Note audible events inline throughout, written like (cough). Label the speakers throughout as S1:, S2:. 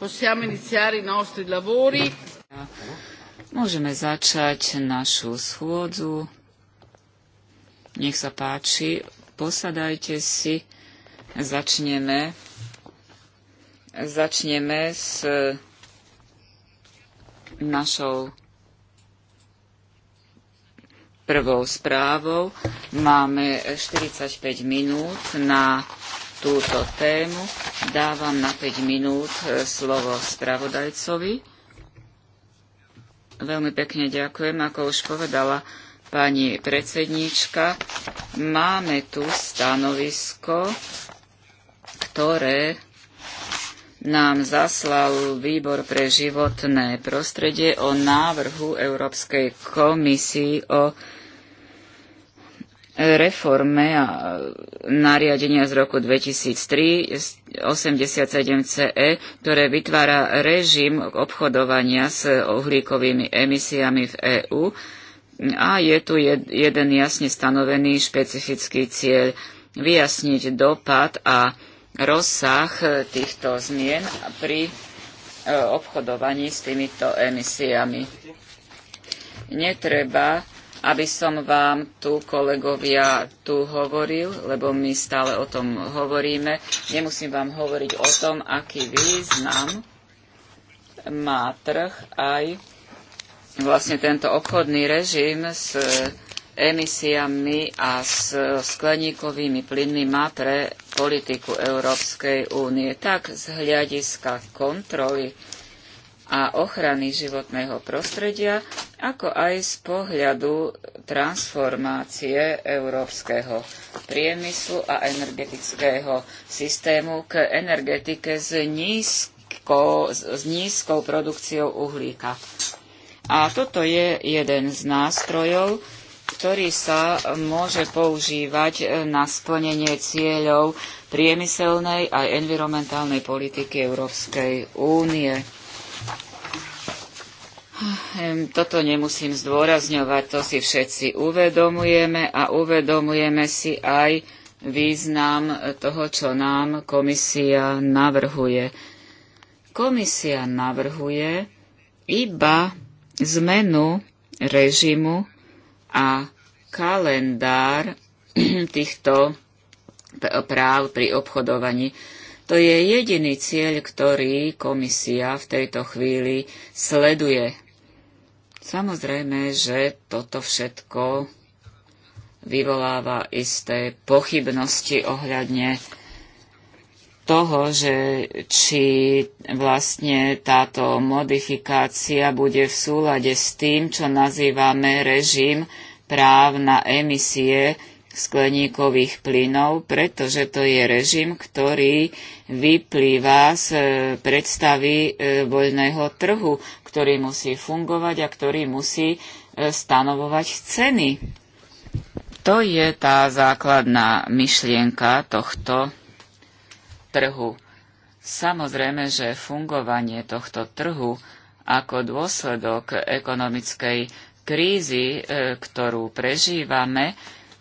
S1: Possiamo iniziare i nostri lavori. Môžeme začať našu schôdzu. Nech sa páči, posadajte si. Začneme. Začneme s e, našou prvou správou. Máme 45 minút na túto tému. Dávam na 5 minút e, slovo spravodajcovi. Veľmi pekne ďakujem, ako už povedala pani predsedníčka. Máme tu stanovisko, ktoré nám zaslal Výbor pre životné prostredie o návrhu Európskej komisii o reforme a nariadenia z roku 2003 87CE, ktoré vytvára režim obchodovania s uhlíkovými emisiami v EÚ a je tu jed, jeden jasne stanovený špecifický cieľ vyjasniť dopad a rozsah týchto zmien pri e, obchodovaní s týmito emisiami. Netreba aby som vám tu, kolegovia, tu hovoril, lebo my stále o tom hovoríme. Nemusím vám hovoriť o tom, aký význam má trh aj vlastne tento obchodný režim s emisiami a s skleníkovými plynmi má pre politiku Európskej únie. Tak z hľadiska kontroly a ochrany životného prostredia, ako aj z pohľadu transformácie európskeho priemyslu a energetického systému k energetike s nízkou, s nízkou produkciou uhlíka. A toto je jeden z nástrojov, ktorý sa môže používať na splnenie cieľov priemyselnej aj environmentálnej politiky Európskej únie. Ehm, toto nemusím zdôrazňovať, to si všetci uvedomujeme a uvedomujeme si aj význam toho, čo nám komisia navrhuje. Komisia navrhuje iba zmenu režimu a kalendár (clears throat) týchto práv pri obchodovaní. To je jediný cieľ, ktorý komisia v tejto chvíli sleduje. Samozrejme, že toto všetko vyvoláva isté pochybnosti ohľadne toho, že či vlastne táto modifikácia bude v súlade s tým, čo nazývame režim práv na emisie skleníkových plynov, pretože to je režim, ktorý vyplýva z predstavy e, voľného trhu ktorý musí fungovať a ktorý musí e, stanovovať ceny. To je tá základná myšlienka tohto trhu. Samozrejme, že fungovanie tohto trhu ako dôsledok ekonomickej krízy, e, ktorú prežívame,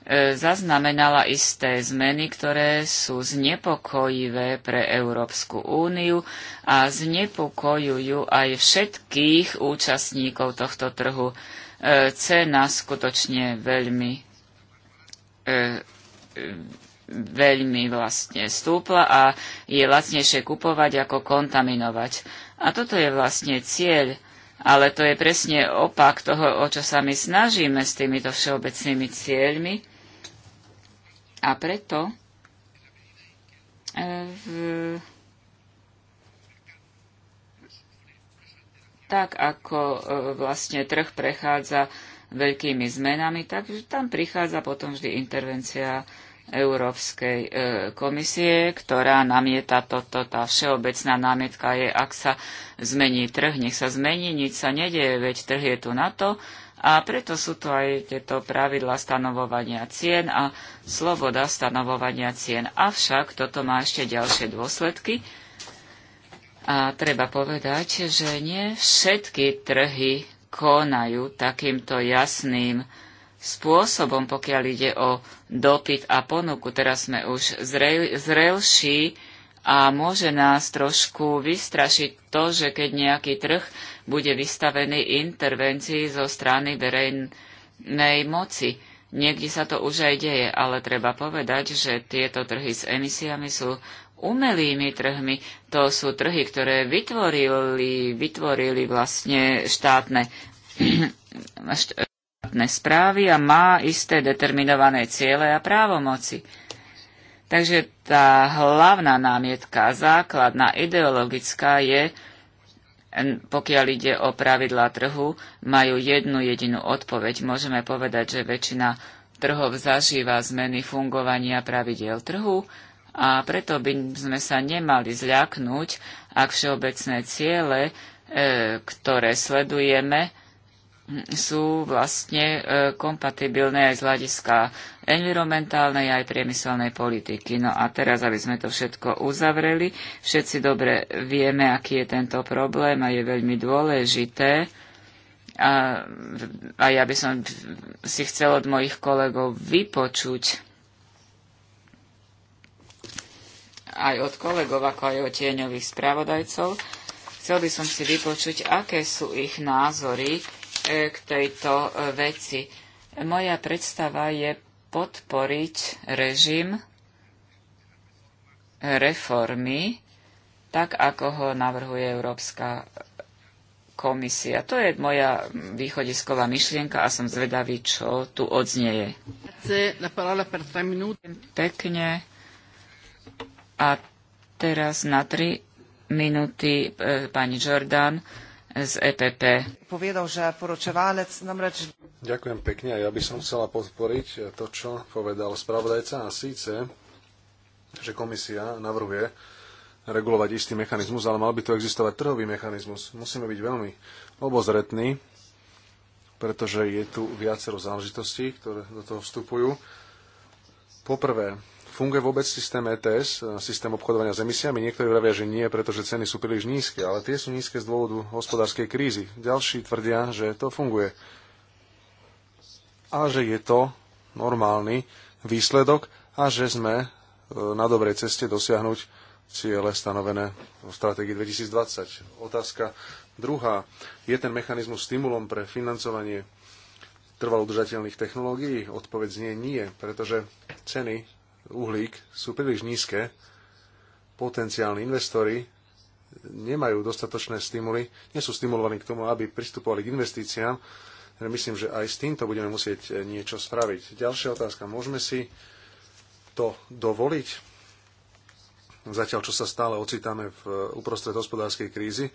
S1: E, zaznamenala isté zmeny, ktoré sú znepokojivé pre Európsku úniu a znepokojujú aj všetkých účastníkov tohto trhu. E, cena skutočne veľmi e, veľmi vlastne stúpla a je lacnejšie kupovať ako kontaminovať. A toto je vlastne cieľ ale to je presne opak toho, o čo sa my snažíme s týmito všeobecnými cieľmi. A preto e, v, tak ako e, vlastne trh prechádza veľkými zmenami, tak tam prichádza potom vždy intervencia Európskej e, komisie, ktorá namieta toto, tá všeobecná námietka je, ak sa zmení trh, nech sa zmení, nič sa nedie, veď trh je tu na to, a preto sú to aj tieto pravidla stanovovania cien a sloboda stanovovania cien. Avšak toto má ešte ďalšie dôsledky. A treba povedať, že nie všetky trhy konajú takýmto jasným spôsobom, pokiaľ ide o dopyt a ponuku. Teraz sme už zrel, zrelší a môže nás trošku vystrašiť to, že keď nejaký trh bude vystavený intervencii zo strany verejnej moci. Niekde sa to už aj deje, ale treba povedať, že tieto trhy s emisiami sú umelými trhmi. To sú trhy, ktoré vytvorili, vytvorili vlastne štátne, (clears throat) štátne správy a má isté determinované ciele a právomoci. Takže tá hlavná námietka, základná ideologická je, pokiaľ ide o pravidlá trhu, majú jednu jedinú odpoveď. Môžeme povedať, že väčšina trhov zažíva zmeny fungovania pravidiel trhu a preto by sme sa nemali zľaknúť, ak všeobecné ciele, e, ktoré sledujeme, sú vlastne e, kompatibilné aj z hľadiska environmentálnej aj priemyselnej politiky. No a teraz, aby sme to všetko uzavreli, všetci dobre vieme, aký je tento problém a je veľmi dôležité. A, a ja by som si chcel od mojich kolegov vypočuť aj od kolegov, ako aj od tieňových spravodajcov. Chcel by som si vypočuť, aké sú ich názory E, k tejto e, veci. Moja predstava je podporiť režim reformy, tak ako ho navrhuje Európska komisia. To je moja východisková myšlienka a som zvedavý, čo tu odznieje. Pekne. A teraz na tri minúty e, pani Jordan z EPP. Povedal, že poročevalec
S2: namreč... Ďakujem pekne. Ja by som chcela podporiť to, čo povedal spravodajca a síce, že komisia navrhuje regulovať istý mechanizmus, ale mal by tu existovať trhový mechanizmus. Musíme byť veľmi obozretní, pretože je tu viacero záležitostí, ktoré do toho vstupujú. Poprvé, Funguje vôbec systém ETS, e, systém obchodovania s emisiami? Niektorí vravia, že nie, pretože ceny sú príliš nízke, ale tie sú nízke z dôvodu hospodárskej krízy. Ďalší tvrdia, že to funguje. A že je to normálny výsledok a že sme e, na dobrej ceste dosiahnuť ciele stanovené v stratégii 2020. Otázka druhá. Je ten mechanizmus stimulom pre financovanie trvalo udržateľných technológií? Odpoveď znie nie, pretože ceny uhlík sú príliš nízke, potenciálni investori nemajú dostatočné stimuly, nie sú stimulovaní k tomu, aby pristupovali k investíciám. Myslím, že aj s týmto budeme musieť eh, niečo spraviť. Ďalšia otázka. Môžeme si to dovoliť? Zatiaľ, čo sa stále ocitáme v eh, uprostred hospodárskej krízy,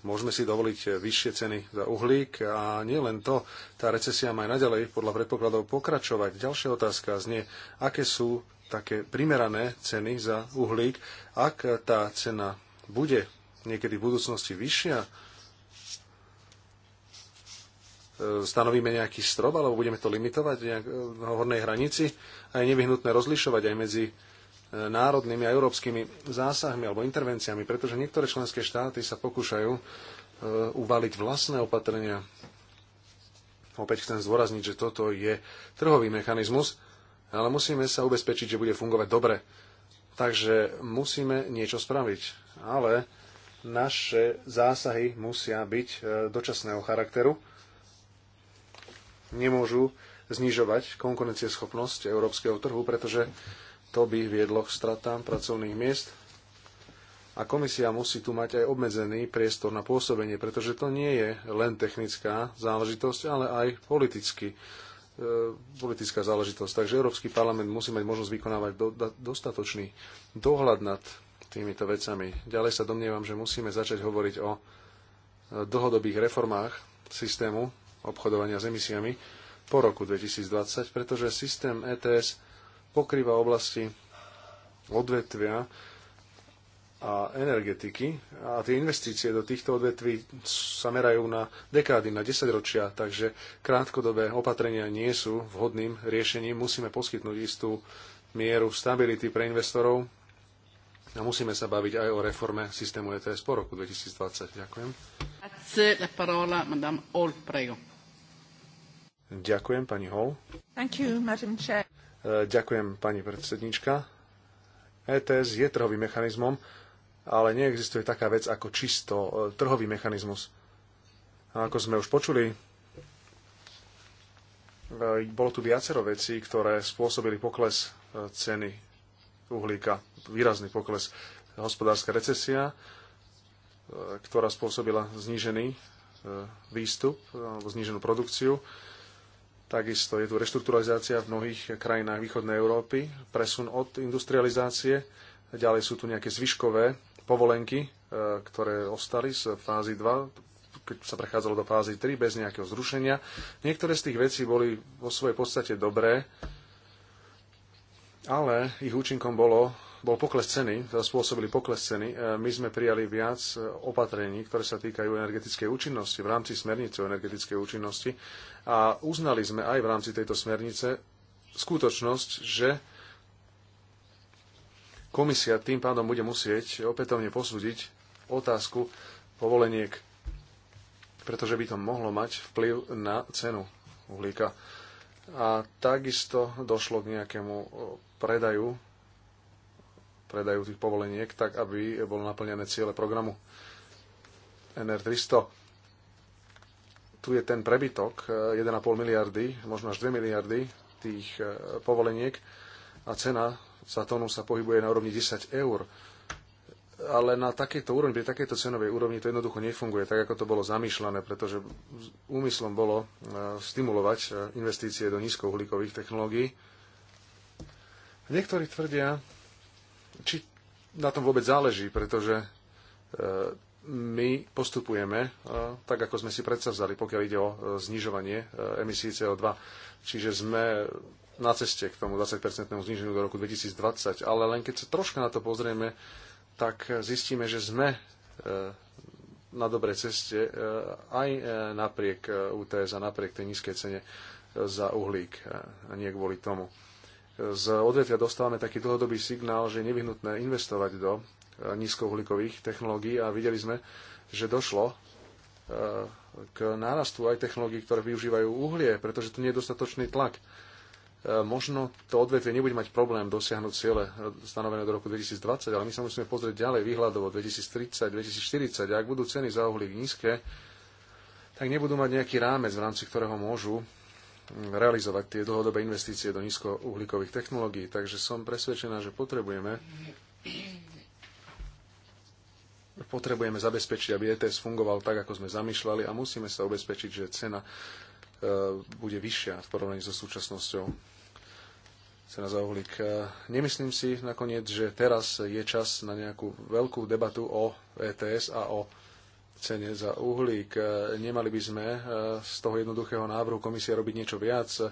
S2: Môžeme si dovoliť vyššie ceny za uhlík a nie len to, tá recesia má aj naďalej podľa predpokladov pokračovať. Ďalšia otázka znie, aké sú také primerané ceny za uhlík. Ak tá cena bude niekedy v budúcnosti vyššia, e, stanovíme nejaký strop, alebo budeme to limitovať nejak na hornej hranici a je nevyhnutné rozlišovať aj medzi národnými a európskymi zásahmi alebo intervenciami, pretože niektoré členské štáty sa pokúšajú e, uvaliť vlastné opatrenia. Opäť chcem zdôrazniť, že toto je trhový mechanizmus, ale musíme sa ubezpečiť, že bude fungovať dobre. Takže musíme niečo spraviť. Ale naše zásahy musia byť e, dočasného charakteru. Nemôžu znižovať konkurencieschopnosť európskeho trhu, pretože to by viedlo k stratám pracovných miest a komisia musí tu mať aj obmedzený priestor na pôsobenie, pretože to nie je len technická záležitosť, ale aj politicky, e, politická záležitosť. Takže Európsky parlament musí mať možnosť vykonávať do, do, dostatočný dohľad nad týmito vecami. Ďalej sa domnievam, že musíme začať hovoriť o e, dlhodobých reformách systému obchodovania s emisiami po roku 2020, pretože systém ETS pokrýva oblasti odvetvia a energetiky a tie investície do týchto odvetví sa merajú na dekády, na desaťročia, takže krátkodobé opatrenia nie sú vhodným riešením. Musíme poskytnúť istú mieru stability pre investorov a musíme sa baviť aj o reforme systému ETS po roku 2020. Ďakujem. Ďakujem, pani Hall.
S1: Thank you, Madam Chair.
S2: Ďakujem, pani predsednička. ETS je trhovým mechanizmom, ale neexistuje taká vec ako čisto e, trhový mechanizmus. A ako sme už počuli, e, bolo tu viacero vecí, ktoré spôsobili pokles e, ceny uhlíka, výrazný pokles. Hospodárska recesia, ktorá spôsobila znížený výstup alebo zníženú produkciu, Takisto je tu reštrukturalizácia v mnohých krajinách východnej Európy, presun od industrializácie, ďalej sú tu nejaké zvyškové povolenky, e, ktoré ostali z fázy 2, keď sa prechádzalo do fázy 3 bez nejakého zrušenia. Niektoré z tých vecí boli vo svojej podstate dobré, ale ich účinkom bolo bol pokles ceny, teda spôsobili pokles ceny, e, my sme prijali viac e, opatrení, ktoré sa týkajú energetickej účinnosti v rámci smernice o energetickej účinnosti a uznali sme aj v rámci tejto smernice skutočnosť, že komisia tým pádom bude musieť opätovne posúdiť otázku povoleniek, pretože by to mohlo mať vplyv na cenu uhlíka. A takisto došlo k nejakému e, predaju predajúcich povoleniek, tak aby bolo naplnené ciele programu NR300. Tu je ten prebytok 1,5 eh, miliardy, možno až 2 miliardy tých eh, povoleniek a cena za tónu sa pohybuje na úrovni 10 eur. Ale na takejto úrovni, pri takejto cenovej úrovni to jednoducho nefunguje, tak ako to bolo zamýšľané, pretože úmyslom bolo eh, stimulovať investície do nízkouhlíkových technológií. Niektorí tvrdia, či na tom vôbec záleží, pretože e, my postupujeme e, tak, ako sme si predsavzali, pokiaľ ide o e, znižovanie emisí CO2. Čiže sme na ceste k tomu 20-percentnému zniženiu do roku 2020, ale len keď sa troška na to pozrieme, tak zistíme, že sme na dobrej ceste aj napriek UTS a napriek tej nízkej cene za uhlík, nie kvôli tomu z odvetvia dostávame taký dlhodobý signál, že je nevyhnutné investovať do eh, nízkouhlíkových technológií a videli sme, že došlo eh, k nárastu aj technológií, ktoré využívajú uhlie, pretože tu nie je dostatočný tlak. Eh, možno to odvetvie nebude mať problém dosiahnuť ciele stanovené do roku 2020, ale my sa musíme pozrieť ďalej výhľadovo 2030, 2040. ak budú ceny za uhlík nízke, tak nebudú mať nejaký rámec, v rámci ktorého môžu realizovať tie dlhodobé investície do nízkouhlíkových technológií. Takže som presvedčená, že potrebujeme potrebujeme zabezpečiť, aby ETS fungoval tak, ako sme zamýšľali a musíme sa ubezpečiť, že cena e, bude vyššia v porovnaní so súčasnosťou. Cena za uhlík. E, nemyslím si nakoniec, že teraz je čas na nejakú veľkú debatu o ETS a o cene za uhlík. E, nemali by sme e, z toho jednoduchého návrhu komisie robiť niečo viac. E,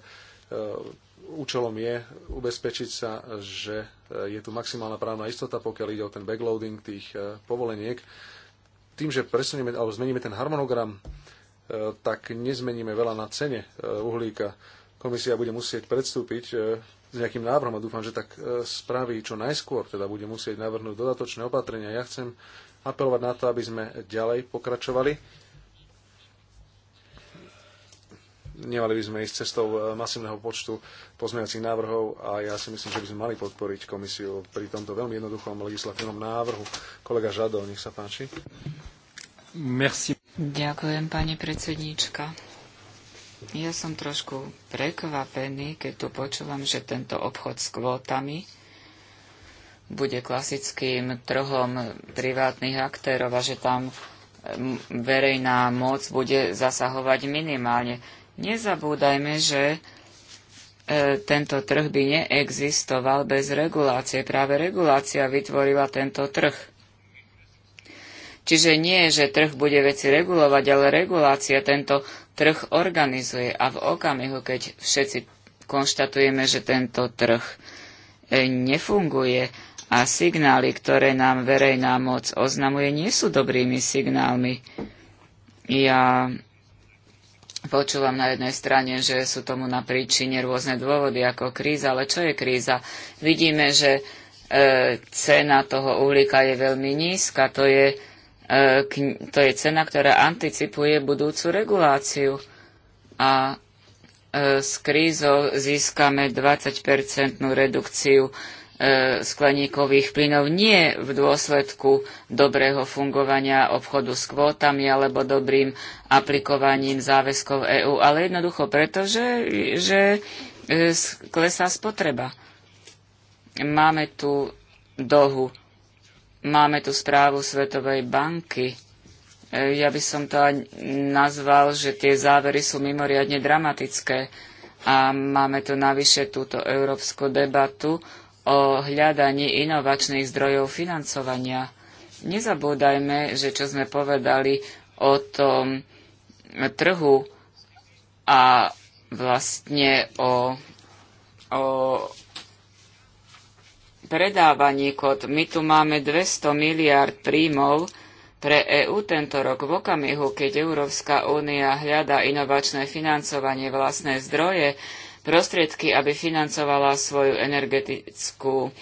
S2: účelom je ubezpečiť sa, že je tu maximálna právna istota, pokiaľ ide o ten backloading tých povoleniek. Tým, že presunieme alebo zmeníme ten harmonogram, tak nezmeníme veľa na cene uhlíka. Komisia bude musieť predstúpiť s nejakým návrhom a dúfam, že tak spraví čo najskôr, teda bude musieť navrhnúť dodatočné opatrenia. Ja chcem apelovať na to, aby sme ďalej pokračovali. Nemali by sme ísť cestou eh, masívneho počtu pozmeňacích návrhov a ja si myslím, že by sme mali podporiť komisiu pri tomto veľmi jednoduchom legislatívnom návrhu. Kolega Žado, nech sa páči.
S1: Merci. Ďakujem, pani predsedníčka. Ja som trošku prekvapený, keď tu počúvam, že tento obchod s kvótami bude klasickým trhom privátnych aktérov a že tam verejná moc bude zasahovať minimálne. Nezabúdajme, že e, tento trh by neexistoval bez regulácie. Práve regulácia vytvorila tento trh. Čiže nie, že trh bude veci regulovať, ale regulácia tento trh organizuje. A v okamihu, keď všetci konštatujeme, že tento trh e, nefunguje, a signály, ktoré nám verejná moc oznamuje, nie sú dobrými signálmi. Ja počúvam na jednej strane, že sú tomu na príčine rôzne dôvody ako kríza, ale čo je kríza? Vidíme, že e, cena toho uhlíka je veľmi nízka, to je, e, to je cena, ktorá anticipuje budúcu reguláciu a e, s krízou získame 20-percentnú redukciu E, skleníkových plynov nie v dôsledku dobrého fungovania obchodu s kvótami alebo dobrým aplikovaním záväzkov EÚ, ale jednoducho preto, že, že e, klesá spotreba. Máme tu dohu, máme tu správu Svetovej banky. E, ja by som to aj nazval, že tie závery sú mimoriadne dramatické. A máme tu navyše túto európsku debatu o hľadaní inovačných zdrojov financovania. Nezabúdajme, že čo sme povedali o tom trhu a vlastne o, o predávaní kód. My tu máme 200 miliard príjmov pre EÚ tento rok v okamihu, keď Európska únia hľadá inovačné financovanie vlastné zdroje, prostriedky, aby financovala svoju energetickú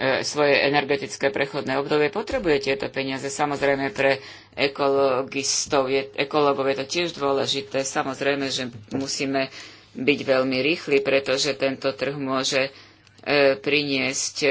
S1: e, svoje energetické prechodné obdobie potrebuje tieto peniaze. Samozrejme pre ekologistov, je, ekologov je to tiež dôležité. Samozrejme, že musíme byť veľmi rýchli, pretože tento trh môže E, priniesť e,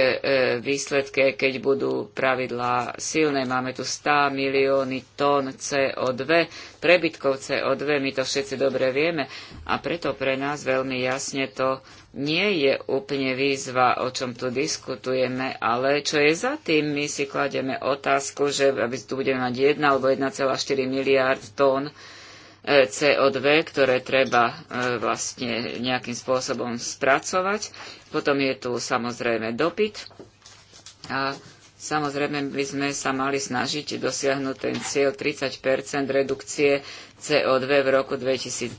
S1: výsledky, keď budú pravidlá silné. Máme tu 100 milióny tón CO2, prebytkov CO2, my to všetci dobre vieme a preto pre nás veľmi jasne to nie je úplne výzva, o čom tu diskutujeme, ale čo je za tým, my si klademe otázku, že aby tu budeme mať 1 alebo 1,4 miliárd tón e, CO2, ktoré treba vlastne nejakým spôsobom spracovať potom je tu samozrejme dopyt a Samozrejme by sme sa mali snažiť dosiahnuť ten cieľ 30 redukcie CO2 v roku 2020,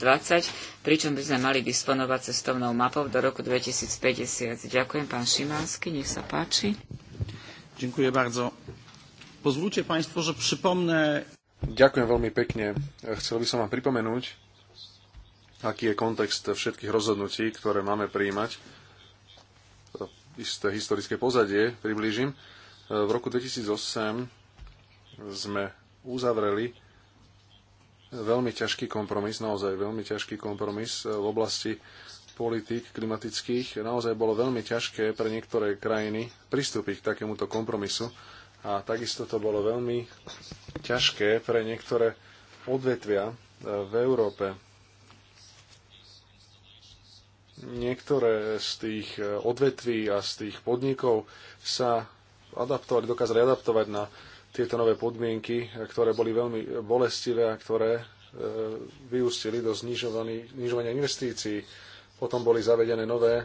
S1: pričom by sme mali disponovať cestovnou mapou do roku 2050. Ďakujem, pán Šimánsky, nech sa páči. Ďakujem bardzo. Pozwólcie Państwo, že przypomnę...
S2: Ďakujem veľmi pekne. Chcel by som vám pripomenúť, aký je kontext všetkých rozhodnutí, ktoré máme prijímať isté historické pozadie priblížim. E, v roku 2008 sme uzavreli veľmi ťažký kompromis, naozaj veľmi ťažký kompromis e, v oblasti politik klimatických. Naozaj bolo veľmi ťažké pre niektoré krajiny pristúpiť k takémuto kompromisu a takisto to bolo veľmi ťažké pre niektoré odvetvia e, v Európe niektoré z tých e, odvetví a z tých podnikov sa adaptovali, dokázali adaptovať na tieto nové podmienky, ktoré boli veľmi bolestivé a ktoré e, vyústili do znižovania investícií. Potom boli zavedené nové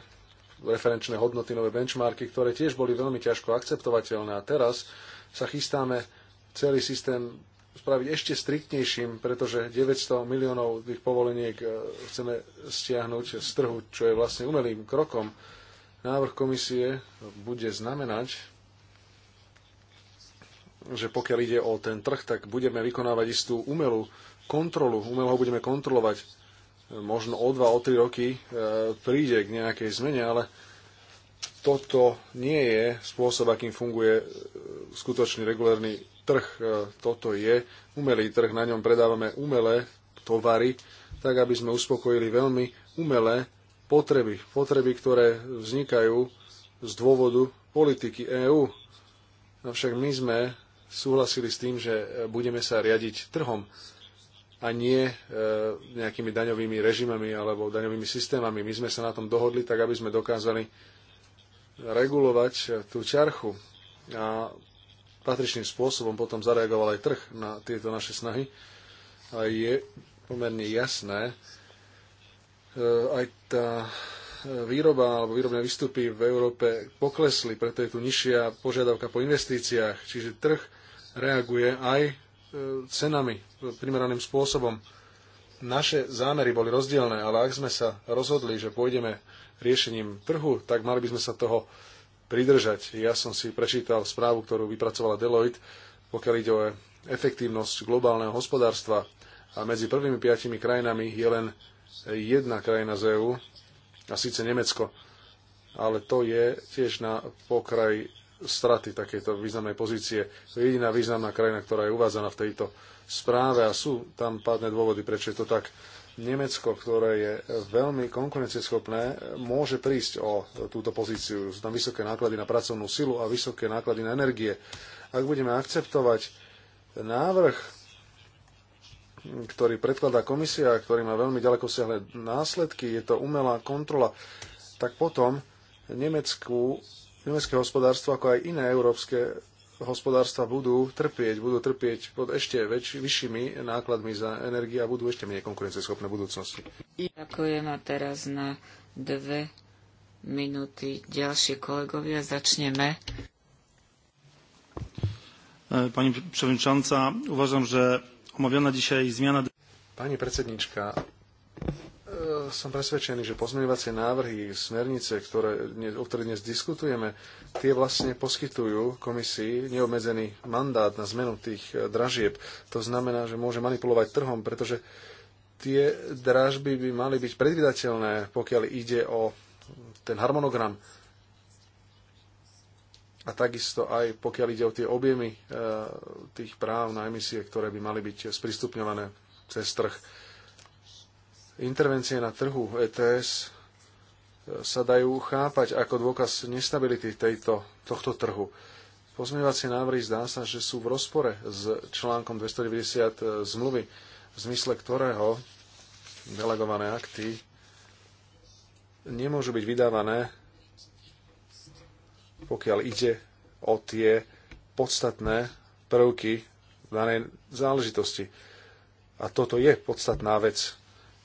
S2: referenčné hodnoty, nové benchmarky, ktoré tiež boli veľmi ťažko akceptovateľné. A teraz sa chystáme celý systém spraviť ešte striktnejším, pretože 900 miliónov tých povoleniek e, chceme stiahnuť z trhu, čo je vlastne umelým krokom. Návrh komisie bude znamenať, že pokiaľ ide o ten trh, tak budeme vykonávať istú umelú kontrolu, umelo ho budeme kontrolovať. Možno o dva, o tri roky e, príde k nejakej zmene, ale toto nie je spôsob, akým funguje e, skutočný regulárny trh. E, toto je umelý trh, na ňom predávame umelé tovary, tak aby sme uspokojili veľmi umelé potreby. Potreby, ktoré vznikajú z dôvodu politiky EÚ. Avšak my sme súhlasili s tým, že budeme sa riadiť trhom a nie e, nejakými daňovými režimami alebo daňovými systémami. My sme sa na tom dohodli tak, aby sme dokázali regulovať tú čarchu. A patričným spôsobom potom zareagoval aj trh na tieto naše snahy. A je pomerne jasné, e, aj tá e, výroba alebo výrobné výstupy v Európe poklesli, preto je tu nižšia požiadavka po investíciách, čiže trh reaguje aj e, cenami primeraným spôsobom. Naše zámery boli rozdielne, ale ak sme sa rozhodli, že pôjdeme riešením trhu, tak mali by sme sa toho pridržať. Ja som si prečítal správu, ktorú vypracovala Deloitte, pokiaľ ide o efektívnosť globálneho hospodárstva a medzi prvými piatimi krajinami je len jedna krajina z EÚ, a síce Nemecko. Ale to je tiež na pokraj straty takéto významnej pozície. To je jediná významná krajina, ktorá je uvádzaná v tejto správe a sú tam pádne dôvody, prečo je to tak. Nemecko, ktoré je veľmi konkurencieschopné, môže prísť o túto pozíciu. Sú tam vysoké náklady na pracovnú silu a vysoké náklady na energie. Ak budeme akceptovať návrh, ktorý predkladá komisia, ktorý má veľmi ďaleko siahle následky, je to umelá kontrola, tak potom Nemecku, nemecké hospodárstvo, ako aj iné európske hospodárstva budú trpieť, budú trpieť pod ešte väč- vyššími nákladmi za energiu a budú ešte menej konkurencieschopné v budúcnosti.
S1: Ďakujem a teraz na dve minúty ďalšie kolegovia. Začneme.
S2: E, pani przewodnicząca, uważam, že omawiana dzisiaj zmiana... Pani predsednička, E, som presvedčený, že pozmeňovacie návrhy, smernice, ktoré, o ktorých dnes diskutujeme, tie vlastne poskytujú komisii neobmedzený mandát na zmenu tých e, dražieb. To znamená, že môže manipulovať trhom, pretože tie dražby by mali byť predvydateľné, pokiaľ ide o ten harmonogram a takisto aj pokiaľ ide o tie objemy e, tých práv na emisie, ktoré by mali byť sprístupňované cez trh intervencie na trhu ETS e, sa dajú chápať ako dôkaz nestability tejto, tohto trhu. Pozmievacie návrhy zdá sa, že sú v rozpore s článkom 290 e, zmluvy, v zmysle ktorého delegované akty nemôžu byť vydávané, pokiaľ ide o tie podstatné prvky danej záležitosti. A toto je podstatná vec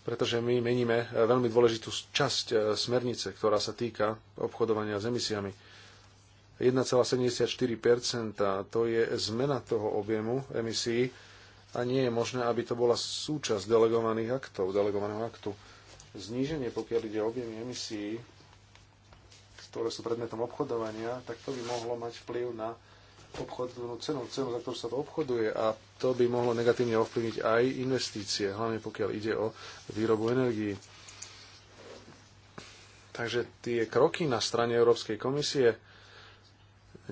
S2: pretože my meníme eh, veľmi dôležitú časť eh, smernice, ktorá sa týka obchodovania s emisiami. 1,74 to je zmena toho objemu emisí a nie je možné, aby to bola súčasť delegovaných aktov, delegovaného aktu. Zníženie, pokiaľ ide o objemy emisí, ktoré sú predmetom obchodovania, tak to by mohlo mať vplyv na obchodnú cenu, cenu, za ktorú sa to obchoduje a to by mohlo negatívne ovplyvniť aj investície, hlavne pokiaľ ide o výrobu energií. Takže tie kroky na strane Európskej komisie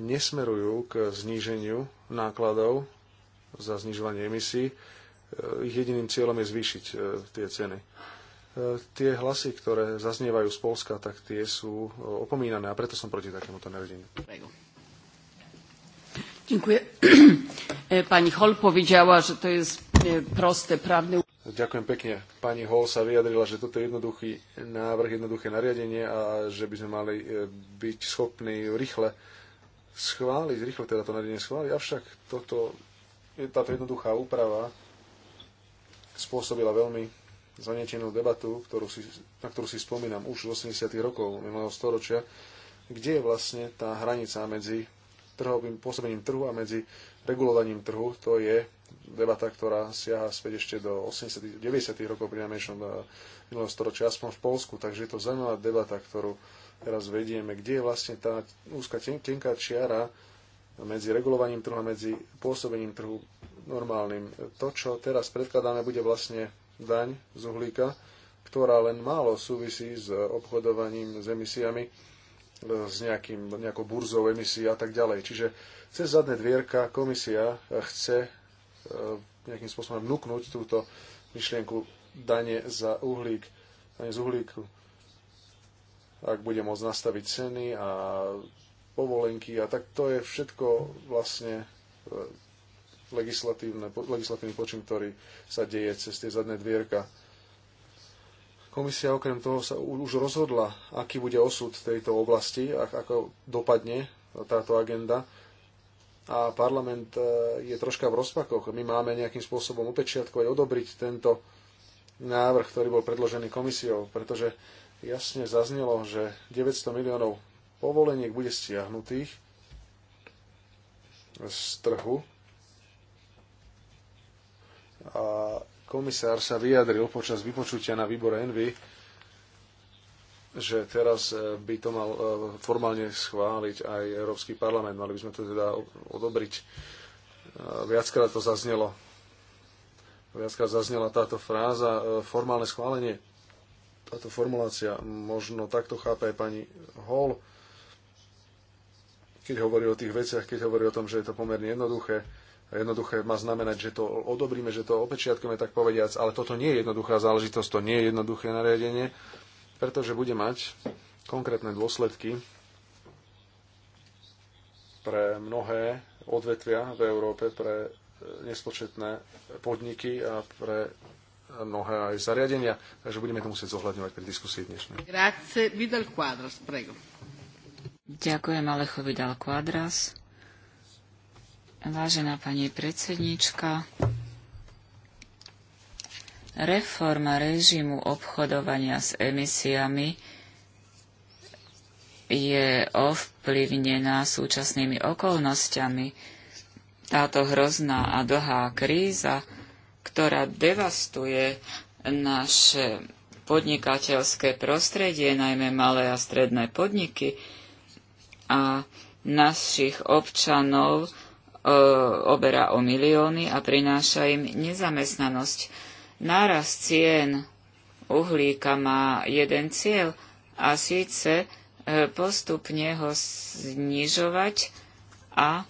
S2: nesmerujú k zníženiu nákladov za znižovanie emisí. E, ich jediným cieľom je zvýšiť e, tie ceny. E, tie hlasy, ktoré zaznievajú z Polska, tak tie sú opomínané a preto som proti takémuto nariadeniu.
S1: (clears throat) E, pani Hol powiedziała, że to jest e, proste prawne.
S2: Ďakujem pekne. Pani Hall sa vyjadrila, že toto je jednoduchý návrh, jednoduché nariadenie a že by sme mali e, byť schopní rýchle schváliť, rýchle teda to nariadenie schváliť. Avšak toto, táto jednoduchá úprava spôsobila veľmi zanečenú debatu, ktorú si, na ktorú si spomínam už z 80. rokov minulého storočia, kde je vlastne tá hranica medzi trhovým pôsobením trhu a medzi regulovaním trhu. To je debata, ktorá siaha späť ešte do 80 90 rokov pri najmenšom eh, minulého storočia, aspoň v Polsku. Takže je to zaujímavá debata, ktorú teraz vedieme, kde je vlastne tá úzka ten, tenká čiara medzi regulovaním trhu a medzi pôsobením trhu normálnym. To, čo teraz predkladáme, bude vlastne daň z uhlíka, ktorá len málo súvisí s obchodovaním s emisiami s nejakým, nejakou burzou emisí a tak ďalej. Čiže cez zadné dvierka komisia eh, chce eh, nejakým spôsobom vnúknuť túto myšlienku dane za uhlík, dane z uhlíku. Ak bude môcť nastaviť ceny a povolenky a tak to je všetko vlastne eh, legislatívny počin, ktorý sa deje cez tie zadné dvierka Komisia okrem toho sa už rozhodla, aký bude osud tejto oblasti, ako dopadne táto agenda. A parlament e, je troška v rozpakoch. My máme nejakým spôsobom upečiatkovať, odobriť tento návrh, ktorý bol predložený komisiou, pretože jasne zaznelo, že 900 miliónov povoleniek bude stiahnutých z trhu a komisár sa vyjadril počas vypočutia na výbore Envy, že teraz eh, by to mal eh, formálne schváliť aj Európsky parlament. Mali by sme to teda odobriť. Eh, viackrát to zaznelo. Viackrát zaznela táto fráza, formálne schválenie. Táto formulácia možno takto chápe aj pani Hall, keď hovorí o tých veciach, keď hovorí o tom, že je to pomerne jednoduché Jednoduché má znamenať, že to odobríme, že to opečiatkujeme, tak povediac, ale toto nie je jednoduchá záležitosť, to nie je jednoduché nariadenie, pretože bude mať konkrétne dôsledky pre mnohé odvetvia v Európe, pre e, nespočetné podniky a pre mnohé aj zariadenia, takže budeme to musieť zohľadňovať pri diskusii dnešnej.
S1: Grazie, Vidal Quadras, prego. Ďakujem Alechovi Dal Quadras. Vážená pani predsednička, reforma režimu obchodovania s emisiami je ovplyvnená súčasnými okolnostiami. Táto hrozná a dlhá kríza, ktorá devastuje naše podnikateľské prostredie, najmä malé a stredné podniky a našich občanov E, oberá o milióny a prináša im nezamestnanosť. Náraz cien uhlíka má jeden cieľ a síce e, postupne ho znižovať a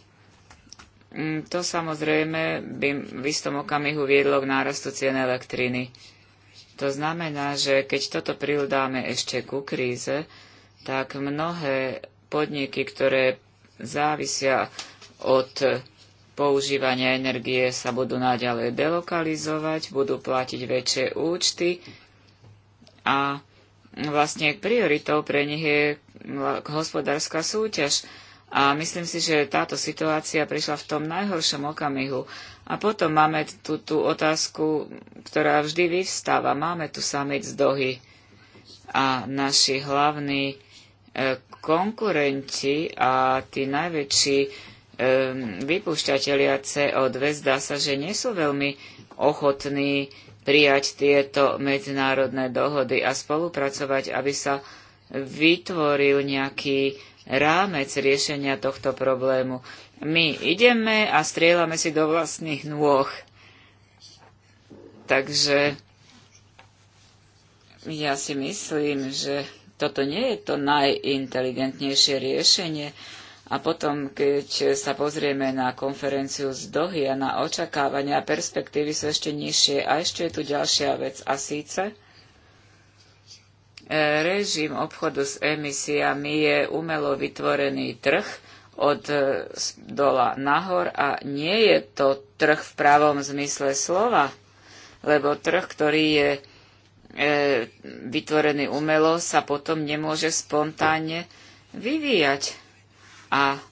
S1: mm, to samozrejme by v istom okamihu viedlo k nárastu cien elektriny. To znamená, že keď toto prildáme ešte ku kríze, tak mnohé podniky, ktoré závisia od používania energie sa budú naďalej delokalizovať, budú platiť väčšie účty a vlastne prioritou pre nich je hospodárska súťaž. A myslím si, že táto situácia prišla v tom najhoršom okamihu. A potom máme tú, tú otázku, ktorá vždy vyvstáva. Máme tu samic z Dohy a naši hlavní e, konkurenti a tí najväčší Ehm, vypúšťatelia CO2 zdá sa, že nie sú veľmi ochotní prijať tieto medzinárodné dohody a spolupracovať, aby sa vytvoril nejaký rámec riešenia tohto problému. My ideme a strieľame si do vlastných nôh. Takže ja si myslím, že toto nie je to najinteligentnejšie riešenie, a potom, keď sa pozrieme na konferenciu z Dohy a na očakávania a perspektívy sú ešte nižšie. A ešte je tu ďalšia vec. A síce e, režim obchodu s emisiami je umelo vytvorený trh od e, dola nahor a nie je to trh v pravom zmysle slova, lebo trh, ktorý je e, vytvorený umelo, sa potom nemôže spontánne vyvíjať a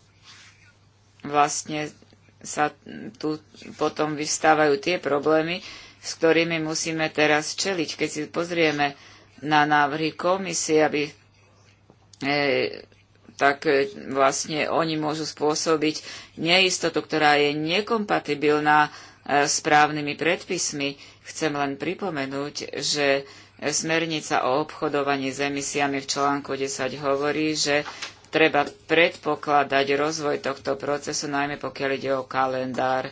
S1: vlastne sa tu potom vystávajú tie problémy, s ktorými musíme teraz čeliť. Keď si pozrieme na návrhy komisie, aby, e, tak e, vlastne oni môžu spôsobiť neistotu, ktorá je nekompatibilná e, s právnymi predpismi. Chcem len pripomenúť, že smernica o obchodovaní s emisiami v článku 10 hovorí, že Treba predpokladať rozvoj tohto procesu, najmä pokiaľ ide o kalendár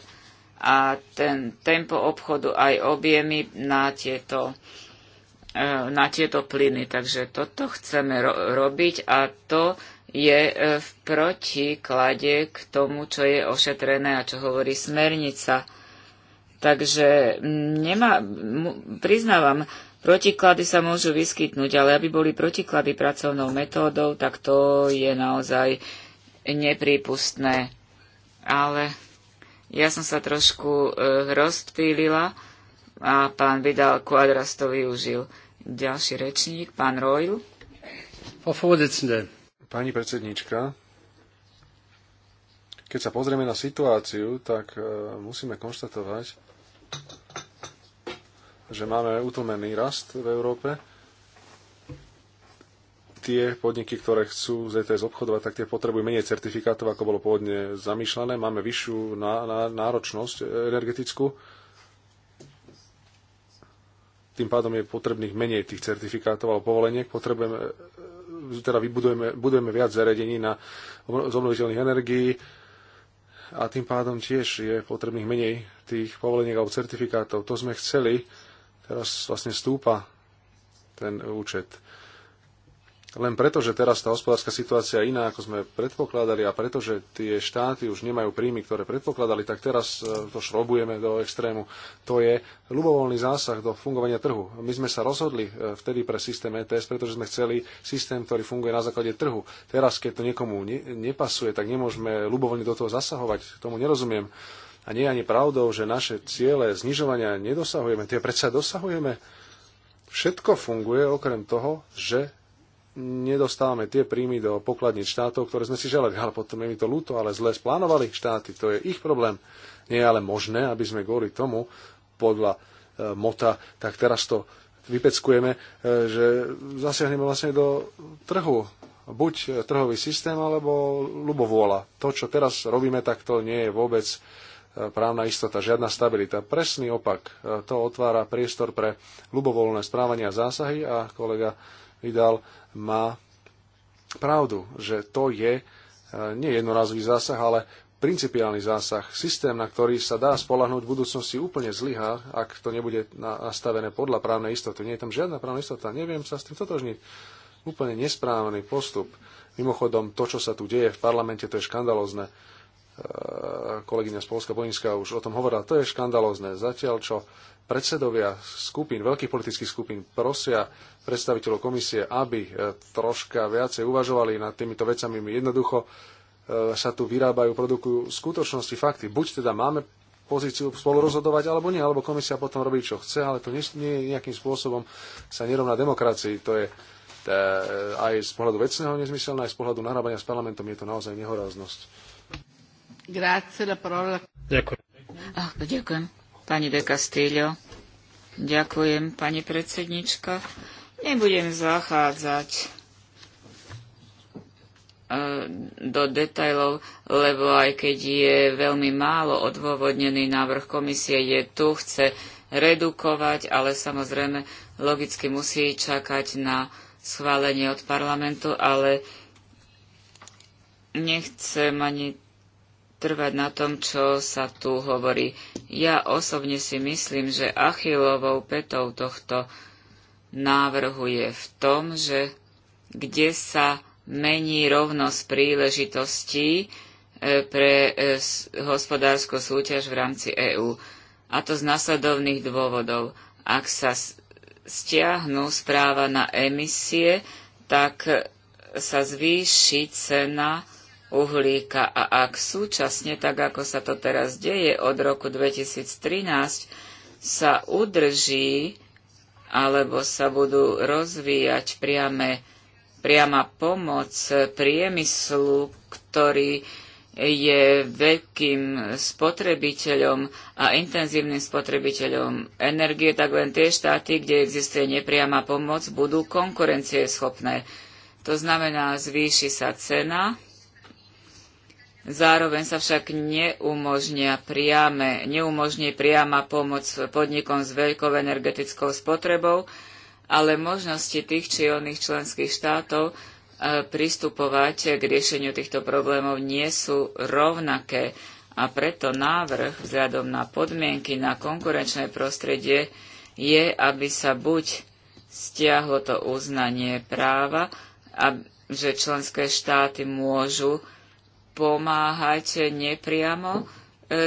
S1: a ten tempo obchodu aj objemy na tieto, e, na tieto plyny. Takže toto chceme ro- robiť a to je e, v protiklade k tomu, čo je ošetrené a čo hovorí smernica. Takže nemá, priznávam, Protiklady sa môžu vyskytnúť, ale aby boli protiklady pracovnou metódou, tak to je naozaj neprípustné. Ale ja som sa trošku e, rozptýlila a pán Vidal Quadras to využil. Ďalší rečník, pán Royl.
S2: Pani predsedníčka, keď sa pozrieme na situáciu, tak e, musíme konštatovať, že máme utlmený rast v Európe. Tie podniky, ktoré chcú z ETS obchodovať, tak tie potrebujú menej certifikátov, ako bolo pôvodne zamýšľané. Máme vyššiu náročnosť energetickú. Tým pádom je potrebných menej tých certifikátov alebo povoleniek. Potrebujeme, teda vybudujeme budujeme viac zariadení na, obnoviteľných energií a tým pádom tiež je potrebných menej tých povoleniek alebo certifikátov. To sme chceli Teraz vlastne stúpa ten účet. Len preto, že teraz tá hospodárska situácia je iná, ako sme predpokladali a preto, že tie štáty už nemajú príjmy, ktoré predpokladali, tak teraz e, to šrobujeme do extrému. To je ľubovoľný zásah do fungovania trhu. My sme sa rozhodli e, vtedy pre systém ETS, pretože sme chceli systém, ktorý funguje na základe trhu. Teraz, keď to niekomu ne- nepasuje, tak nemôžeme ľubovoľne do toho zasahovať. Tomu nerozumiem. Uh, a nie je ani pravdou, že naše ciele znižovania nedosahujeme. Tie predsa dosahujeme. Všetko funguje okrem toho, že nedostávame tie príjmy do pokladníc štátov, ktoré sme si želali. Ale potom je mi to ľúto, ale zle splánovali štáty. To je ich problém. Nie je ale možné, aby sme kvôli tomu podľa e, mota, tak teraz to vypeckujeme, e, že zasiahneme vlastne do trhu. Buď trhový systém, alebo ľubovôľa. To, čo teraz robíme, tak to nie je vôbec právna istota, žiadna stabilita. Presný opak, e, to otvára priestor pre ľubovoľné správania a zásahy a kolega Vidal má pravdu, že to je e, nie jednorazový zásah, ale principiálny zásah. Systém, na ktorý sa dá spolahnúť v budúcnosti, úplne zlyhá, ak to nebude nastavené podľa právnej istoty. Nie je tam žiadna právna istota. Neviem sa s tým totožniť. Úplne nesprávny postup. Mimochodom, to, čo sa tu deje v parlamente, to je škandalozne kolegyňa z Polska Bojinská už o tom hovorila, to je škandalózne. Zatiaľ, čo predsedovia skupín, veľkých politických skupín prosia predstaviteľov komisie, aby e, troška viacej uvažovali nad týmito vecami. Jednoducho e, sa tu vyrábajú, produkujú skutočnosti, fakty. Buď teda máme pozíciu spolu rozhodovať, alebo nie, alebo komisia potom robí, čo chce, ale to nie, nie nejakým spôsobom sa nerovná demokracii. To je e, aj z pohľadu vecného nezmyselné, aj z pohľadu narábania s parlamentom je to naozaj nehoráznosť.
S1: Grazie, la parola. Ďakujem. Oh, ďakujem. Pani de Castillo. Ďakujem, pani predsednička. Nebudem zachádzať e, do detajlov, lebo aj keď je veľmi málo odôvodnený návrh komisie, je tu, chce redukovať, ale samozrejme logicky musí čakať na schválenie od parlamentu, ale nechcem ani trvať na tom, čo sa tu hovorí. Ja osobne si myslím, že achilovou petou tohto návrhu je v tom, že kde sa mení rovnosť príležitostí e, pre e, hospodárskú súťaž v rámci EÚ. A to z nasledovných dôvodov. Ak sa stiahnu správa na emisie, tak sa zvýši cena uhlíka a ak súčasne, tak ako sa to teraz deje od roku 2013, sa udrží alebo sa budú rozvíjať priame, priama pomoc priemyslu, ktorý je veľkým spotrebiteľom a intenzívnym spotrebiteľom energie, tak len tie štáty, kde existuje nepriama pomoc, budú konkurencieschopné. To znamená, zvýši sa cena Zároveň sa však neumožnia priame, neumožní priama pomoc podnikom s veľkou energetickou spotrebou, ale možnosti tých či oných členských štátov e, pristupovať k riešeniu týchto problémov nie sú rovnaké. A preto návrh vzhľadom na podmienky na konkurenčné prostredie je, aby sa buď stiahlo to uznanie práva, a že členské štáty môžu pomáhať nepriamo e,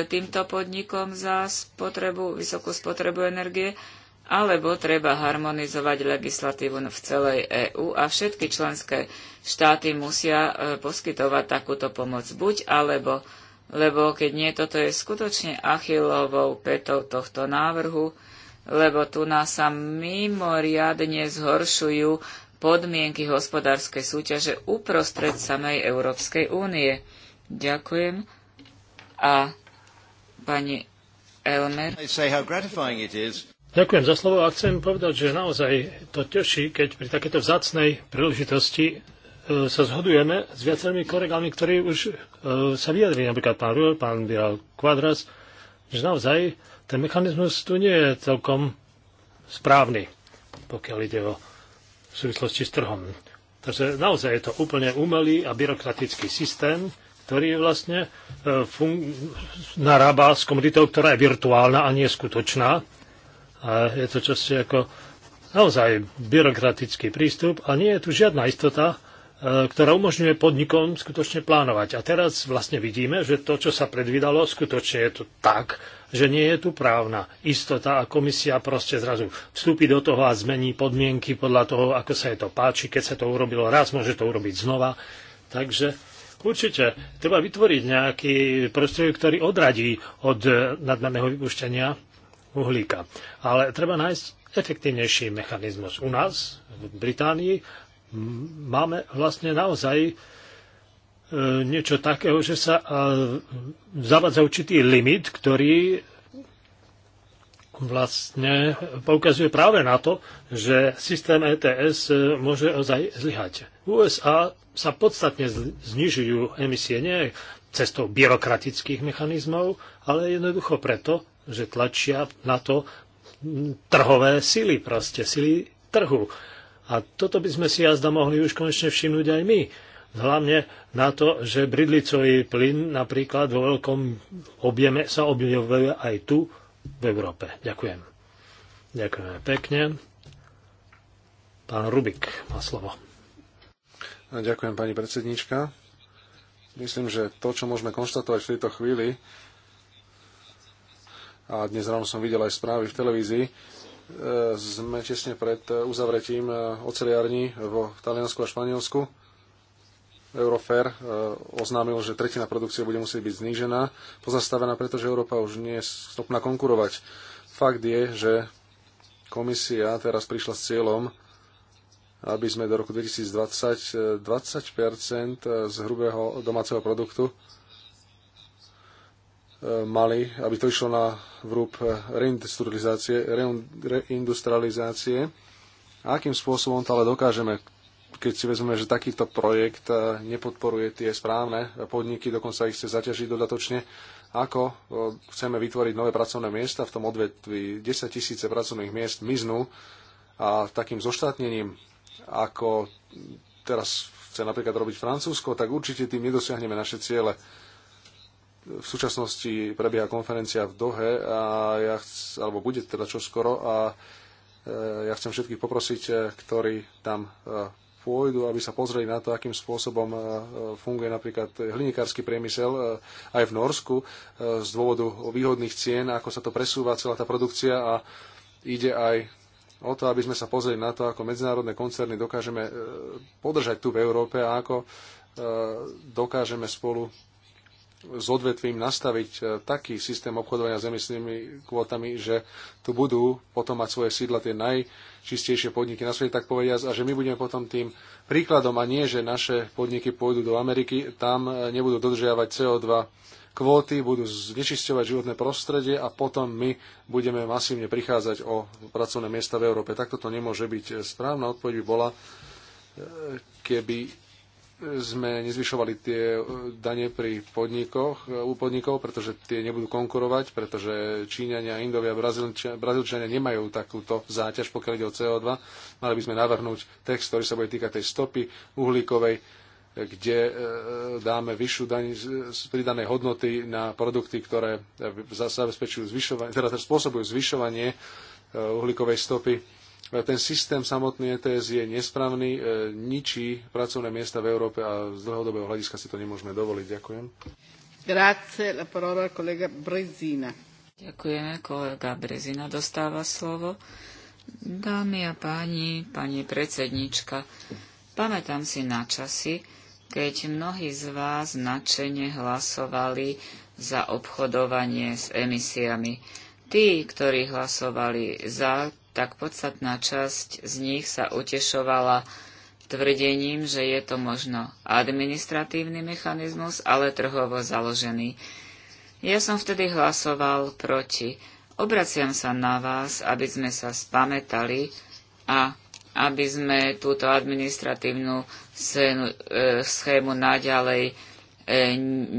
S1: týmto podnikom za spotrebu, vysokú spotrebu energie, alebo treba harmonizovať legislatívu v celej EÚ a všetky členské štáty musia e, poskytovať takúto pomoc buď alebo, lebo keď nie, toto je skutočne achilovou petou tohto návrhu, lebo tu nás sa mimoriadne zhoršujú podmienky hospodárskej súťaže uprostred samej Európskej únie. Ďakujem. A pani Elmer.
S3: Ďakujem za slovo a chcem povedať, že naozaj to teší, keď pri takéto vzácnej príležitosti e, sa zhodujeme s viacerými kolegami, ktorí už e, sa vyjadrili, napríklad pán Ruel, pán Bial Quadras, že naozaj ten mechanizmus tu nie je celkom správny, pokiaľ ide o súvislosti s trhom. Takže naozaj je to úplne umelý a byrokratický systém, ktorý vlastne e, fun- narába s komoditou, ktorá je virtuálna a nie skutočná. A je to čosi ako naozaj byrokratický prístup a nie je tu žiadna istota, e, ktorá umožňuje podnikom skutočne plánovať. A teraz vlastne vidíme, že to, čo sa predvídalo, skutočne je to tak, že nie je tu právna istota a komisia proste zrazu vstúpi do toho a zmení podmienky podľa toho, ako sa je to páči. Keď sa to urobilo raz, môže to urobiť znova. Takže Určite, treba vytvoriť nejaký prostried, ktorý odradí od eh, nadmerného vypuštenia uhlíka. Ale treba nájsť efektívnejší mechanizmus. U nás, v Británii, máme vlastne naozaj eh, niečo takého, že sa eh, zavádza určitý limit, ktorý vlastne poukazuje práve na to, že systém ETS e, môže ozaj zlyhať. V USA sa podstatne znižujú emisie nie cestou byrokratických mechanizmov, ale jednoducho preto, že tlačia na to trhové sily, proste sily trhu. A toto by sme si jazda mohli už konečne všimnúť aj my. Hlavne na to, že bridlicový plyn napríklad vo veľkom objeme sa objavuje aj tu v Európe. Ďakujem. Ďakujeme pekne. Pán Rubik má slovo. Ďakujem, pani predsednička. Myslím, že
S2: to, čo môžeme konštatovať v tejto chvíli, a dnes ráno som videl aj správy v televízii, e, sme tesne pred e, uzavretím e, oceliarní v Taliansku a Španielsku Eurofair e, oznámil, že tretina produkcie bude musieť byť znížená, pozastavená, pretože Európa už nie je schopná konkurovať. Fakt je, že komisia teraz prišla s cieľom, aby sme do roku 2020 20 e, z hrubého domáceho produktu e, mali, aby to išlo na vrúb reindustrializácie, reindustrializácie. Akým spôsobom to ale dokážeme? keď si vezme, že takýto projekt eh, nepodporuje tie správne podniky, dokonca ich chce zaťažiť dodatočne, ako eh, chceme vytvoriť nové pracovné miesta v tom odvetvi. 10 tisíce pracovných miest miznú a takým zoštátnením, ako teraz chce napríklad robiť Francúzsko, tak určite tým nedosiahneme naše ciele. V súčasnosti prebieha konferencia v Dohe, a ja chc, alebo bude teda čoskoro a eh, ja chcem všetkých poprosiť, ktorí tam pôjdu, aby sa pozreli na to, akým spôsobom e, funguje napríklad hlinikársky priemysel e, aj v Norsku e, z dôvodu výhodných cien, ako sa to presúva celá tá produkcia a ide aj o to, aby sme sa pozreli na to, ako medzinárodné koncerny dokážeme podržať tu v Európe a ako dokážeme spolu s odvetvím nastaviť e, taký systém obchodovania s emisnými kvótami, že tu budú potom mať svoje sídla tie najčistejšie podniky na svete, tak povediať, a že my budeme potom tým príkladom a nie, že naše podniky pôjdu do Ameriky, tam e, nebudú dodržiavať CO2 kvóty, budú znečisťovať životné prostredie a potom my budeme masívne prichádzať o pracovné miesta v Európe. Takto to nemôže byť. Správna odpoveď by bola, e, keby sme nezvyšovali tie e, dane pri podnikoch, e, u podnikov, pretože tie nebudú konkurovať, pretože Číňania, Indovia, Brazílčania, Brazílčania nemajú takúto záťaž, pokiaľ ide o CO2. Mali by sme navrhnúť text, ktorý sa bude týkať tej stopy uhlíkovej, e, kde dáme vyššiu daň z pridanej hodnoty na produkty, ktoré zabezpečujú zvyšovanie, teda spôsobujú zvyšovanie uhlíkovej stopy E, ten systém samotný ETS je nesprávny, e, ničí pracovné miesta v Európe a z dlhodobého hľadiska si to nemôžeme dovoliť. Ďakujem.
S1: Grazie, la parola kolega Brezina. Ďakujeme, kolega Brezina dostáva slovo. Dámy a páni, pani predsednička, pamätám si na časy, keď mnohí z vás nadšene hlasovali za obchodovanie s emisiami. Tí, ktorí hlasovali za, tak podstatná časť z nich sa utešovala tvrdením, že je to možno administratívny mechanizmus, ale trhovo založený. Ja som vtedy hlasoval proti. Obraciam sa na vás, aby sme sa spametali a aby sme túto administratívnu scénu, e, schému naďalej e,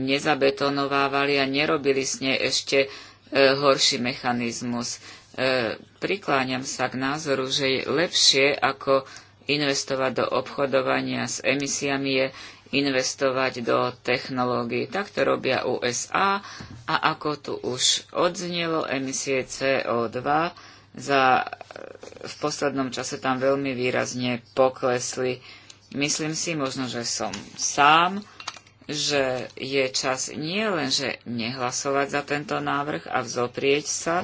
S1: nezabetonovávali a nerobili s nej ešte E, horší mechanizmus. E, prikláňam sa k názoru, že je lepšie ako investovať do obchodovania s emisiami je investovať do technológií. Tak to robia USA a ako tu už odznelo, emisie CO2 za, e, v poslednom čase tam veľmi výrazne poklesli. Myslím si možno, že som sám, že je čas nie len, že nehlasovať za tento návrh a vzoprieť sa,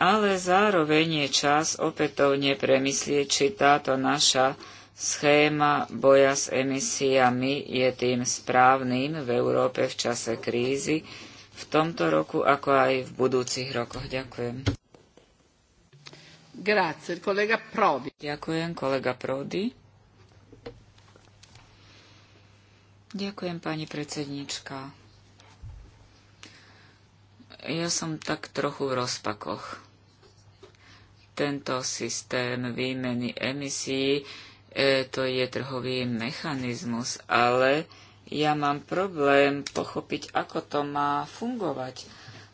S1: ale zároveň je čas opätovne premyslieť, či táto naša schéma boja s emisiami je tým správnym v Európe v čase krízy, v tomto roku, ako aj v budúcich rokoch. Ďakujem. Grazie, kolega Prodi. Ďakujem, kolega Prodi. Ďakujem, pani predsednička. Ja som tak trochu v rozpakoch. Tento systém výmeny emisí, e, to je trhový mechanizmus, ale ja mám problém pochopiť, ako to má fungovať.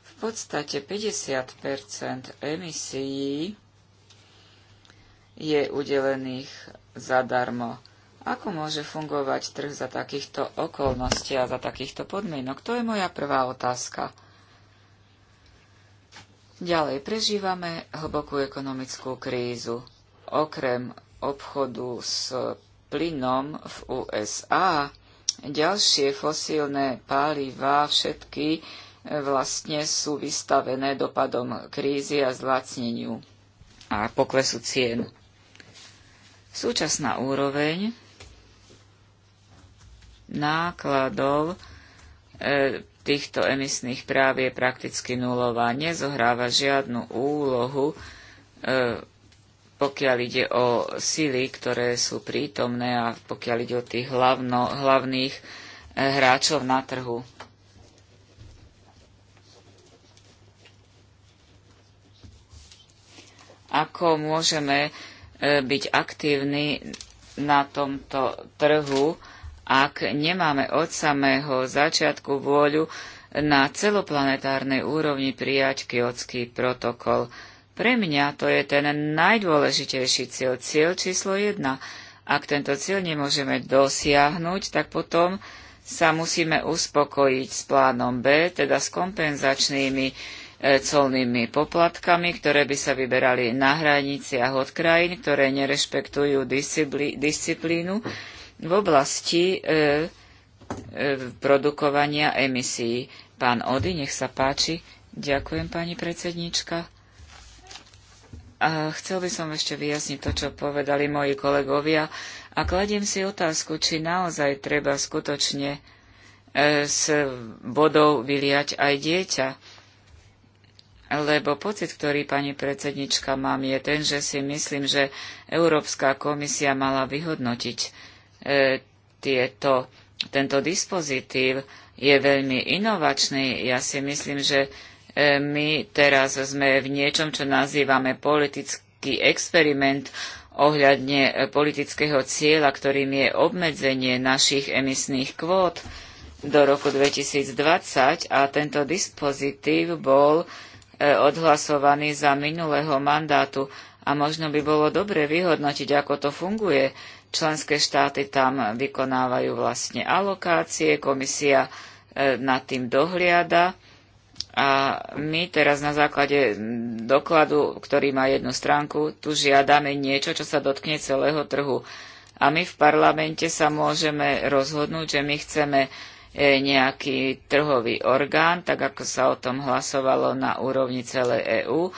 S1: V podstate 50 emisí je udelených zadarmo ako môže fungovať trh za takýchto okolností a za takýchto podmienok? To je moja prvá otázka. Ďalej prežívame hlbokú ekonomickú krízu. Okrem obchodu s plynom v USA, ďalšie fosílne paliva všetky e, vlastne sú vystavené dopadom krízy a zlacneniu a poklesu cien. Súčasná úroveň nákladov e, týchto emisných práv je prakticky nulová. Nezohráva žiadnu úlohu, e, pokiaľ ide o sily, ktoré sú prítomné a pokiaľ ide o tých hlavno, hlavných e, hráčov na trhu. Ako môžeme e, byť aktívni na tomto trhu, ak nemáme od samého začiatku vôľu na celoplanetárnej úrovni prijať kiotský protokol. Pre mňa to je ten najdôležitejší cieľ, cieľ číslo 1. Ak tento cieľ nemôžeme dosiahnuť, tak potom sa musíme uspokojiť s plánom B, teda s kompenzačnými e, colnými poplatkami, ktoré by sa vyberali na hraniciach od krajín, ktoré nerešpektujú disciplínu v oblasti e, e, produkovania emisí. Pán Ody, nech sa páči. Ďakujem, pani predsednička. A chcel by som ešte vyjasniť to, čo povedali moji kolegovia a kladiem si otázku, či naozaj treba skutočne e, s bodou vyliať aj dieťa. Lebo pocit, ktorý pani predsednička mám, je ten, že si myslím, že Európska komisia mala vyhodnotiť E, tieto, tento dispozitív je veľmi inovačný. Ja si myslím, že e, my teraz sme v niečom, čo nazývame politický experiment ohľadne e, politického cieľa, ktorým je obmedzenie našich emisných kvót do roku 2020 a tento dispozitív bol odhlasovaný za minulého mandátu a možno by bolo dobre vyhodnotiť, ako to funguje. Členské štáty tam vykonávajú vlastne alokácie, komisia e, nad tým dohliada a my teraz na základe dokladu, ktorý má jednu stránku, tu žiadame niečo, čo sa dotkne celého trhu. A my v parlamente sa môžeme rozhodnúť, že my chceme e, nejaký trhový orgán, tak ako sa o tom hlasovalo na úrovni celej EÚ,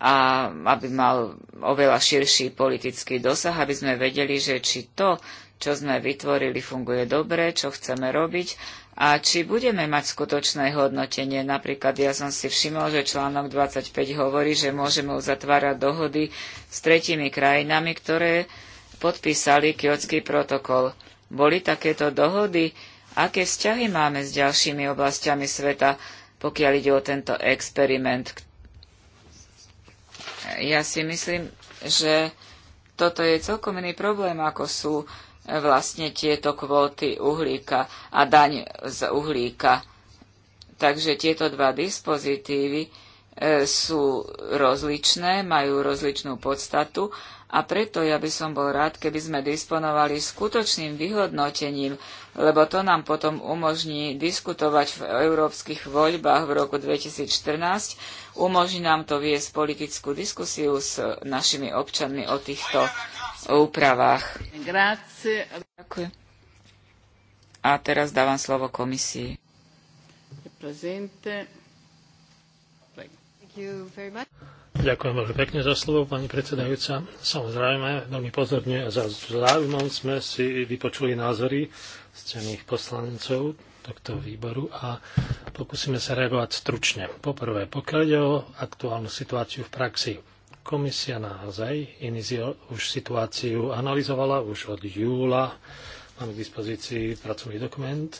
S1: a aby mal oveľa širší politický dosah, aby sme vedeli, že či to, čo sme vytvorili, funguje dobre, čo chceme robiť a či budeme mať skutočné hodnotenie. Napríklad ja som si všimol, že článok 25 hovorí, že môžeme uzatvárať dohody s tretími krajinami, ktoré podpísali kiotský protokol. Boli takéto dohody? Aké vzťahy máme s ďalšími oblastiami sveta, pokiaľ ide o tento experiment, ja si myslím, že toto je celkom iný problém, ako sú e, vlastne tieto kvóty uhlíka a daň z uhlíka. Takže tieto dva dispozitívy e, sú rozličné, majú rozličnú podstatu a preto ja by som bol rád, keby sme disponovali skutočným vyhodnotením, lebo to nám potom umožní diskutovať v európskych voľbách v roku 2014 Umožní nám to viesť politickú diskusiu s našimi občanmi o týchto úpravách. Ďakujem. A teraz dávam slovo komisii.
S3: Ďakujem veľmi pekne za slovo, pani predsedajúca. Samozrejme, veľmi pozorne a za záujmom sme si vypočuli názory z cených poslancov tohto výboru a pokúsime sa reagovať stručne. Poprvé, pokiaľ ide o aktuálnu situáciu v praxi, komisia naozaj inizio, už situáciu analyzovala už od júla. Mám k dispozícii pracovný dokument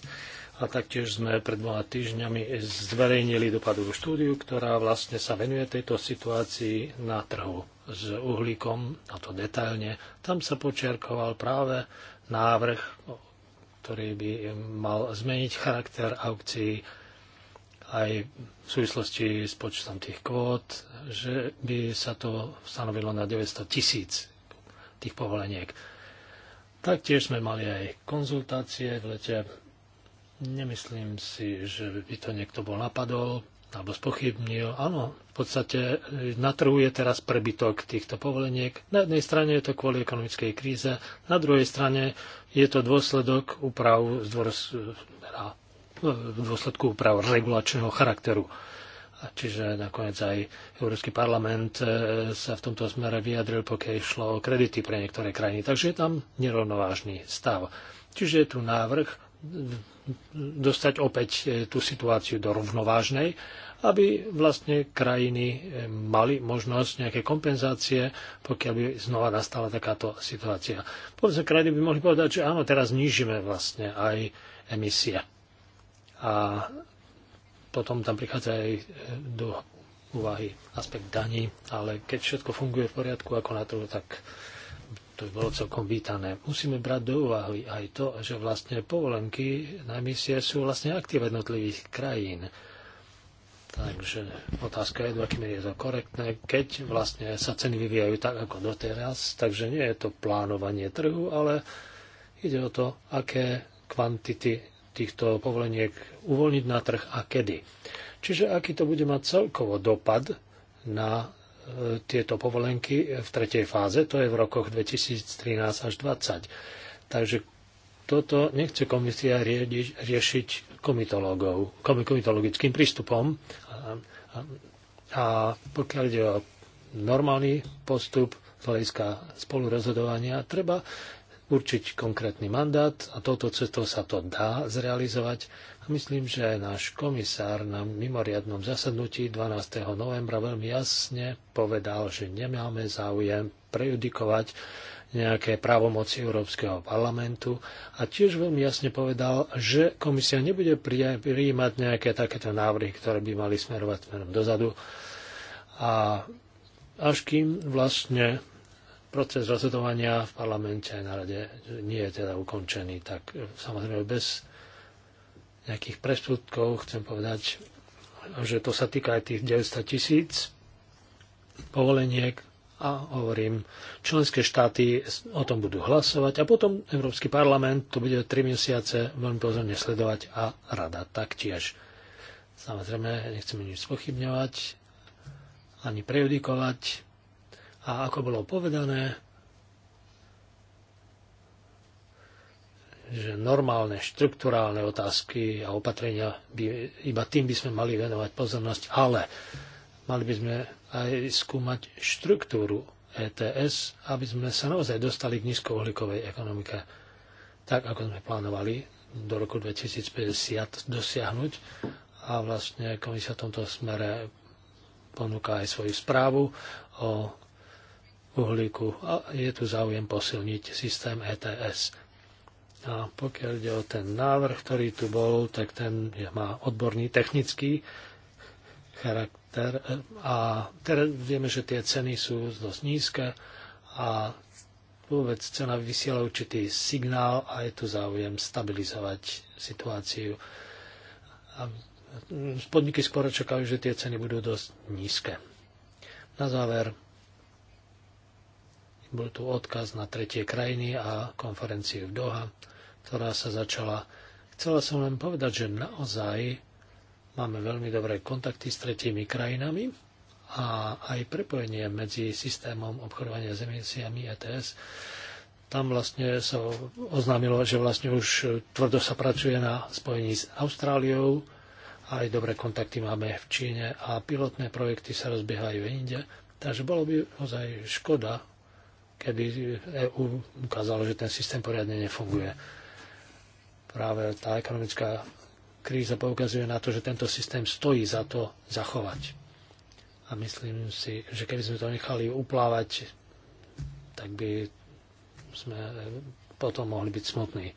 S3: a taktiež sme pred dvoma týždňami zverejnili dopadovú štúdiu, ktorá vlastne sa venuje tejto situácii na trhu s uhlíkom, a to detailne. Tam sa počiarkoval práve návrh ktorý by mal zmeniť charakter aukcií aj v súvislosti s počtom tých kvót, že by sa to stanovilo na 900 tisíc tých povoleniek. Taktiež sme mali aj konzultácie v lete. Nemyslím si, že by to niekto bol napadol alebo spochybnil. Áno, v podstate e, na trhu je teraz prebytok týchto povoleniek. Na jednej strane je to kvôli ekonomickej kríze, na druhej strane je to dôsledok úprav, v teda, e, dôsledku úprav regulačného charakteru. Čiže nakoniec aj Európsky parlament e, sa v tomto smere vyjadril, pokiaľ išlo o kredity pre niektoré krajiny. Takže je tam nerovnovážny stav. Čiže je tu návrh dostať opäť e, tú situáciu do rovnovážnej aby vlastne krajiny eh, mali možnosť nejaké kompenzácie, pokiaľ by znova nastala takáto situácia. Povedzme, krajiny by mohli povedať, že áno, teraz znížime vlastne aj emisie. A potom tam prichádza aj eh, do úvahy aspekt daní, ale keď všetko funguje v poriadku ako na trhu, tak to by bolo celkom vítané. Musíme brať do úvahy aj to, že vlastne povolenky na emisie sú vlastne aktív jednotlivých krajín Takže otázka je, do aký je to korektné, keď vlastne sa ceny vyvíjajú tak ako doteraz. Takže nie je to plánovanie trhu, ale ide o to, aké kvantity týchto povoleniek uvoľniť na trh a kedy. Čiže aký to bude mať celkovo dopad na e, tieto povolenky v tretej fáze, to je v rokoch 2013 až 2020. Takže toto nechce komisia riešiť komitologov, komitologickým prístupom, a, a pokiaľ ide o normálny postup z hľadiska spolurozhodovania, treba určiť konkrétny mandát a touto cestou sa to dá zrealizovať. A myslím, že aj náš komisár na mimoriadnom zasadnutí 12. novembra veľmi jasne povedal, že nemáme záujem prejudikovať nejaké právomoci Európskeho parlamentu a tiež veľmi jasne povedal, že komisia nebude prijímať nejaké takéto návrhy, ktoré by mali smerovať smerom dozadu. A až kým vlastne proces rozhodovania v parlamente na rade nie je teda ukončený, tak e, samozrejme bez nejakých presudkov chcem povedať, že to sa týka aj tých 900 tisíc povoleniek, a hovorím, členské štáty o tom budú hlasovať a potom Európsky parlament to bude 3 mesiace veľmi pozorne sledovať a rada taktiež. Samozrejme, nechceme nič spochybňovať ani prejudikovať. A ako bolo povedané, že normálne štruktúrálne otázky a opatrenia by, iba tým by sme mali venovať pozornosť, ale Mali by sme aj skúmať štruktúru ETS, aby sme sa naozaj dostali k nízkouhlíkovej ekonomike, tak ako sme plánovali do roku 2050 dosiahnuť. A vlastne komisia v tomto smere ponúka aj svoju správu o uhlíku a je tu záujem posilniť systém ETS. A pokiaľ ide o ten návrh, ktorý tu bol, tak ten má odborný technický charakter a teraz vieme, že tie ceny sú dosť nízke a vôbec cena vysiela určitý signál a je tu záujem stabilizovať situáciu. A podniky skoro čakajú, že tie ceny budú dosť nízke. Na záver bol tu odkaz na tretie krajiny a konferenciu v Doha, ktorá sa začala. Chcela som len povedať, že naozaj Máme veľmi dobré kontakty s tretími krajinami a aj prepojenie medzi systémom obchodovania s emisiami ETS. Tam vlastne sa oznámilo, že vlastne už tvrdo sa pracuje na spojení s Austráliou, aj dobré kontakty máme v Číne a pilotné projekty sa rozbiehajú inde. Takže bolo by ozaj škoda, keby EU ukázalo, že ten systém poriadne nefunguje. Práve tá ekonomická kríza poukazuje na to, že tento systém stojí za to zachovať. A myslím si, že keby sme to nechali uplávať, tak by sme potom mohli byť smutní.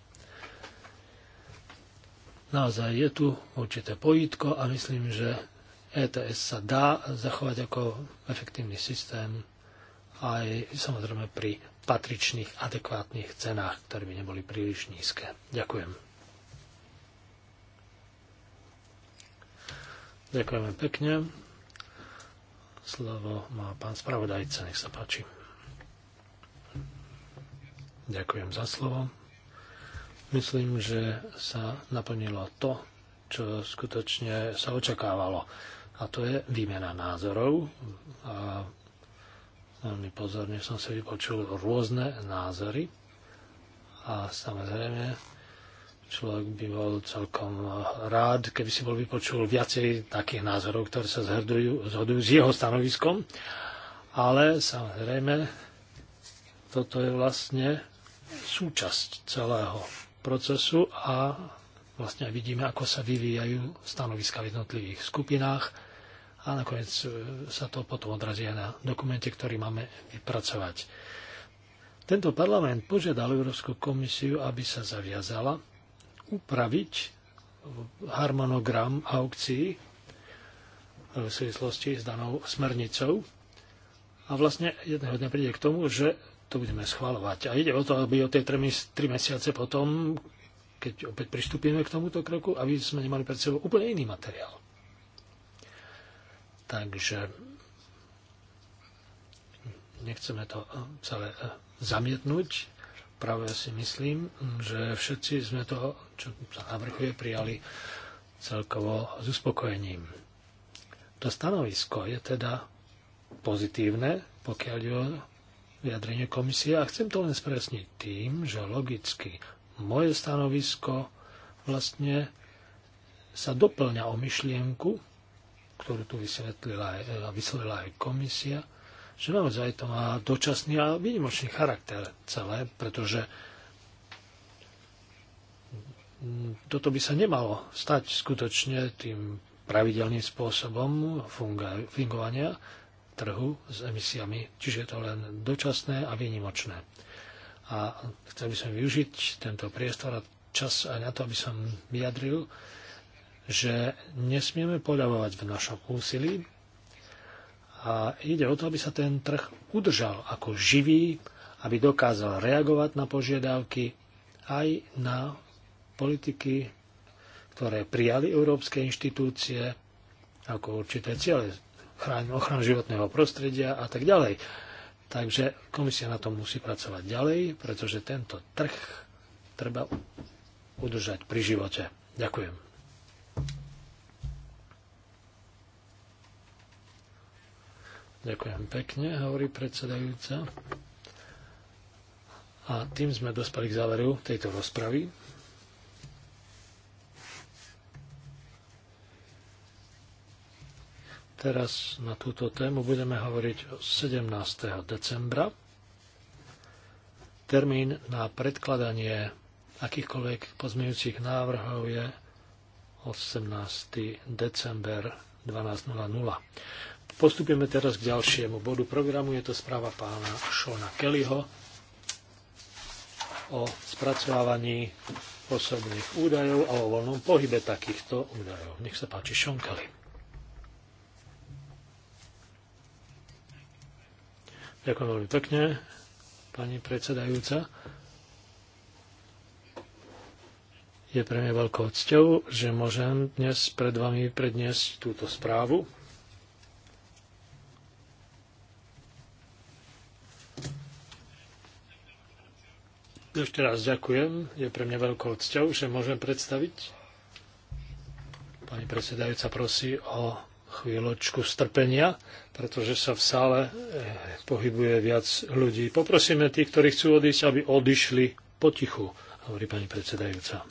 S3: Naozaj je tu určité pojítko a myslím, že ETS sa dá zachovať ako efektívny systém aj samozrejme pri patričných, adekvátnych cenách, ktoré by neboli príliš nízke. Ďakujem. Ďakujeme pekne. Slovo má pán spravodajca, nech sa páči. Ďakujem za slovo. Myslím, že sa naplnilo to, čo skutočne sa očakávalo. A to je výmena názorov. A veľmi pozorne som si vypočul rôzne názory. A samozrejme, človek by bol celkom eh, rád, keby si bol vypočul viacej takých názorov, ktoré sa zhodujú, zhodujú s jeho stanoviskom. Ale samozrejme, toto je vlastne súčasť celého procesu a vlastne vidíme, ako sa vyvíjajú stanoviska v jednotlivých skupinách a nakoniec eh, sa to potom odrazí aj na dokumente, ktorý máme vypracovať. Tento parlament požiadal Európsku komisiu, aby sa zaviazala upraviť harmonogram aukcií v súvislosti s danou smernicou. A vlastne jedného dňa príde k tomu, že to budeme schvalovať. A ide o to, aby o tie 3 mesiace potom, keď opäť pristúpime k tomuto kroku, aby sme nemali pred sebou úplne iný materiál. Takže nechceme to eh, celé eh, zamietnúť, práve si myslím, že všetci sme to, čo sa navrhuje, prijali celkovo s uspokojením. To stanovisko je teda pozitívne, pokiaľ je o vyjadrenie komisie a chcem to len spresniť tým, že logicky moje stanovisko vlastne sa doplňa o myšlienku, ktorú tu vysvetlila, vysvetlila aj komisia, že naozaj to má dočasný a výnimočný charakter celé, pretože toto by sa nemalo stať skutočne tým pravidelným spôsobom fungovania trhu s emisiami, čiže je to len dočasné a výnimočné. A chcel by som využiť tento priestor a čas aj na to, aby som vyjadril, že nesmieme poľavovať v našom úsilí a ide o to, aby sa ten trh udržal ako živý, aby dokázal reagovať na požiadavky aj na politiky, ktoré prijali európske inštitúcie ako určité ciele, ochranu životného prostredia a tak ďalej. Takže komisia na tom musí pracovať ďalej, pretože tento trh treba udržať pri živote. Ďakujem. Ďakujem pekne, hovorí predsedajúca. A tým sme dospeli k záveru tejto rozpravy. Teraz na túto tému budeme hovoriť 17. decembra. Termín na predkladanie akýchkoľvek pozmeňujúcich návrhov je 18. december 12.00. Postupujeme teraz k ďalšiemu bodu programu. Je to správa pána Šona Kellyho o spracovávaní osobných údajov a o voľnom pohybe takýchto údajov. Nech sa páči, Sean Kelly. Ďakujem veľmi pekne, pani predsedajúca. Je pre mňa veľkou cťou, že môžem dnes pred vami predniesť túto správu Ešte raz ďakujem. Je pre mňa veľkou cťou, že môžem predstaviť. Pani predsedajúca prosí o chvíľočku strpenia, pretože sa v sále eh, pohybuje viac ľudí. Poprosíme tých, ktorí chcú odísť, aby odišli potichu, hovorí pani predsedajúca.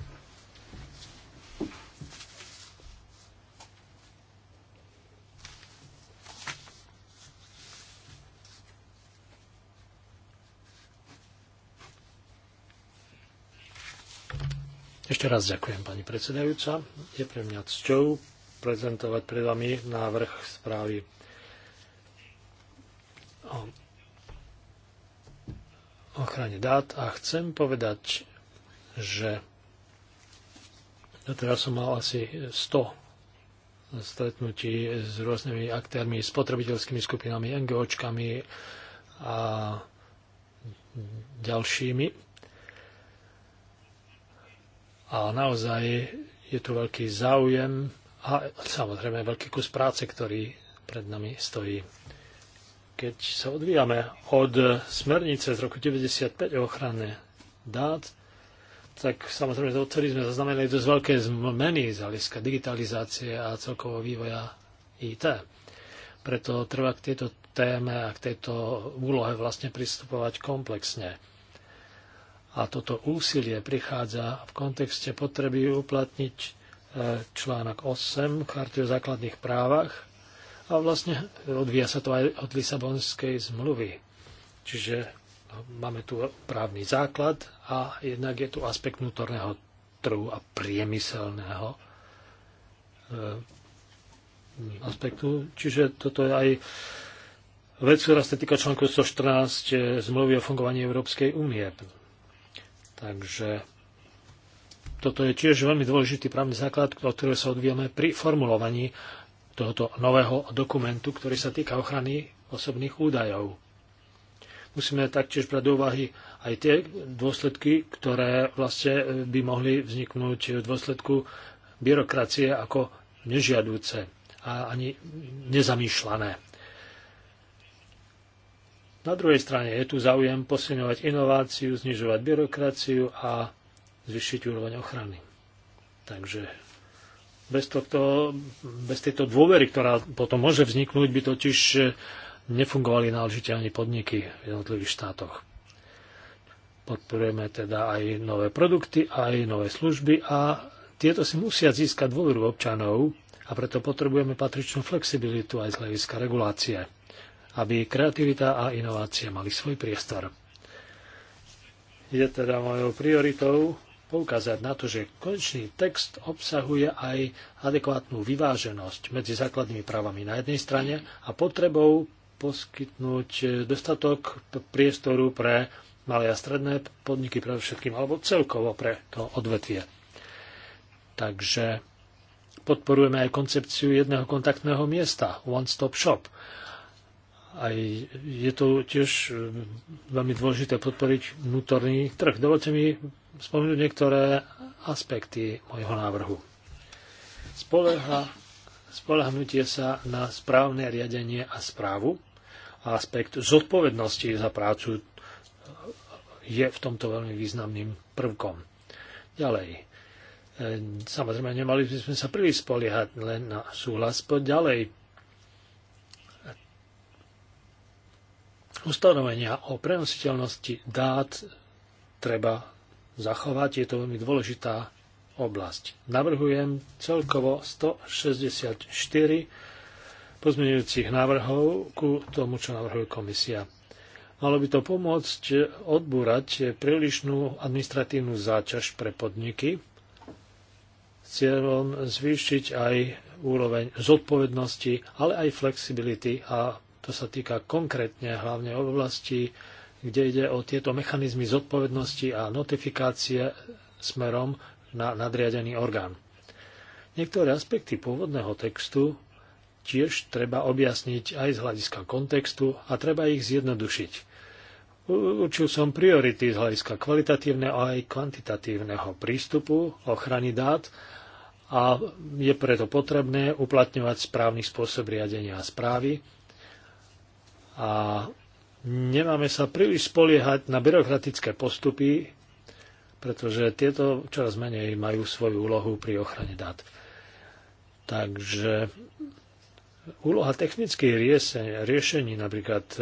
S3: Ešte raz ďakujem, pani predsedajúca. Je pre mňa cťou prezentovať pred vami návrh správy o ochrane dát a chcem povedať, že teraz som mal asi 100 stretnutí s rôznymi aktérmi, spotrebiteľskými skupinami, NGOčkami a ďalšími a naozaj je tu veľký záujem a samozrejme veľký kus práce, ktorý pred nami stojí. Keď sa odvíjame od smernice z roku 95 o ochrane dát, tak samozrejme do ktorých sme zaznamenali dosť veľké zmeny z hľadiska digitalizácie a celkového vývoja IT. Preto treba k tejto téme a k tejto úlohe vlastne pristupovať komplexne. A toto úsilie prichádza v kontexte potreby uplatniť e, článok 8 Charty o základných právach a vlastne odvíja sa to aj od Lisabonskej zmluvy. Čiže no, máme tu právny základ a jednak je tu aspekt vnútorného trhu a priemyselného e, aspektu. Čiže toto je aj vec, ktorá sa týka článku 114 e, zmluvy o fungovaní Európskej únie. Takže toto je tiež veľmi dôležitý právny základ, od ktorého sa odvíjame pri formulovaní tohoto nového dokumentu, ktorý sa týka ochrany osobných údajov. Musíme taktiež brať do úvahy aj tie dôsledky, ktoré vlastne by mohli vzniknúť v dôsledku byrokracie ako nežiadúce a ani nezamýšľané. Na druhej strane je tu záujem posilňovať inováciu, znižovať byrokraciu a zvyšiť úroveň ochrany. Takže bez, tohto, bez tejto dôvery, ktorá potom môže vzniknúť, by totiž nefungovali náležite ani podniky v jednotlivých štátoch. Podporujeme teda aj nové produkty, aj nové služby a tieto si musia získať dôveru občanov a preto potrebujeme patričnú flexibilitu aj z hľadiska regulácie aby kreativita a inovácia mali svoj priestor. Je teda mojou prioritou poukázať na to, že konečný text obsahuje aj adekvátnu vyváženosť medzi základnými právami na jednej strane a potrebou poskytnúť dostatok priestoru pre malé a stredné podniky všetkým, alebo celkovo pre to odvetvie. Takže podporujeme aj koncepciu jedného kontaktného miesta, One Stop Shop, aj je to tiež e, veľmi dôležité podporiť vnútorný trh. Dovolte mi spomenúť niektoré aspekty môjho návrhu. Spoleha, spolehnutie sa na správne riadenie a správu a aspekt zodpovednosti za prácu je v tomto veľmi významným prvkom. Ďalej, e, samozrejme nemali by sme sa príliš spoliehať len na súhlas, po ďalej ustanovenia o prenositeľnosti dát treba zachovať. Je to veľmi dôležitá oblasť. Navrhujem celkovo 164 pozmeňujúcich návrhov ku tomu, čo navrhuje komisia. Malo by to pomôcť odbúrať prílišnú administratívnu záťaž pre podniky s cieľom zvýšiť aj úroveň zodpovednosti, ale aj flexibility a to sa týka konkrétne hlavne oblasti, kde ide o tieto mechanizmy zodpovednosti a notifikácie smerom na nadriadený orgán. Niektoré aspekty pôvodného textu tiež treba objasniť aj z hľadiska kontextu a treba ich zjednodušiť. Určil som priority z hľadiska kvalitatívneho a aj kvantitatívneho prístupu ochrany dát a je preto potrebné uplatňovať správny spôsob riadenia správy a nemáme sa príliš spoliehať na byrokratické postupy, pretože tieto čoraz menej majú svoju úlohu pri ochrane dát. Takže úloha technických riešení, riešení napríklad e,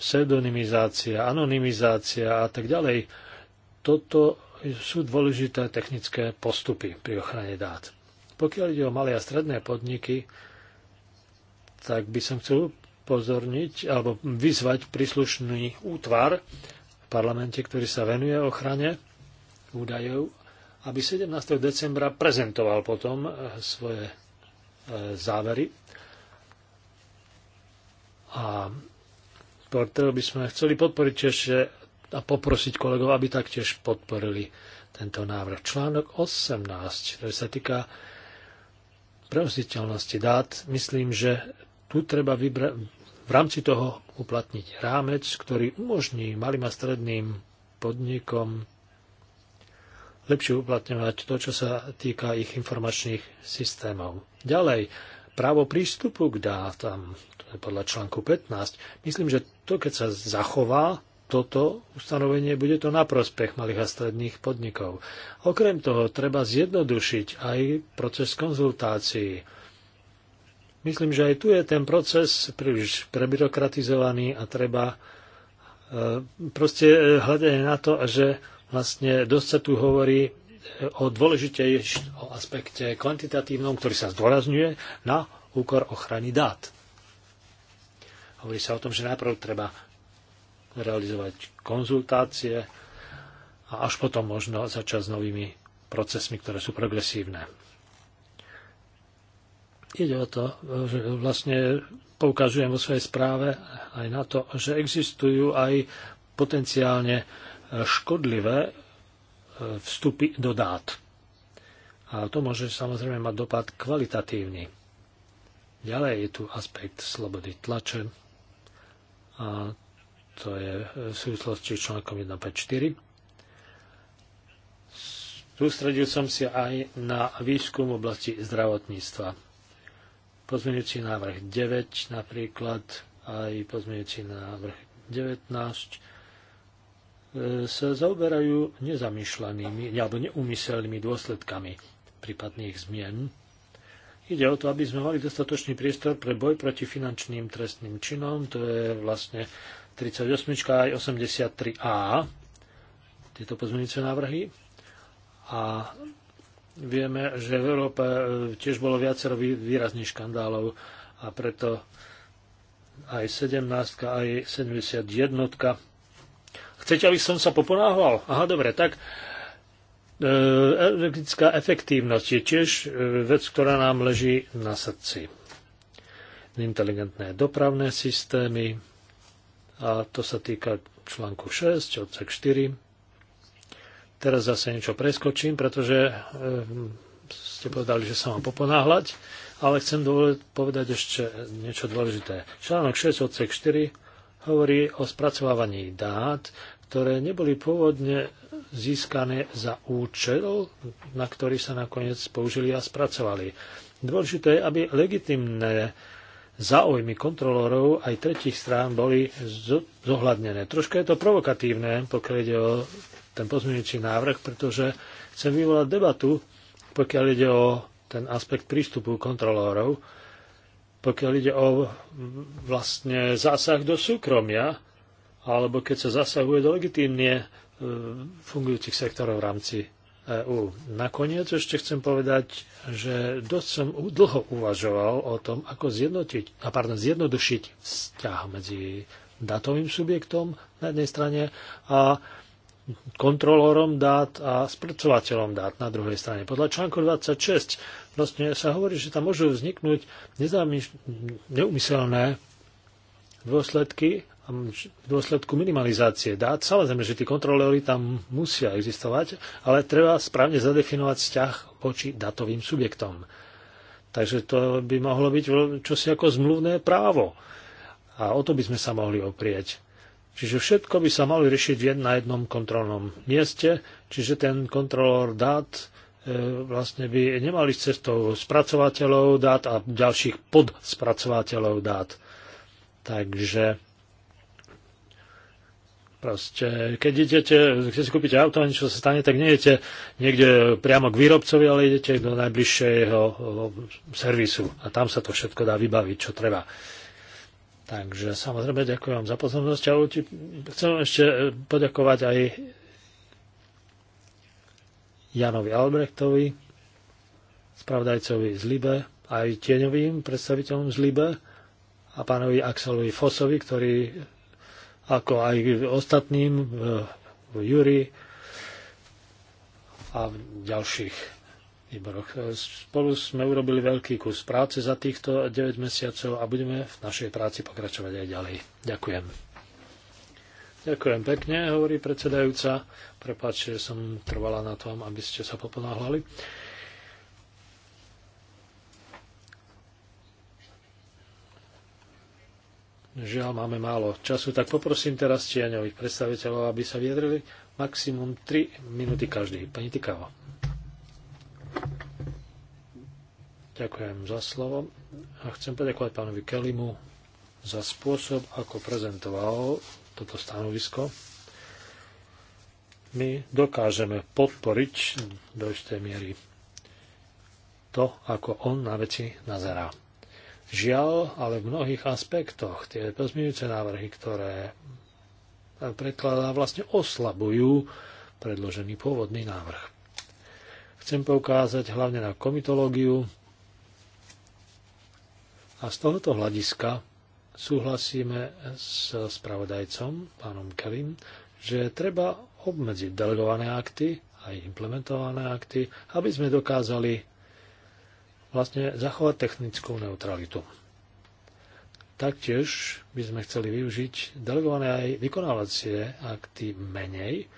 S3: pseudonymizácia, anonymizácia a tak ďalej, toto sú dôležité technické postupy pri ochrane dát. Pokiaľ ide o malé a stredné podniky, tak by som chcel upozorniť alebo vyzvať príslušný útvar v parlamente, ktorý sa venuje ochrane údajov, aby 17. decembra prezentoval potom eh, svoje eh, závery. A preto by sme chceli podporiť ešte eh, a poprosiť kolegov, aby taktiež podporili tento návrh. Článok 18, ktorý sa týka prenositeľnosti dát, myslím, že tu treba vybra- v rámci toho uplatniť rámec, ktorý umožní malým a stredným podnikom lepšie uplatňovať to, čo sa týka ich informačných systémov. Ďalej, právo prístupu k dátam, to je podľa článku 15, myslím, že to, keď sa zachová toto ustanovenie, bude to na prospech malých a stredných podnikov. Okrem toho, treba zjednodušiť aj proces konzultácií Myslím, že aj tu je ten proces príliš prebyrokratizovaný a treba e, proste e, hľadať na to, že vlastne dosť sa tu hovorí e, o dôležitejšom aspekte kvantitatívnom, ktorý sa zdôrazňuje na úkor ochrany dát. Hovorí sa o tom, že najprv treba realizovať konzultácie a až potom možno začať s novými procesmi, ktoré sú progresívne. Ide o to, že vlastne poukazujem vo svojej správe aj na to, že existujú aj potenciálne škodlivé e, vstupy do dát. A to môže samozrejme mať dopad kvalitatívny. Ďalej je tu aspekt slobody tlače. A to je v súvislosti s článkom 154. Sústredil som si aj na výskum v oblasti zdravotníctva Pozmeňujúci návrh 9 napríklad, aj pozmeňujúci návrh 19 e, sa zaoberajú nezamýšľanými alebo neumyselnými dôsledkami prípadných zmien. Ide o to, aby sme mali dostatočný priestor pre boj proti finančným trestným činom, to je vlastne 38 aj 83a, tieto pozmeňujúce návrhy. A Vieme, že v Európe e, tiež bolo viacero výrazných škandálov a preto aj 17, aj 71. Chcete, aby som sa poponáhľal? Aha, dobre, tak e, energetická efektívnosť je tiež e, vec, ktorá nám leží na srdci. Inteligentné dopravné systémy, a to sa týka článku 6, odsek 4, Teraz zase niečo preskočím, pretože eh, ste povedali, že sa mám poponáhľať, ale chcem povedať ešte niečo dôležité. Článok 6 odsek 4 hovorí o spracovávaní dát, ktoré neboli pôvodne získané za účel, na ktorý sa nakoniec použili a spracovali. Dôležité je, aby legitimné záujmy kontrolorov aj tretich strán boli zohľadnené. Troška je to provokatívne, pokiaľ ide o ten pozmeňujúci návrh, pretože chcem vyvolať debatu, pokiaľ ide o ten aspekt prístupu kontrolórov, pokiaľ ide o vlastne zásah do súkromia, alebo keď sa zasahuje do legitímne e, fungujúcich sektorov v rámci EÚ. Nakoniec ešte chcem povedať, že dosť som dlho uvažoval o tom, ako zjednotiť, a pardon, zjednodušiť vzťah medzi datovým subjektom na jednej strane a kontrolorom dát a spracovateľom dát na druhej strane. Podľa článku 26 vlastne sa hovorí, že tam môžu vzniknúť neumyselné dôsledky v dôsledku minimalizácie dát. Samozrejme, že tí kontrolóri tam musia existovať, ale treba správne zadefinovať vzťah voči datovým subjektom. Takže to by mohlo byť čosi ako zmluvné právo. A o to by sme sa mohli oprieť. Čiže všetko by sa malo riešiť na jednom kontrolnom mieste, čiže ten kontrolór dát e, vlastne by nemali cestou spracovateľov dát a ďalších podspracovateľov dát. Takže proste, keď idete, keď si kúpite auto a niečo sa stane, tak nejdete niekde priamo k výrobcovi, ale idete do najbližšieho e, servisu a tam sa to všetko dá vybaviť, čo treba. Takže samozrejme ďakujem vám za pozornosť a chcem ešte poďakovať aj Janovi Albrechtovi, spravdajcovi z Libe, aj tieňovým predstaviteľom z Libe a pánovi Axelovi Fosovi, ktorý ako aj ostatným v Júri a v ďalších výboroch. Spolu sme urobili veľký kus práce za týchto 9 mesiacov a budeme v našej práci pokračovať aj ďalej. Ďakujem. Ďakujem pekne, hovorí predsedajúca. Prepáčte, že som trvala na tom, aby ste sa poponáhľali. Žiaľ, máme málo času, tak poprosím teraz tieňových predstaviteľov, aby sa viedrili maximum 3 minúty každý. Pani Tikava. Ďakujem za slovo a chcem poďakovať pánovi Kelimu za spôsob, ako prezentoval toto stanovisko. My dokážeme podporiť do istej miery to, ako on na veci nazerá. Žiaľ, ale v mnohých aspektoch tie pozmeňujúce návrhy, ktoré predkladá, vlastne oslabujú predložený pôvodný návrh. Chcem poukázať hlavne na komitológiu, a z tohoto hľadiska súhlasíme s spravodajcom, pánom Kelim, že treba obmedziť delegované akty aj implementované akty, aby sme dokázali vlastne zachovať technickú neutralitu. Taktiež by sme chceli využiť delegované aj vykonávacie akty menej,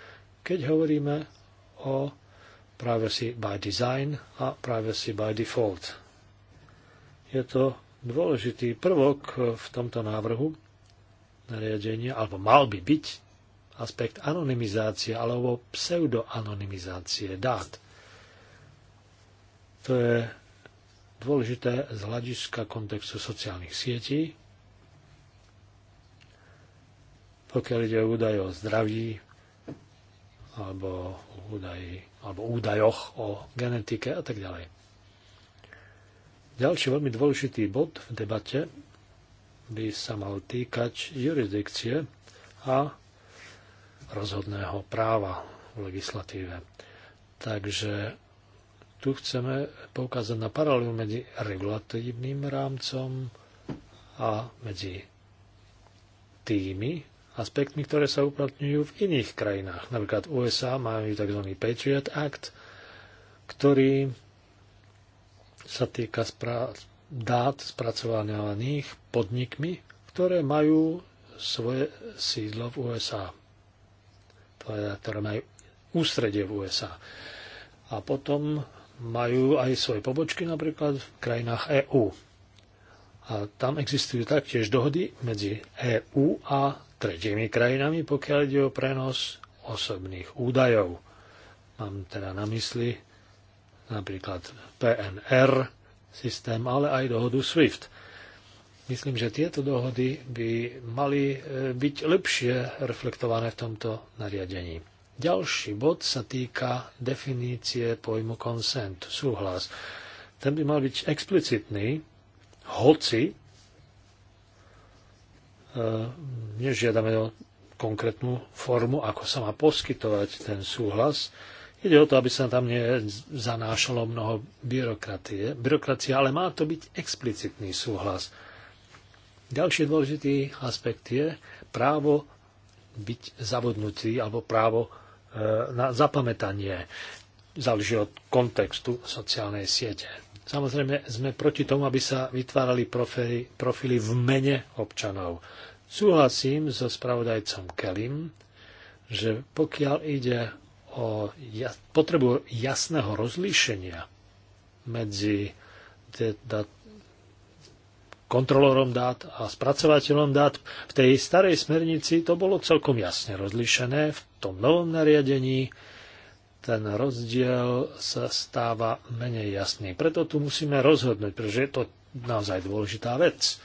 S3: keď hovoríme o privacy by design a privacy by default. Je to dôležitý prvok v tomto návrhu nariadenia, alebo mal by byť aspekt anonymizácie alebo pseudoanonymizácie dát. To je dôležité z hľadiska kontextu sociálnych sietí, pokiaľ ide o údaje o zdraví alebo, údaj, alebo údajoch o genetike a tak ďalej. Ďalší veľmi dôležitý bod v debate by sa mal týkať jurisdikcie a rozhodného práva v legislatíve. Takže tu chceme poukázať na paralelu medzi regulatívnym rámcom a medzi tými aspektmi, ktoré sa uplatňujú v iných krajinách. Napríklad USA majú tzv. Patriot Act, ktorý sa týka spra- dát spracovaných podnikmi, ktoré majú svoje sídlo v USA, ktoré majú ústredie v USA. A potom majú aj svoje pobočky napríklad v krajinách EÚ. A tam existujú taktiež dohody medzi EÚ a tretimi krajinami, pokiaľ ide o prenos osobných údajov. Mám teda na mysli napríklad PNR systém, ale aj dohodu SWIFT. Myslím, že tieto dohody by mali e, byť lepšie reflektované v tomto nariadení. Ďalší bod sa týka definície pojmu consent, súhlas. Ten by mal byť explicitný, hoci e, nežiadame o konkrétnu formu, ako sa má poskytovať ten súhlas, Ide o to, aby sa tam nezanášalo mnoho byrokratie, byrokracie, ale má to byť explicitný súhlas. Ďalší dôležitý aspekt je právo byť zavodnutý alebo právo e, na zapamätanie. Záleží od kontextu sociálnej siete. Samozrejme, sme proti tomu, aby sa vytvárali profily, profily v mene občanov. Súhlasím so spravodajcom Kelim, že pokiaľ ide o potrebu jasného rozlíšenia medzi kontrolorom dát a spracovateľom dát. V tej starej smernici to bolo celkom jasne rozlíšené. V tom novom nariadení ten rozdiel sa stáva menej jasný. Preto tu musíme rozhodnúť, pretože je to naozaj dôležitá vec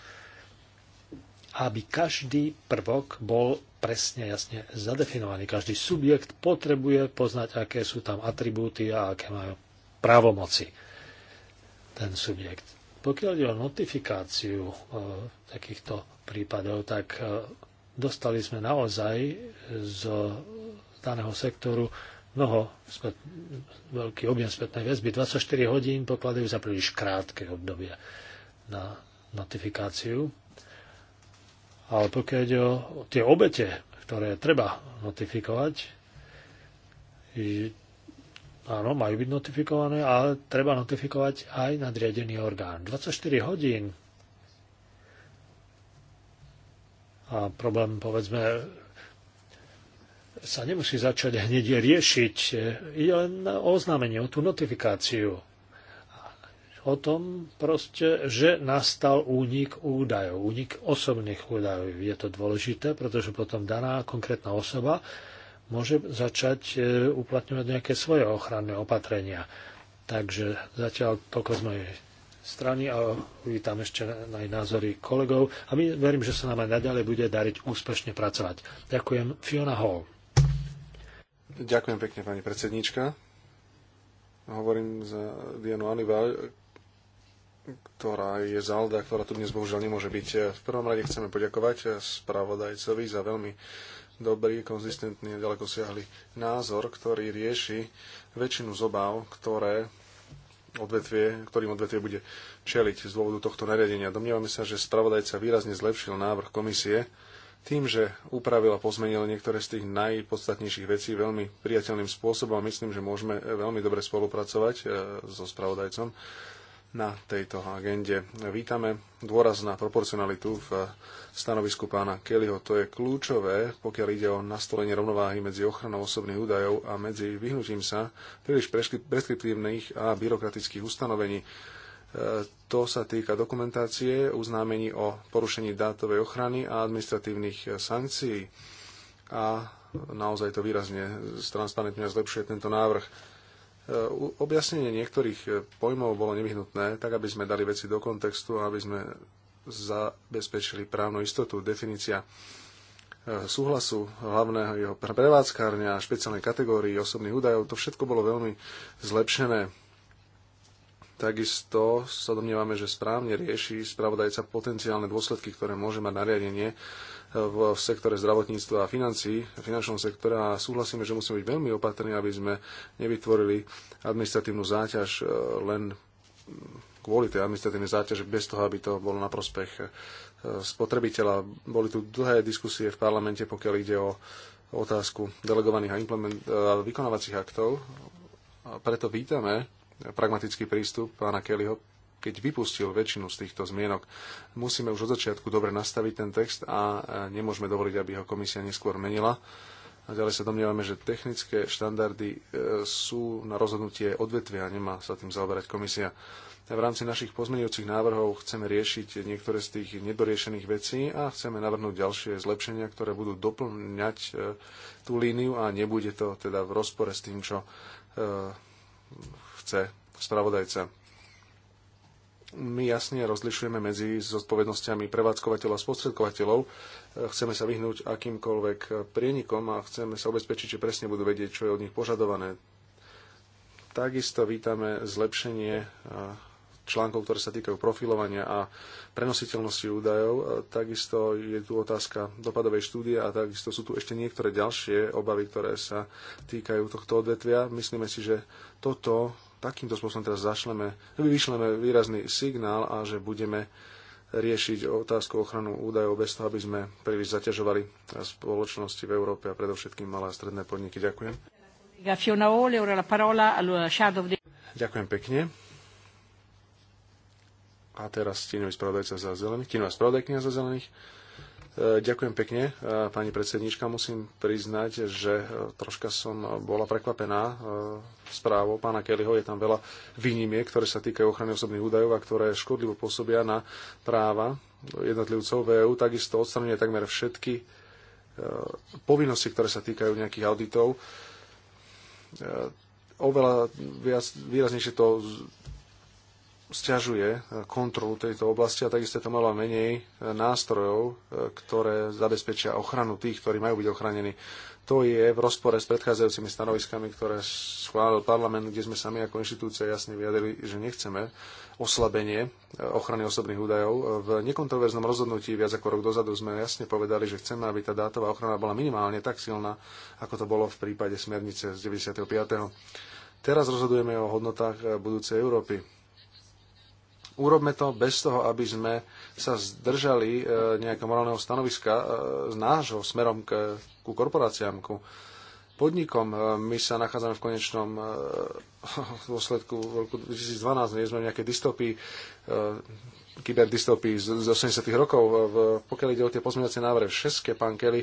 S3: aby každý prvok bol presne jasne zadefinovaný. Každý subjekt potrebuje poznať, aké sú tam atribúty a aké majú právomoci ten subjekt. Pokiaľ ide o notifikáciu v e, takýchto prípadov, tak e, dostali sme naozaj z daného sektoru mnoho spät, veľký objem spätnej väzby. 24 hodín pokladajú za príliš krátke obdobie na notifikáciu ale pokiaľ ide o tie obete, ktoré treba notifikovať, áno, majú byť notifikované, ale treba notifikovať aj nadriadený orgán. 24 hodín a problém, povedzme, sa nemusí začať hneď riešiť. Ide len o oznámenie, o tú notifikáciu o tom proste, že nastal únik údajov, únik osobných údajov. Je to dôležité, pretože potom daná konkrétna osoba môže začať e, uplatňovať nejaké svoje ochranné opatrenia. Takže zatiaľ toľko z mojej strany a vítam ešte aj názory kolegov a my verím, že sa nám aj naďalej bude dariť úspešne pracovať. Ďakujem. Fiona Hall. Ďakujem
S2: pekne, pani predsedníčka. Hovorím za Dianu Anival, ktorá je z ktorá tu dnes bohužiaľ nemôže byť. V prvom rade chceme poďakovať spravodajcovi za veľmi dobrý, konzistentný a ďaleko siahly názor, ktorý rieši väčšinu z obáv, ktoré odvetvie, ktorým odvetvie bude čeliť z dôvodu tohto nariadenia. Domnievame sa, že spravodajca výrazne zlepšil návrh komisie tým, že upravil a pozmenil niektoré z tých najpodstatnejších vecí veľmi priateľným spôsobom a myslím, že môžeme veľmi dobre spolupracovať eh, so spravodajcom na tejto agende. Vítame dôraz na proporcionalitu v stanovisku pána Kellyho. To je kľúčové, pokiaľ ide o nastolenie rovnováhy medzi ochranou osobných údajov a medzi vyhnutím sa príliš preskriptívnych a byrokratických ustanovení. E, to sa týka dokumentácie, uznámení o porušení dátovej ochrany a administratívnych sankcií. A naozaj to výrazne transparentne zlepšuje tento návrh Objasnenie niektorých e, pojmov bolo nevyhnutné, tak aby sme dali veci do kontextu a aby sme zabezpečili právnu istotu. Definícia e, súhlasu hlavného jeho prevádzkárne a špeciálnej kategórii osobných údajov, to všetko bolo veľmi zlepšené. Takisto sa domnievame, že správne rieši spravodajca potenciálne dôsledky, ktoré môže mať nariadenie v sektore zdravotníctva a financí, v finančnom sektore a súhlasíme, že musíme byť veľmi opatrní, aby sme nevytvorili administratívnu záťaž e, len kvôli tej administratívnej záťaže, bez toho, aby to bolo na prospech e, spotrebiteľa. Boli tu dlhé diskusie v parlamente, pokiaľ ide o otázku delegovaných a, e, a vykonávacích aktov. A preto vítame pragmatický prístup pána Kellyho, keď vypustil väčšinu z týchto zmienok. Musíme už od začiatku dobre nastaviť ten text a e, nemôžeme dovoliť, aby ho komisia neskôr menila. A ďalej sa domnievame, že technické štandardy e, sú na rozhodnutie odvetvia a nemá sa tým zaoberať komisia. v rámci našich pozmeňujúcich návrhov chceme riešiť niektoré z tých nedoriešených vecí a chceme navrhnúť ďalšie zlepšenia, ktoré budú doplňať e, tú líniu a nebude to teda v rozpore s tým, čo chce spravodajca my jasne rozlišujeme medzi zodpovednosťami prevádzkovateľov a spostredkovateľov. Chceme sa vyhnúť akýmkoľvek prienikom a chceme sa ubezpečiť, že presne budú vedieť, čo je od nich požadované. Takisto vítame zlepšenie článkov, ktoré sa týkajú profilovania a prenositeľnosti údajov. Takisto je tu otázka dopadovej štúdie a takisto sú tu ešte niektoré ďalšie obavy, ktoré sa týkajú tohto odvetvia. Myslíme si, že toto takýmto spôsobom teraz zašleme, vyšleme výrazný signál a že budeme riešiť otázku ochranu údajov bez toho, aby sme príliš zaťažovali spoločnosti v Európe a predovšetkým malé a stredné podniky. Ďakujem. Ďakujem pekne. A teraz tínový spravodajca za zelených. Tieňová spravodajkňa za zelených. Ďakujem pekne, e, pani predsednička. Musím priznať, že e, troška som bola prekvapená e, správou pána Kellyho. Je tam veľa výnimiek, ktoré sa týkajú ochrany osobných údajov a ktoré škodlivo pôsobia na práva jednotlivcov v Takisto odstraňuje takmer všetky povinnosti, ktoré sa týkajú nejakých auditov. Oveľa viac, výraznejšie to stiažuje e, kontrolu tejto oblasti a takisto to malo menej e, nástrojov, e, ktoré zabezpečia ochranu tých, ktorí majú byť ochránení. To je v rozpore s predchádzajúcimi stanoviskami, ktoré schválil parlament, kde sme sami ako inštitúcia jasne vyjadrili, že nechceme oslabenie ochrany osobných údajov. V nekontroverznom rozhodnutí viac ako rok dozadu sme jasne povedali, že chceme, aby tá dátová ochrana bola minimálne tak silná, ako to bolo v prípade smernice z 95. Teraz rozhodujeme o hodnotách budúcej Európy urobme to bez toho, aby sme sa zdržali e, nejakého morálneho stanoviska e, z nášho smerom k, ku korporáciám, ku podnikom. E, my sa nachádzame v konečnom (laughs) dôsledku v roku 2012, nie sme v nejakej dystopii, kyberdystopii z, z 80. rokov. V, pokiaľ ide o tie pozmeňovacie návrhy, všetké, pán Kelly,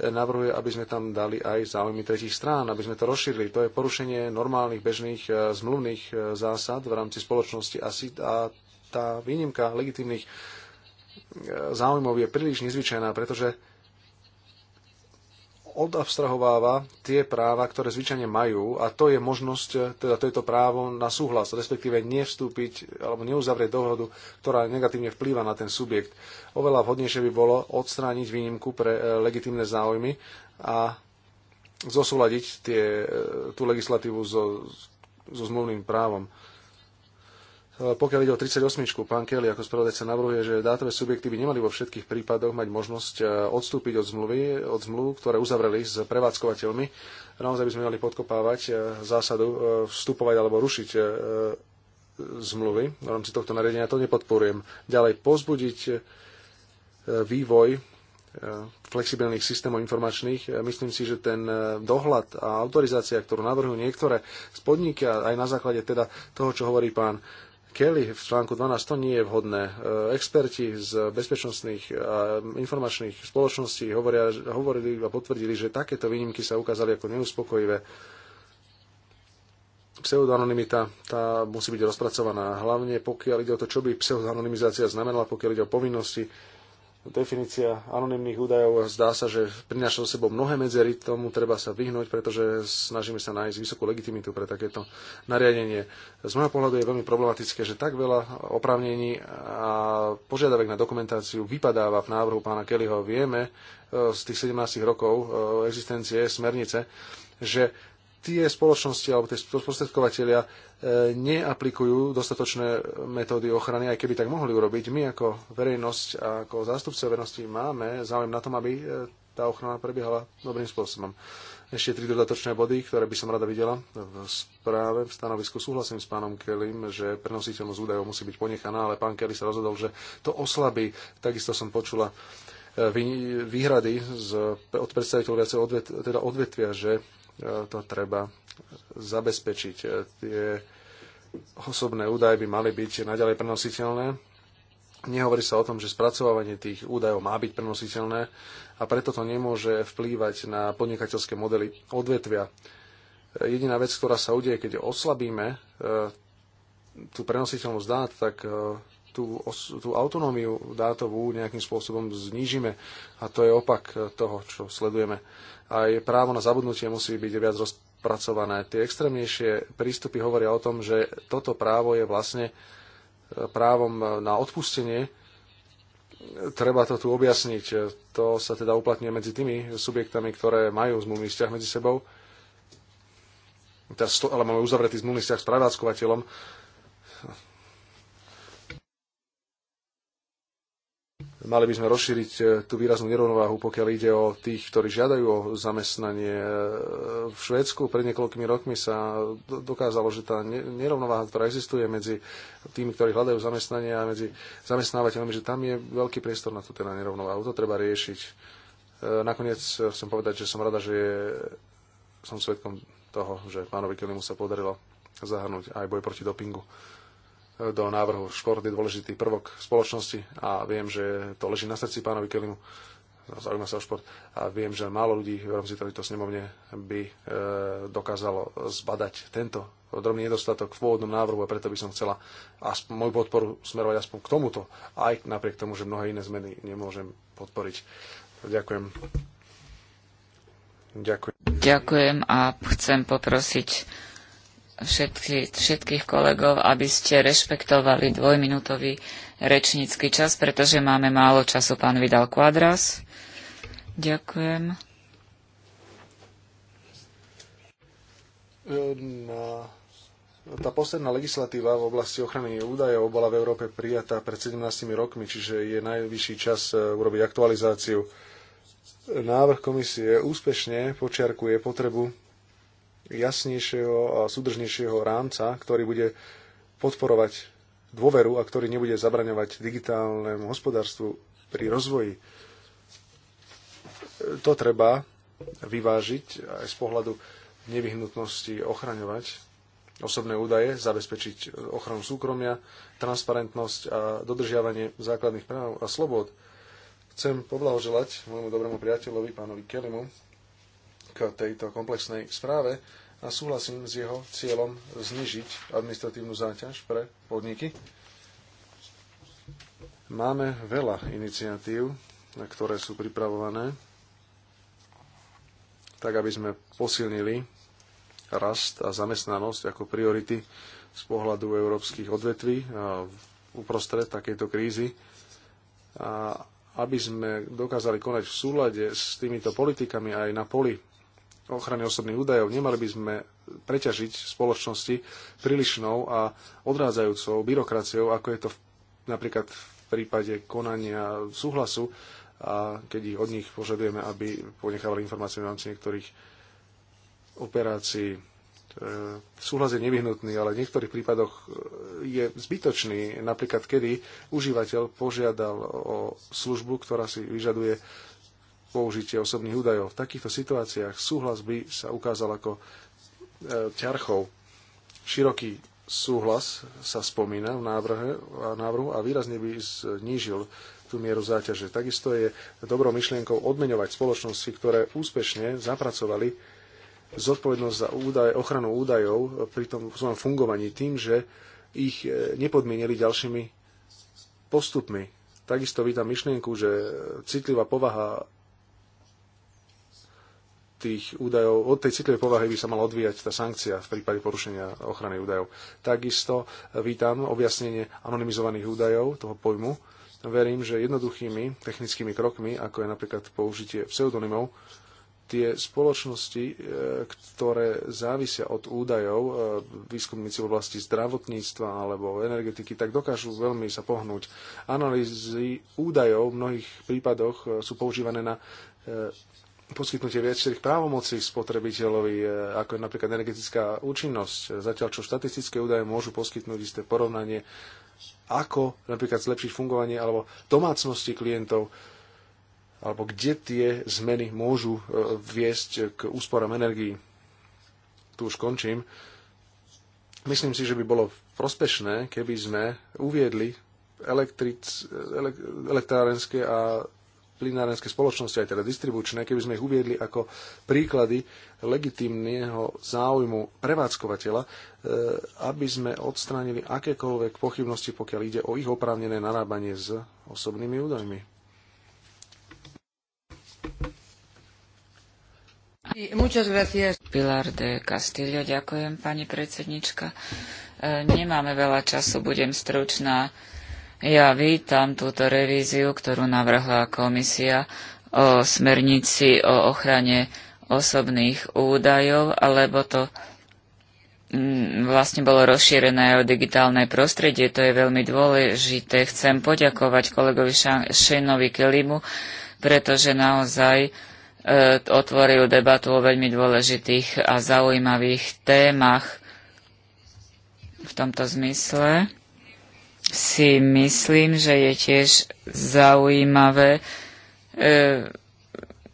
S2: navrhuje, aby sme tam dali aj záujmy tretich strán, aby sme to rozšírili. To je porušenie normálnych, bežných, e, zmluvných e, zásad v rámci spoločnosti asi a tá výnimka legitimných e, záujmov je príliš nezvyčajná, pretože odabstrahováva tie práva, ktoré zvyčajne majú a to je možnosť, teda to je to právo na súhlas, respektíve nevstúpiť alebo neuzavrieť dohodu, ktorá negatívne vplýva na ten subjekt. Oveľa vhodnejšie by bolo odstrániť výnimku pre e, legitímne záujmy a zosúľadiť tie, e, tú legislatívu so, so zmluvným právom. Eh, pokiaľ ide o 38, pán Kelly ako spravodajca navrhuje, že dátové subjekty by nemali vo všetkých prípadoch mať možnosť eh, odstúpiť od zmluvy, od zmluv, ktoré uzavreli s prevádzkovateľmi. Naozaj by sme mali podkopávať eh, zásadu vstupovať alebo rušiť zmluvy v rámci tohto nariadenia. To nepodporujem. Ďalej pozbudiť vývoj flexibilných systémov informačných. Myslím si, že ten dohľad a autorizácia, ktorú navrhujú niektoré z podniky, aj na základe teda toho, čo hovorí pán Kelly v článku 12, to nie je vhodné. E, experti z bezpečnostných a informačných spoločností hovoria, hovorili a potvrdili, že takéto výnimky sa ukázali ako neuspokojivé. Pseudoanonimita tá musí byť rozpracovaná, hlavne pokiaľ ide o to, čo by pseudoanonimizácia znamenala, pokiaľ ide o povinnosti definícia anonymných údajov zdá sa, že prináša so sebou mnohé medzery, tomu treba sa vyhnúť, pretože snažíme sa nájsť vysokú legitimitu pre takéto nariadenie. Z môjho pohľadu je veľmi problematické, že tak veľa oprávnení a požiadavek na dokumentáciu vypadáva v návrhu pána Kellyho. Vieme e, z tých 17 rokov e, existencie smernice, že tie spoločnosti alebo tie sprostredkovateľia e, neaplikujú dostatočné metódy ochrany, aj keby tak mohli urobiť. My ako verejnosť a ako zástupce verejnosti máme záujem na tom, aby e, tá ochrana prebiehala dobrým spôsobom. Ešte tri dodatočné body, ktoré by som rada videla v správe, v stanovisku. Súhlasím s pánom Kelim, že prenositeľnosť údajov musí byť ponechaná, ale pán Kelly sa rozhodol, že to oslabí. Takisto som počula e, výhrady z, od predstaviteľov viacej odvet, teda odvetvia, že to treba zabezpečiť. E, tie osobné údaje by mali byť naďalej prenositeľné. Nehovorí sa o tom, že spracovávanie tých údajov má byť prenositeľné a preto to nemôže vplývať na podnikateľské modely odvetvia. E, jediná vec, ktorá sa udeje, keď oslabíme e, tú prenositeľnosť dát, tak tú, tú autonómiu dátovú nejakým spôsobom znížime. A to je opak toho, čo sledujeme. Aj právo na zabudnutie musí byť viac rozpracované. Tie extrémnejšie prístupy hovoria o tom, že toto právo je vlastne e, právom na odpustenie. Treba to tu objasniť. To sa teda uplatňuje medzi tými subjektami, ktoré majú zmluvný vzťah medzi sebou. Teraz, ale máme uzavretý zmluvný vzťah s prevádzkovateľom Mali by sme rozšíriť e, tú výraznú nerovnováhu, pokiaľ ide o tých, ktorí žiadajú o zamestnanie. E, v Švédsku pred niekoľkými rokmi sa dokázalo, že tá nerovnováha, ktorá existuje medzi tými, ktorí hľadajú zamestnanie a medzi zamestnávateľmi, že tam je veľký priestor na tú teda nerovnováhu. To treba riešiť. E, nakoniec chcem povedať, že som rada, že je, som svetkom toho, že pánovi Kelimu sa podarilo zahrnúť aj boj proti dopingu do návrhu. Šport je dôležitý prvok spoločnosti a viem, že to leží na srdci pánovi Kelimu. Zaujíma sa o šport a viem, že málo ľudí v rámci tejto snemovne by e, dokázalo zbadať tento drobný nedostatok v pôvodnom návrhu a preto by som chcela aspoň, moju podporu smerovať aspoň k tomuto, aj napriek tomu, že mnohé iné zmeny nemôžem podporiť. Ďakujem. Ďakujem.
S1: Ďakujem a chcem poprosiť všetky, všetkých kolegov, aby ste rešpektovali dvojminútový rečnícky čas, pretože máme málo času, pán Vidal Quadras. Ďakujem.
S2: Na tá posledná legislatíva v oblasti ochrany údajov bola v Európe prijatá pred 17 rokmi, čiže je najvyšší čas eh, urobiť aktualizáciu. Návrh komisie úspešne počiarkuje potrebu jasnejšieho a súdržnejšieho rámca, ktorý bude podporovať dôveru a ktorý nebude zabraňovať digitálnemu hospodárstvu pri rozvoji. To treba vyvážiť aj z pohľadu nevyhnutnosti ochraňovať osobné údaje, zabezpečiť ochranu súkromia, transparentnosť a dodržiavanie základných práv a slobod. Chcem poblahoželať môjmu dobrému priateľovi, pánovi Kelimu, k tejto komplexnej správe a súhlasím s jeho cieľom znižiť administratívnu záťaž pre podniky. Máme veľa iniciatív, ktoré sú pripravované, tak aby sme posilnili rast a zamestnanosť ako priority z pohľadu európskych odvetví uprostred takejto krízy. A aby sme dokázali konať v súlade s týmito politikami aj na poli ochrany osobných údajov, nemali by sme preťažiť spoločnosti prílišnou a odrádzajúcou byrokraciou, ako je to v, napríklad v prípade konania súhlasu, a keď ich od nich požadujeme, aby ponechávali informácie v rámci niektorých operácií. Súhlas je nevyhnutný, ale v niektorých prípadoch e, je zbytočný. Napríklad, kedy užívateľ požiadal o službu, ktorá si vyžaduje použitie osobných údajov. V takýchto situáciách súhlas by sa ukázal ako e, ťarchou. Široký súhlas sa spomína v návrhe, a návrhu a výrazne by znížil tú mieru záťaže. Takisto je dobrou myšlienkou odmeňovať spoločnosti, ktoré úspešne zapracovali zodpovednosť za údaje, ochranu údajov pri tom svojom fungovaní tým, že ich e, nepodmienili ďalšími postupmi. Takisto vítam myšlienku, že citlivá povaha tých údajov, od tej citlivej povahy by sa mala odvíjať tá sankcia v prípade porušenia ochrany údajov. Takisto vítam objasnenie anonymizovaných údajov, toho pojmu. Verím, že jednoduchými technickými krokmi, ako je napríklad použitie pseudonymov, tie spoločnosti, e, ktoré závisia od údajov, e, výskumníci v oblasti zdravotníctva alebo energetiky, tak dokážu veľmi sa pohnúť. Analýzy údajov v mnohých prípadoch e, sú používané na poskytnutie viacerých právomocí spotrebiteľovi, e, ako je napríklad energetická účinnosť, zatiaľ čo štatistické údaje môžu poskytnúť isté porovnanie, ako napríklad zlepšiť fungovanie alebo domácnosti klientov, alebo kde tie zmeny môžu e, viesť k úsporám energii. Tu už končím. Myslím si, že by bolo prospešné, keby sme uviedli elektric, elek, elektrárenské a plynárenské spoločnosti, aj teda distribučné, keby sme ich uviedli ako príklady legitimného záujmu prevádzkovateľa, e, aby sme odstránili akékoľvek pochybnosti, pokiaľ ide o ich oprávnené narábanie s osobnými údajmi.
S1: Pilar de Castillo, ďakujem pani predsednička. E, nemáme veľa času, budem stručná. Ja vítam túto revíziu, ktorú navrhla komisia o smernici o ochrane osobných údajov, alebo to mm, vlastne bolo rozšírené aj o digitálne prostredie. To je veľmi dôležité. Chcem poďakovať kolegovi Šenovi Kelimu, pretože naozaj e, otvoril debatu o veľmi dôležitých a zaujímavých témach v tomto zmysle si myslím, že je tiež zaujímavé e,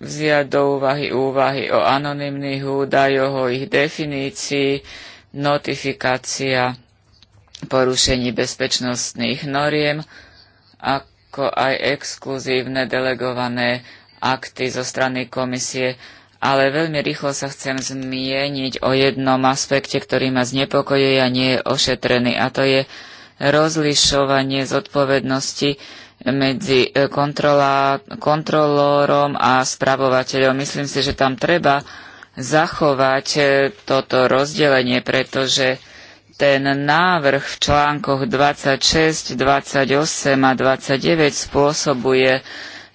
S1: vziať do úvahy úvahy o anonimných údajoch, o ich definícii, notifikácia porušení bezpečnostných noriem, ako aj exkluzívne delegované akty zo strany komisie. Ale veľmi rýchlo sa chcem zmieniť o jednom aspekte, ktorý ma znepokojuje a nie je ošetrený, a to je rozlišovanie zodpovednosti medzi e, kontrolórom a spravovateľom. Myslím si, že tam treba zachovať e, toto rozdelenie, pretože ten návrh v článkoch 26, 28 a 29 spôsobuje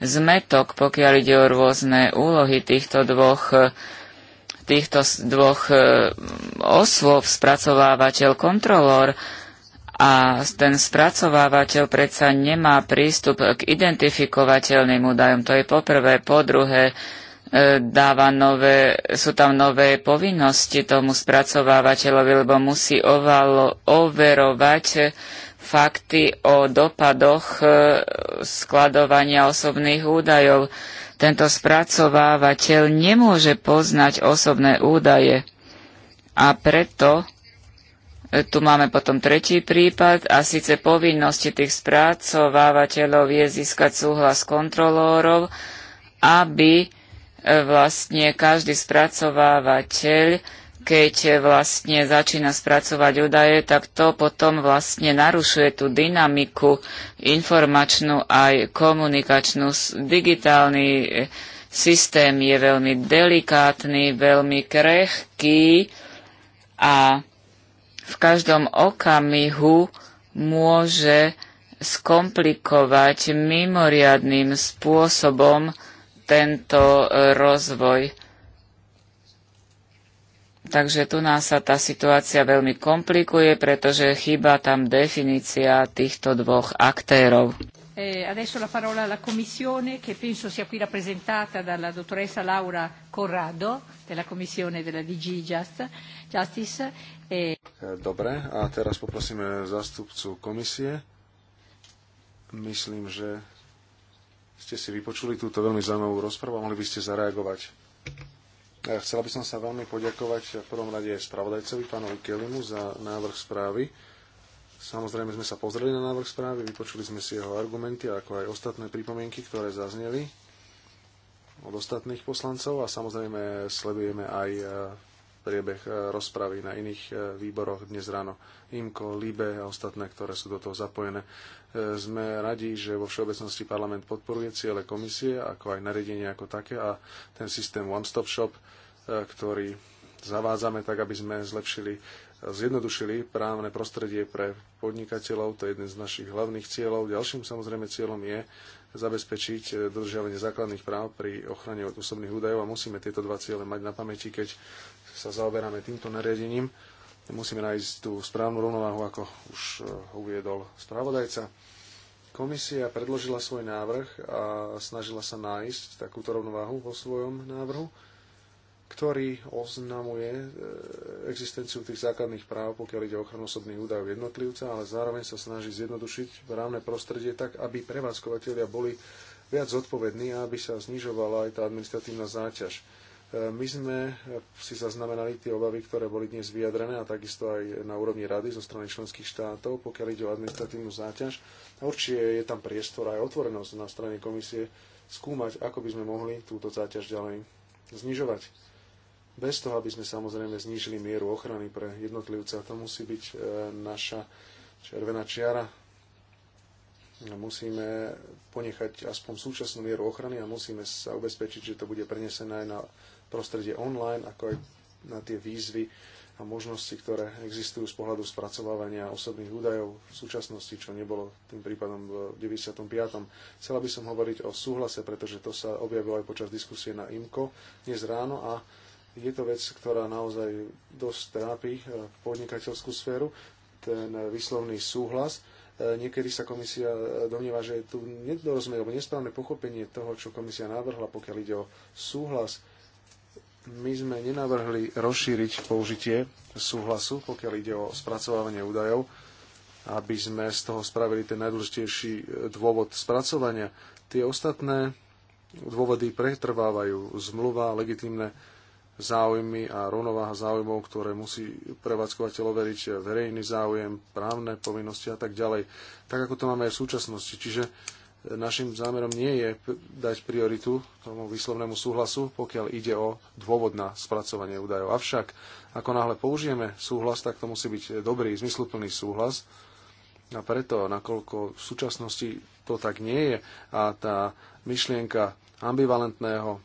S1: zmetok, pokiaľ ide o rôzne úlohy týchto dvoch e, týchto dvoch osôb, spracovávateľ, kontrolór a ten spracovávateľ predsa nemá prístup k identifikovateľným údajom. To je poprvé. Po druhé, e, dáva nové, sú tam nové povinnosti tomu spracovávateľovi, lebo musí ovalo, overovať fakty o dopadoch e, skladovania osobných údajov. Tento spracovávateľ nemôže poznať osobné údaje a preto tu máme potom tretí prípad a síce povinnosti tých spracovávateľov je získať súhlas kontrolórov, aby e, vlastne každý spracovávateľ, keď vlastne začína spracovať údaje, tak to potom vlastne narušuje tú dynamiku informačnú aj komunikačnú. Digitálny e, systém je veľmi delikátny, veľmi krehký a v každom okamihu môže skomplikovať mimoriadným spôsobom tento e, rozvoj. Takže tu nás sa tá situácia veľmi komplikuje, pretože chýba tam definícia týchto dvoch aktérov. E adesso la parola alla Commissione, che penso sia qui rappresentata dalla dottoressa Laura Corrado, della Commissione della DG Justice,
S2: Dobre, a teraz poprosíme zástupcu komisie. Myslím, že ste si vypočuli túto veľmi zaujímavú rozpravu a mohli by ste zareagovať. Chcela by som sa veľmi poďakovať v prvom rade spravodajcovi, pánovi Kelimu, za návrh správy. Samozrejme sme sa pozreli na návrh správy, vypočuli sme si jeho argumenty, ako aj ostatné pripomienky, ktoré zazneli od ostatných poslancov a samozrejme sledujeme aj priebeh e, rozpravy na iných e, výboroch dnes ráno. IMKO, LIBE a ostatné, ktoré sú do toho zapojené. E, sme radi, že vo všeobecnosti parlament podporuje ciele komisie, ako aj nariadenie ako také a ten systém One Stop Shop, ktorý zavádzame tak, aby sme zlepšili zjednodušili právne prostredie pre podnikateľov, to je jeden z našich hlavných cieľov. Ďalším samozrejme cieľom je zabezpečiť dodržiavanie základných práv pri ochrane osobných údajov a musíme tieto dva ciele mať na pamäti, keď sa zaoberáme týmto nariadením, musíme nájsť tú správnu rovnováhu, ako už e, uviedol spravodajca. Komisia predložila svoj návrh a snažila sa nájsť takúto rovnováhu vo svojom návrhu, ktorý oznamuje e, existenciu tých základných práv, pokiaľ ide o ochranu osobných údajov jednotlivca, ale zároveň sa snaží zjednodušiť právne prostredie tak, aby prevádzkovateľia boli viac zodpovední a aby sa znižovala aj tá administratívna záťaž E, my sme si zaznamenali tie obavy, ktoré boli dnes vyjadrené a takisto aj na úrovni rady zo strany členských štátov, pokiaľ ide o administratívnu záťaž. A určite je tam priestor aj otvorenosť na strane komisie skúmať, ako by sme mohli túto záťaž ďalej znižovať. Bez toho, aby sme samozrejme znížili mieru ochrany pre jednotlivca. To musí byť e, naša červená čiara. Musíme ponechať aspoň súčasnú mieru ochrany a musíme sa ubezpečiť, že to bude prenesené aj na prostredie online, ako aj na tie výzvy a možnosti, ktoré existujú z pohľadu spracovávania osobných údajov v súčasnosti, čo nebolo tým prípadom v 95. Chcela by som hovoriť o súhlase, pretože to sa objavilo aj počas diskusie na IMCO dnes ráno a je to vec, ktorá naozaj dosť trápi e, podnikateľskú sféru, ten vyslovný súhlas. E, niekedy sa komisia e, domnieva, že je tu nedorozumie alebo nesprávne pochopenie toho, čo komisia navrhla, pokiaľ ide o súhlas my sme nenavrhli rozšíriť použitie súhlasu, pokiaľ ide o spracovávanie údajov, aby sme z toho spravili ten najdôležitejší dôvod spracovania. Tie ostatné dôvody pretrvávajú. Zmluva, legitimné záujmy a rovnováha záujmov, ktoré musí prevádzkovateľ overiť, verejný záujem, právne povinnosti a tak ďalej. Tak ako to máme aj v súčasnosti. Čiže Našim zámerom nie je dať prioritu tomu výslovnému súhlasu, pokiaľ ide o dôvod na spracovanie údajov. Avšak, ako náhle použijeme súhlas, tak to musí byť dobrý, zmysluplný súhlas. A preto, nakoľko v súčasnosti to tak nie je a tá myšlienka ambivalentného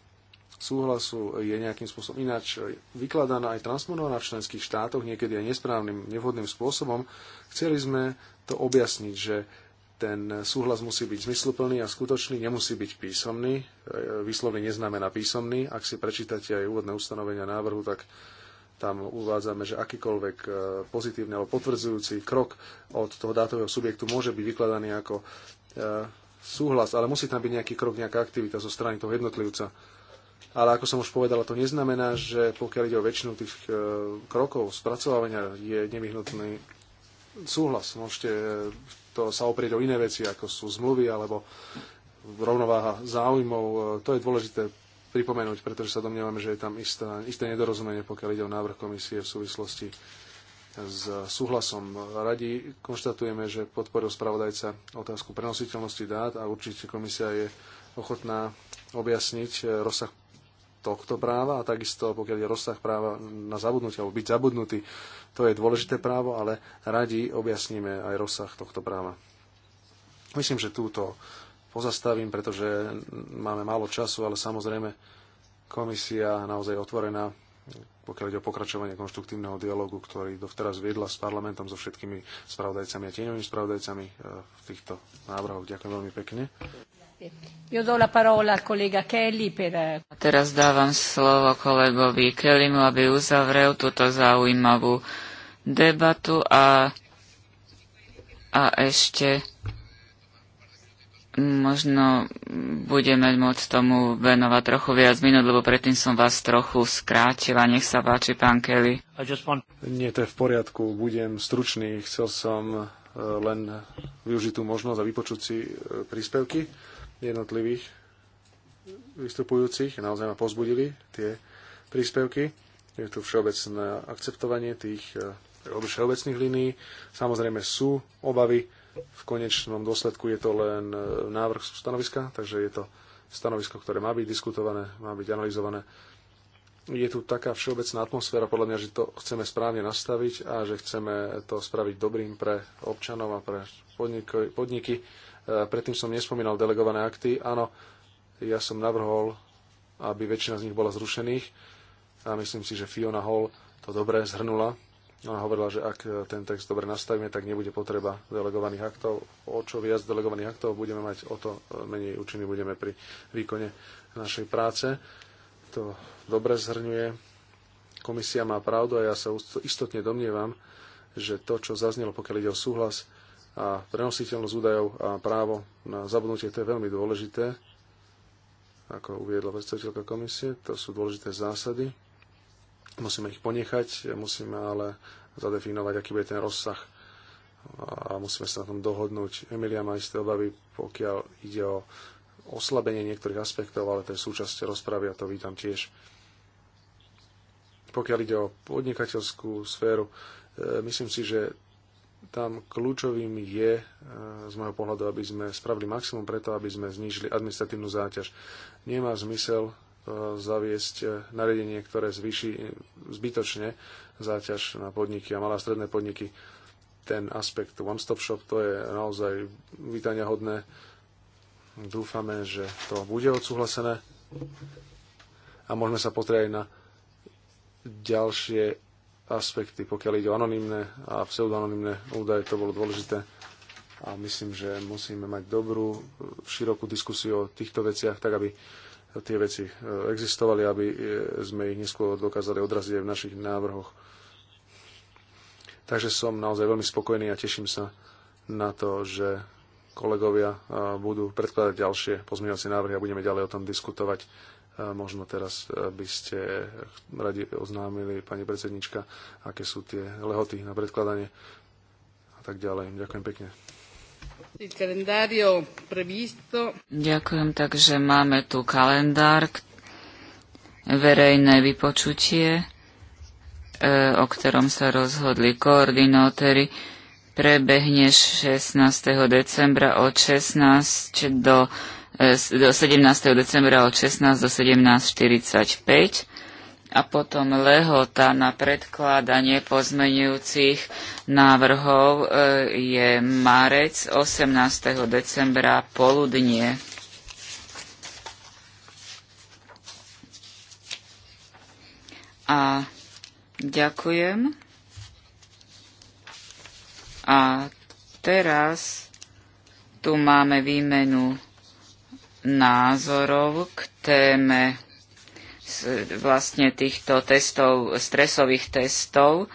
S2: súhlasu je nejakým spôsobom ináč vykladaná aj transmonovaná v členských štátoch, niekedy aj nesprávnym, nevhodným spôsobom. Chceli sme to objasniť, že ten súhlas musí byť zmysluplný a skutočný, nemusí byť písomný. E, výslovne neznamená písomný. Ak si prečítate aj úvodné ustanovenia návrhu, tak tam uvádzame, že akýkoľvek e, pozitívny alebo potvrdzujúci krok od toho dátového subjektu môže byť vykladaný ako e, súhlas, ale musí tam byť nejaký krok, nejaká aktivita zo strany toho jednotlivca. Ale ako som už povedala, to neznamená, že pokiaľ ide o väčšinu tých krokov spracovávania, je nevyhnutný súhlas. Môžete v to sa oprieť o iné veci, ako sú zmluvy alebo rovnováha záujmov. E, to je dôležité pripomenúť, pretože sa domnievame, že je tam istá, isté nedorozumenie, pokiaľ ide o návrh komisie v súvislosti s súhlasom radi. Konštatujeme, že podporil spravodajca otázku prenositeľnosti dát a určite komisia je ochotná objasniť e, rozsah tohto práva a takisto, pokiaľ je rozsah práva na zabudnutie alebo byť zabudnutý to je dôležité právo, ale radi objasníme aj rozsah tohto práva. Myslím, že túto pozastavím, pretože máme málo času, ale samozrejme komisia naozaj otvorená pokiaľ ide o pokračovanie konštruktívneho dialogu, ktorý dovteraz viedla s parlamentom, so všetkými spravodajcami a tieňovými spravodajcami e, v
S1: týchto návrhoch.
S2: Ďakujem veľmi pekne.
S1: A teraz dávam slovo kolegovi Kellymu, aby uzavrel túto zaujímavú debatu a, a ešte možno budeme môcť tomu venovať trochu viac minút, lebo predtým som vás trochu skrátila. Nech sa páči, pán Kelly.
S3: Want...
S2: Nie, to je v poriadku. Budem stručný. Chcel som e, len využiť tú možnosť a vypočuť si e, príspevky jednotlivých vystupujúcich. Naozaj ma pozbudili tie príspevky. Je tu všeobecné akceptovanie tých e, všeobecných línií. Samozrejme sú obavy, v konečnom dôsledku je to len e, návrh stanoviska, takže je to stanovisko, ktoré má byť diskutované, má byť analyzované. Je tu taká všeobecná atmosféra, podľa mňa, že to chceme správne nastaviť a že chceme to spraviť dobrým pre občanov a pre podniky. E, predtým som nespomínal delegované akty. Áno, ja som navrhol, aby väčšina z nich bola zrušených a myslím si, že Fiona Hall to dobre zhrnula ona hovorila, že ak e, ten text dobre nastavíme, tak nebude potreba delegovaných aktov. O čo viac delegovaných aktov budeme mať, o to e, menej účinní budeme pri výkone našej práce. To dobre zhrňuje. Komisia má pravdu a ja sa istotne domnievam, že to, čo zaznelo, pokiaľ ide o súhlas a prenositeľnosť údajov a právo na zabudnutie, to je veľmi dôležité, ako uviedla predstaviteľka komisie, to sú dôležité zásady Musíme ich ponechať, musíme ale zadefinovať, aký bude ten rozsah a musíme sa na tom dohodnúť. Emilia má isté obavy, pokiaľ ide o oslabenie niektorých aspektov, ale to je súčasť rozpravy a to vítam tiež. Pokiaľ ide o podnikateľskú sféru, e, myslím si, že tam kľúčovým je e, z môjho pohľadu, aby sme spravili maximum preto, aby sme znížili administratívnu záťaž. Nemá zmysel E, zaviesť e, nariadenie, ktoré zvýši zbytočne záťaž na podniky a malé a stredné podniky. Ten aspekt one-stop shop to je naozaj vítania hodné. Dúfame, že to bude odsúhlasené a môžeme sa potrieť aj na ďalšie aspekty, pokiaľ ide o anonimné a pseudoanonimné údaje, to bolo dôležité a myslím, že musíme mať dobrú, širokú diskusiu o týchto veciach, tak aby tie veci e, existovali, aby e, sme ich neskôr dokázali odraziť aj v našich návrhoch. Takže som naozaj veľmi spokojný a teším sa na to, že kolegovia e, budú predkladať ďalšie pozmeňovacie návrhy a budeme ďalej o tom diskutovať. Možno teraz by ste radi oznámili, pani predsednička, aké sú tie lehoty na predkladanie a tak ďalej. Ďakujem pekne.
S1: Ďakujem, takže máme tu kalendár, verejné vypočutie, e, o ktorom sa rozhodli koordinátori, prebehne 16. decembra od 16 do, e, do 17. decembra od 16 do 17.45 a potom lehota na predkladanie pozmenujúcich návrhov e, je marec 18. decembra poludnie. A ďakujem. A teraz tu máme výmenu názorov k téme vlastne týchto testov, stresových testov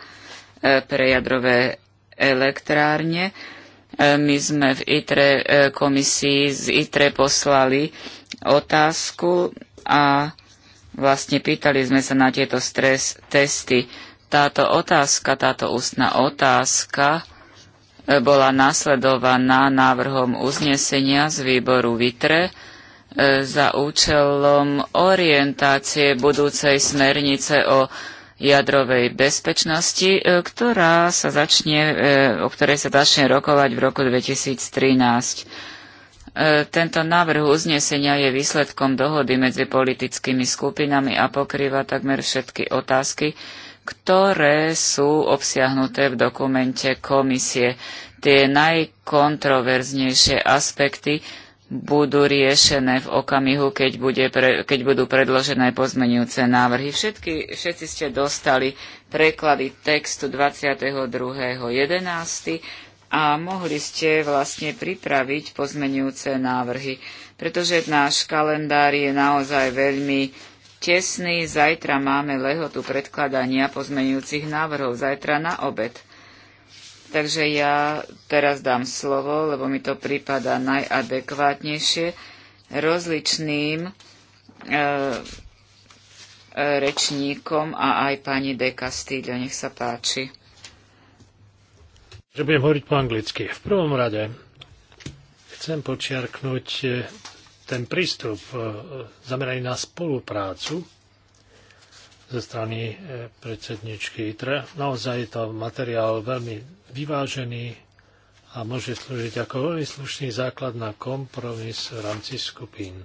S1: e, pre jadrové elektrárne. E, my sme v ITRE e, komisii z ITRE poslali otázku a vlastne pýtali sme sa na tieto stres testy. Táto otázka, táto ústna otázka bola nasledovaná návrhom uznesenia z výboru VITRE, E, za účelom orientácie budúcej smernice o jadrovej bezpečnosti, e, ktorá sa začne, e, o ktorej sa začne rokovať v roku 2013. Tento návrh uznesenia je výsledkom dohody medzi politickými skupinami a pokrýva takmer všetky otázky, ktoré sú obsiahnuté v dokumente komisie. Tie najkontroverznejšie aspekty budú riešené v okamihu, keď, bude pre, keď budú predložené pozmenujúce návrhy. Všetky, všetci ste dostali preklady textu 22.11. a mohli ste vlastne pripraviť pozmenujúce návrhy, pretože náš kalendár je naozaj veľmi tesný. Zajtra máme lehotu predkladania pozmenujúcich návrhov, zajtra na obed. Takže ja teraz dám slovo, lebo mi to prípada najadekvátnejšie, rozličným e, e, rečníkom a aj pani De Castillo. Nech sa páči.
S3: Že budem hovoriť po anglicky. V prvom rade chcem počiarknúť e, ten prístup e, zameraný na spoluprácu ze strany e, predsedničky ITRE. Naozaj je to materiál veľmi vyvážený a môže slúžiť ako veľmi slušný základ na kompromis v rámci skupín.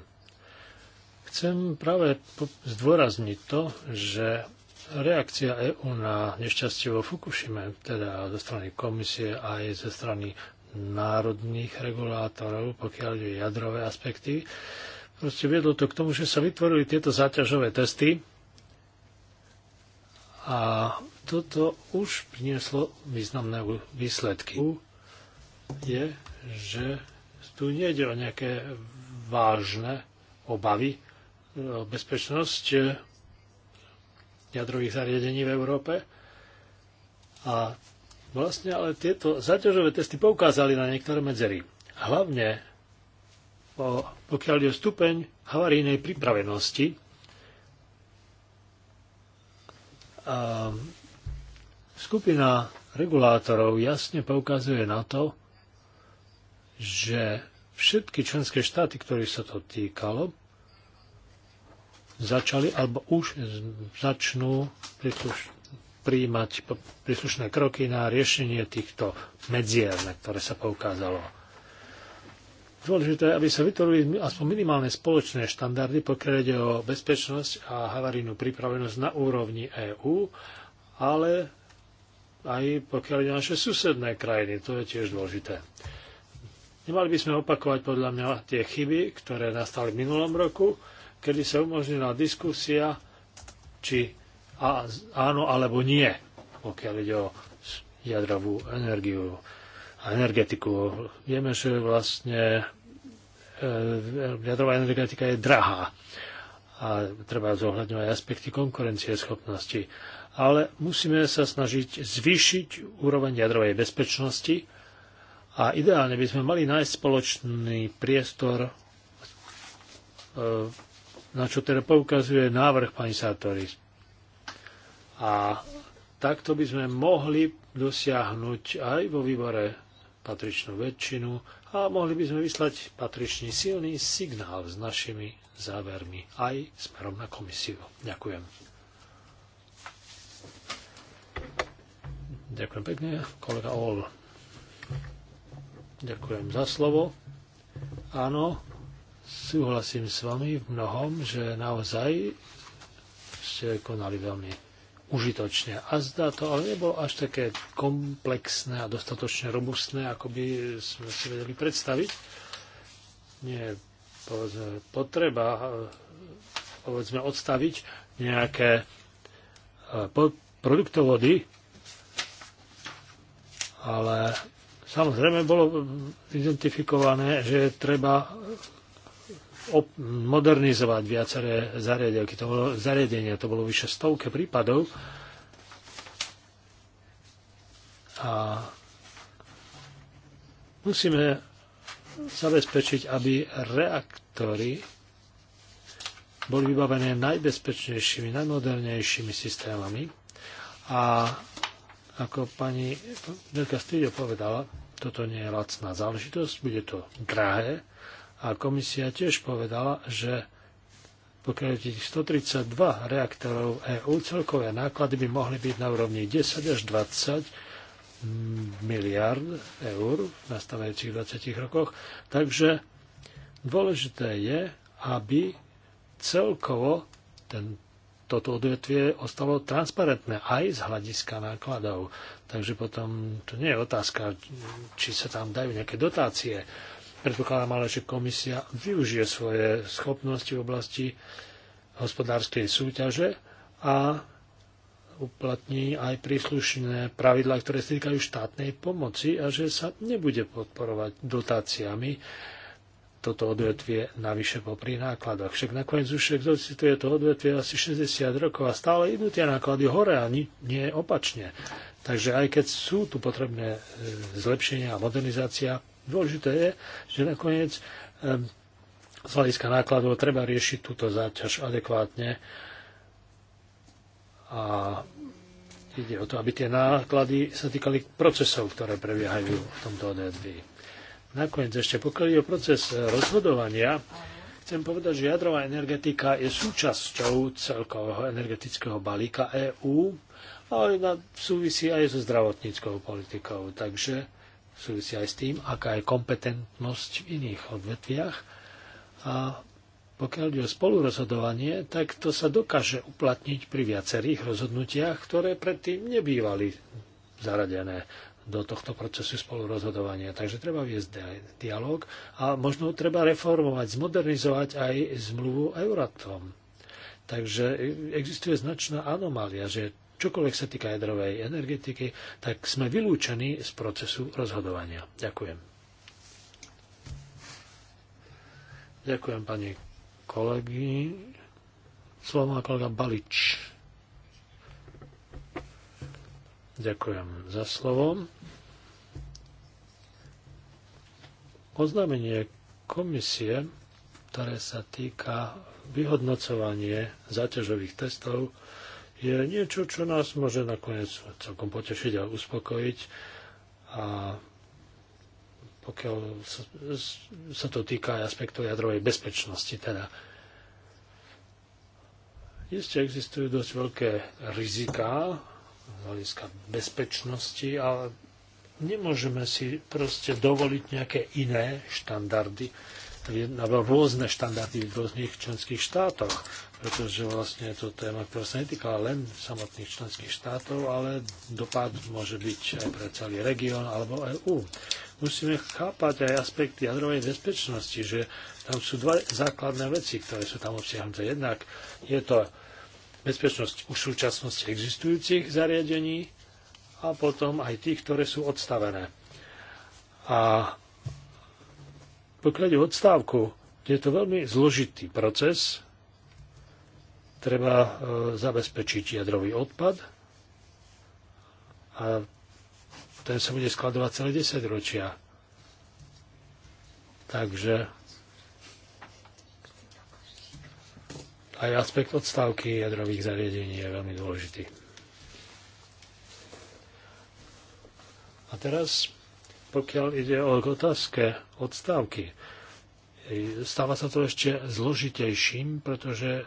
S3: Chcem práve zdôrazniť to, že reakcia EÚ na nešťastie vo Fukushime, teda zo strany komisie a aj zo strany národných regulátorov, pokiaľ ide jadrové aspekty, proste viedlo to k tomu, že sa vytvorili tieto záťažové testy a toto už prinieslo významné výsledky. Je, že tu nejde o nejaké vážne obavy o e, bezpečnosť e, jadrových zariadení v Európe. A vlastne ale tieto zaťažové testy poukázali na niektoré medzery. Hlavne o, pokiaľ je stupeň havarijnej pripravenosti. Skupina regulátorov jasne poukazuje na to, že všetky členské štáty, ktorých sa to týkalo, začali alebo už začnú príjmať príslušné kroky na riešenie týchto medzier, na ktoré sa poukázalo. Dôležité, je, aby sa vytvorili aspoň minimálne spoločné štandardy, pokiaľ ide o bezpečnosť a havarijnú pripravenosť na úrovni EÚ, ale aj pokiaľ ide naše susedné krajiny. To je tiež dôležité. Nemali by sme opakovať podľa mňa tie chyby, ktoré nastali v minulom roku, kedy sa umožnila diskusia, či áno alebo nie, pokiaľ ide o jadrovú energiu a energetiku. Vieme, že vlastne e, jadrová energetika je drahá a treba zohľadňovať aspekty konkurencie schopnosti ale musíme sa snažiť zvýšiť úroveň jadrovej bezpečnosti a ideálne by sme mali nájsť spoločný priestor, e, na čo teda poukazuje návrh pani Sátory. A takto by sme mohli dosiahnuť aj vo výbore patričnú väčšinu a mohli by sme vyslať patričný silný signál s našimi závermi aj smerom na komisiu. Ďakujem. Ďakujem pekne, kolega Ol. Ďakujem za slovo. Áno, súhlasím s vami v mnohom, že naozaj ste konali veľmi užitočne. A zdá to, ale nebolo až také komplexné a dostatočne robustné, ako by sme si vedeli predstaviť. Nie povedzme, potreba povedzme, odstaviť nejaké eh, produktovody, ale samozrejme bolo identifikované, že treba modernizovať viaceré zariadenia. To bolo, zariadenie, to bolo vyše stovke prípadov. A musíme zabezpečiť, aby reaktory boli vybavené najbezpečnejšími, najmodernejšími systémami a ako pani Del Stýdio povedala, toto nie je lacná záležitosť, bude to drahé. A komisia tiež povedala, že pokiaľ je 132 reaktorov EU, celkové náklady by mohli byť na úrovni 10 až 20 miliard eur v nastávajúcich 20 rokoch. Takže dôležité je, aby celkovo ten toto odvetvie ostalo transparentné aj z hľadiska nákladov. Takže potom to nie je otázka, či sa tam dajú nejaké dotácie. Predpokladám ale, že komisia využije svoje schopnosti v oblasti hospodárskej súťaže a uplatní aj príslušné pravidlá, ktoré sa týkajú štátnej pomoci a že sa nebude podporovať dotáciami toto odvetvie navyše popri nákladoch. Však nakoniec už existuje to odvetvie asi 60 rokov a stále idú tie náklady hore a ni- nie opačne. Takže aj keď sú tu potrebné e, zlepšenia a modernizácia, dôležité je, že nakoniec z hľadiska nákladov treba riešiť túto záťaž adekvátne a ide o to, aby tie náklady sa týkali procesov, ktoré prebiehajú v tomto odvetví nakoniec ešte pokiaľ je proces eh, rozhodovania, chcem povedať, že jadrová energetika je súčasťou celkového energetického balíka EÚ, ale súvisí aj so zdravotníckou politikou, takže súvisí aj s tým, aká je kompetentnosť v iných odvetviach. A pokiaľ ide o spolurozhodovanie, tak to sa dokáže uplatniť pri viacerých rozhodnutiach, ktoré predtým nebývali zaradené do tohto procesu spolurozhodovania. Takže treba viesť dialog a možno treba reformovať, zmodernizovať aj zmluvu Euratom. Takže existuje značná anomália, že čokoľvek sa týka jadrovej energetiky, tak sme vylúčení z procesu rozhodovania. Ďakujem. Ďakujem pani kolegy. Slovo má kolega Balič. Ďakujem za slovo. Oznámenie komisie, ktoré sa týka vyhodnocovanie záťažových testov, je niečo, čo nás môže nakoniec celkom potešiť a uspokojiť. A pokiaľ sa to týka aj aspektov jadrovej bezpečnosti, teda Isté existujú dosť veľké riziká z hľadiska bezpečnosti ale nemôžeme si proste dovoliť nejaké iné štandardy, alebo rôzne štandardy v rôznych členských štátoch, pretože vlastne je to téma, ktorá sa netýka len samotných členských štátov, ale dopad môže byť aj pre celý región alebo EÚ. Musíme chápať aj aspekty jadrovej bezpečnosti, že tam sú dva základné veci, ktoré sú tam obsiahnuté. Jednak je to bezpečnosť už v súčasnosti existujúcich zariadení a potom aj tých, ktoré sú odstavené. A pokiaľ je odstávku, je to veľmi zložitý proces. Treba e, zabezpečiť jadrový odpad a ten sa bude skladovať celé 10 ročia. Takže aj aspekt odstávky jadrových zariadení je veľmi dôležitý. A teraz, pokiaľ ide o otázke odstávky, stáva sa to ešte zložitejším, pretože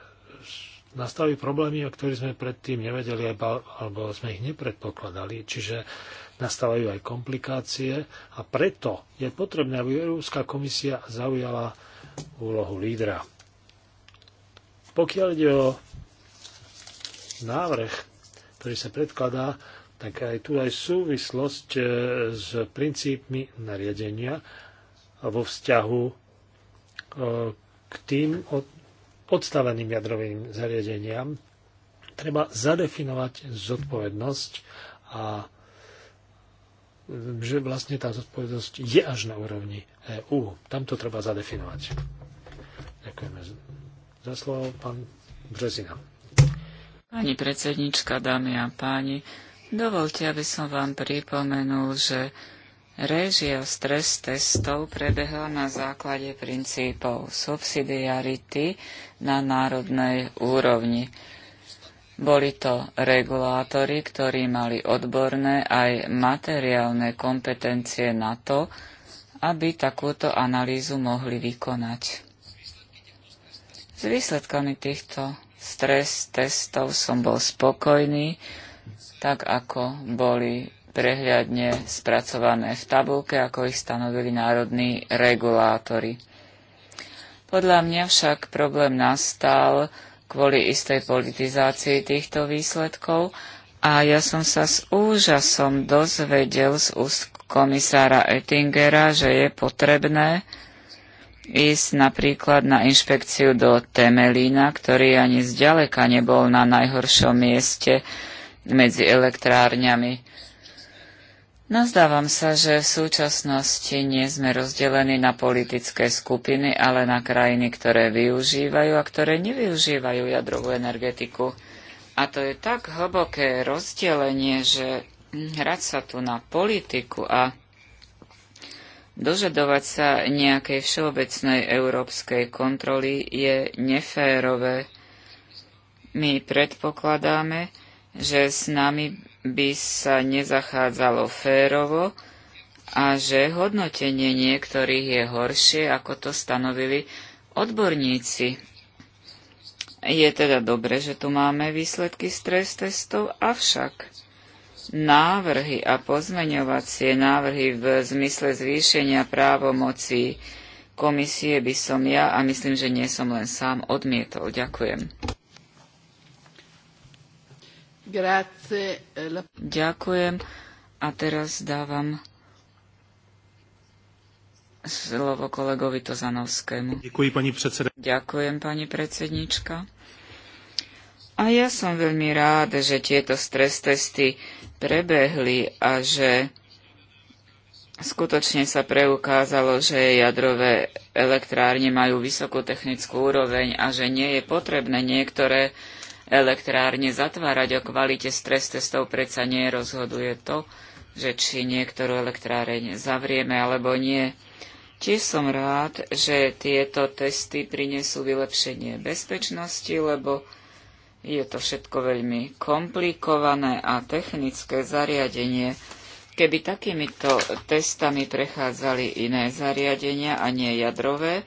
S3: nastali problémy, o ktorých sme predtým nevedeli alebo sme ich nepredpokladali, čiže nastávajú aj komplikácie a preto je potrebné, aby Európska komisia zaujala úlohu lídra pokiaľ ide o návrh, ktorý sa predkladá, tak aj tu aj súvislosť e, s princípmi nariadenia vo vzťahu e, k tým odstaveným jadrovým zariadeniam. Treba zadefinovať zodpovednosť a že vlastne tá zodpovednosť je až na úrovni EÚ. Tam to treba zadefinovať. Ďakujeme za slovo pán
S1: Březina. Pani predsednička, dámy a páni, dovolte, aby som vám pripomenul, že Réžia stres testov prebehla na základe princípov subsidiarity na národnej úrovni. Boli to regulátori, ktorí mali odborné aj materiálne kompetencie na to, aby takúto analýzu mohli vykonať. S výsledkami týchto stres testov som bol spokojný, tak ako boli prehľadne spracované v tabulke, ako ich stanovili národní regulátory. Podľa mňa však problém nastal kvôli istej politizácii týchto výsledkov a ja som sa s úžasom dozvedel z úst komisára Ettingera, že je potrebné ísť napríklad na inšpekciu do Temelína, ktorý ani zďaleka nebol na najhoršom mieste medzi elektrárňami. Nazdávam sa, že v súčasnosti nie sme rozdelení na politické skupiny, ale na krajiny, ktoré využívajú a ktoré nevyužívajú jadrovú energetiku. A to je tak hlboké rozdelenie, že hm, hrať sa tu na politiku a Dožadovať sa nejakej všeobecnej európskej kontroly je neférové. My predpokladáme, že s nami by sa nezachádzalo férovo a že hodnotenie niektorých je horšie, ako to stanovili odborníci. Je teda dobre, že tu máme výsledky stres testov, avšak návrhy a pozmeňovacie návrhy v zmysle zvýšenia právomoci komisie by som ja a myslím, že nie som len sám odmietol. Ďakujem. Ďakujem a teraz dávam slovo kolegovi Tozanovskému. Ďakujem pani, Ďakujem, pani predsednička. A ja som veľmi rád, že tieto stres testy prebehli a že skutočne sa preukázalo, že jadrové elektrárne majú vysokú technickú úroveň a že nie je potrebné niektoré elektrárne zatvárať. O kvalite stres testov predsa rozhoduje to, že či niektorú elektráreň zavrieme alebo nie. Tiež som rád, že tieto testy prinesú vylepšenie bezpečnosti, lebo je to všetko veľmi komplikované a technické zariadenie. Keby takýmito testami prechádzali iné zariadenia a nie jadrové,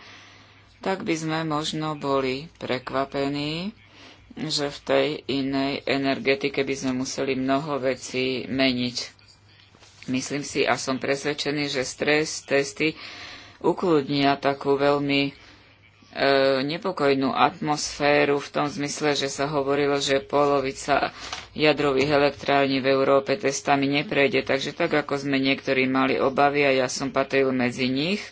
S1: tak by sme možno boli prekvapení, že v tej inej energetike by sme museli mnoho vecí meniť. Myslím si a som presvedčený, že stres testy ukludnia takú veľmi E, nepokojnú atmosféru v tom zmysle, že sa hovorilo, že polovica jadrových elektrární v Európe testami neprejde. Takže tak, ako sme niektorí mali obavy a ja som patril medzi nich,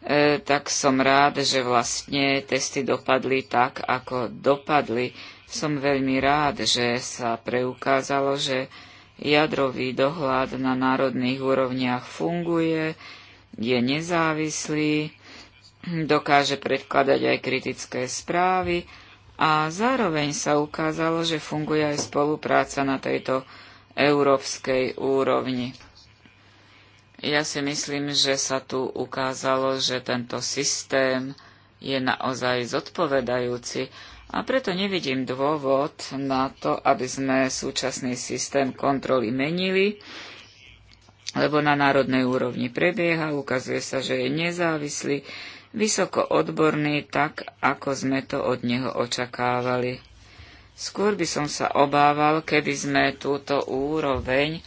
S1: e, tak som rád, že vlastne testy dopadli tak, ako dopadli. Som veľmi rád, že sa preukázalo, že jadrový dohľad na národných úrovniach funguje, je nezávislý, dokáže predkladať aj kritické správy a zároveň sa ukázalo, že funguje aj spolupráca na tejto európskej úrovni. Ja si myslím, že sa tu ukázalo, že tento systém je naozaj zodpovedajúci a preto nevidím dôvod na to, aby sme súčasný systém kontroly menili, lebo na národnej úrovni prebieha, ukazuje sa, že je nezávislý, vysoko odborný tak, ako sme to od neho očakávali. Skôr by som sa obával, keby sme túto úroveň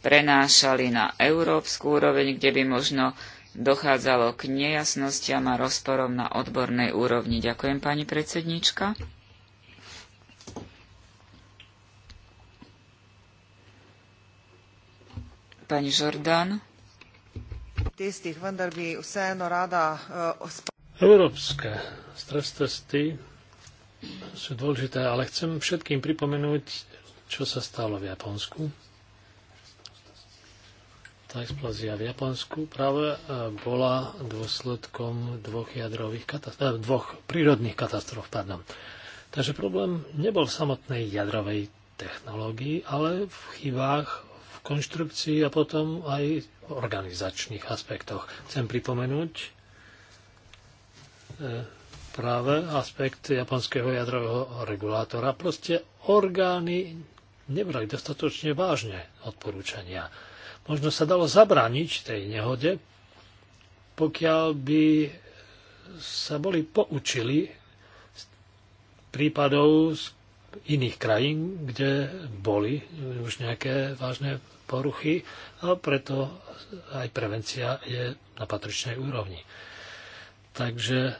S1: prenášali na európsku úroveň, kde by možno dochádzalo k nejasnostiam a rozporom na odbornej úrovni. Ďakujem, pani predsednička. Pani Žordán testih, vendar bi vseeno rada... Eh,
S3: Európske stres testy sú dôležité, ale chcem všetkým pripomenúť, čo sa stalo v Japonsku. Tá explózia v Japonsku práve eh, bola dôsledkom dvoch, jadrových katastrof, eh, dvoch prírodných katastrof. Pardon. Takže problém nebol v samotnej jadrovej technológii, ale v chybách konštrukcii a potom aj organizačných aspektoch. Chcem pripomenúť e, práve aspekt japonského jadrového regulátora. Proste orgány nebrali dostatočne vážne odporúčania. Možno sa dalo zabrániť tej nehode, pokiaľ by sa boli poučili z prípadov z iných krajín, kde boli už nejaké vážne poruchy a preto aj prevencia je na patričnej úrovni. Takže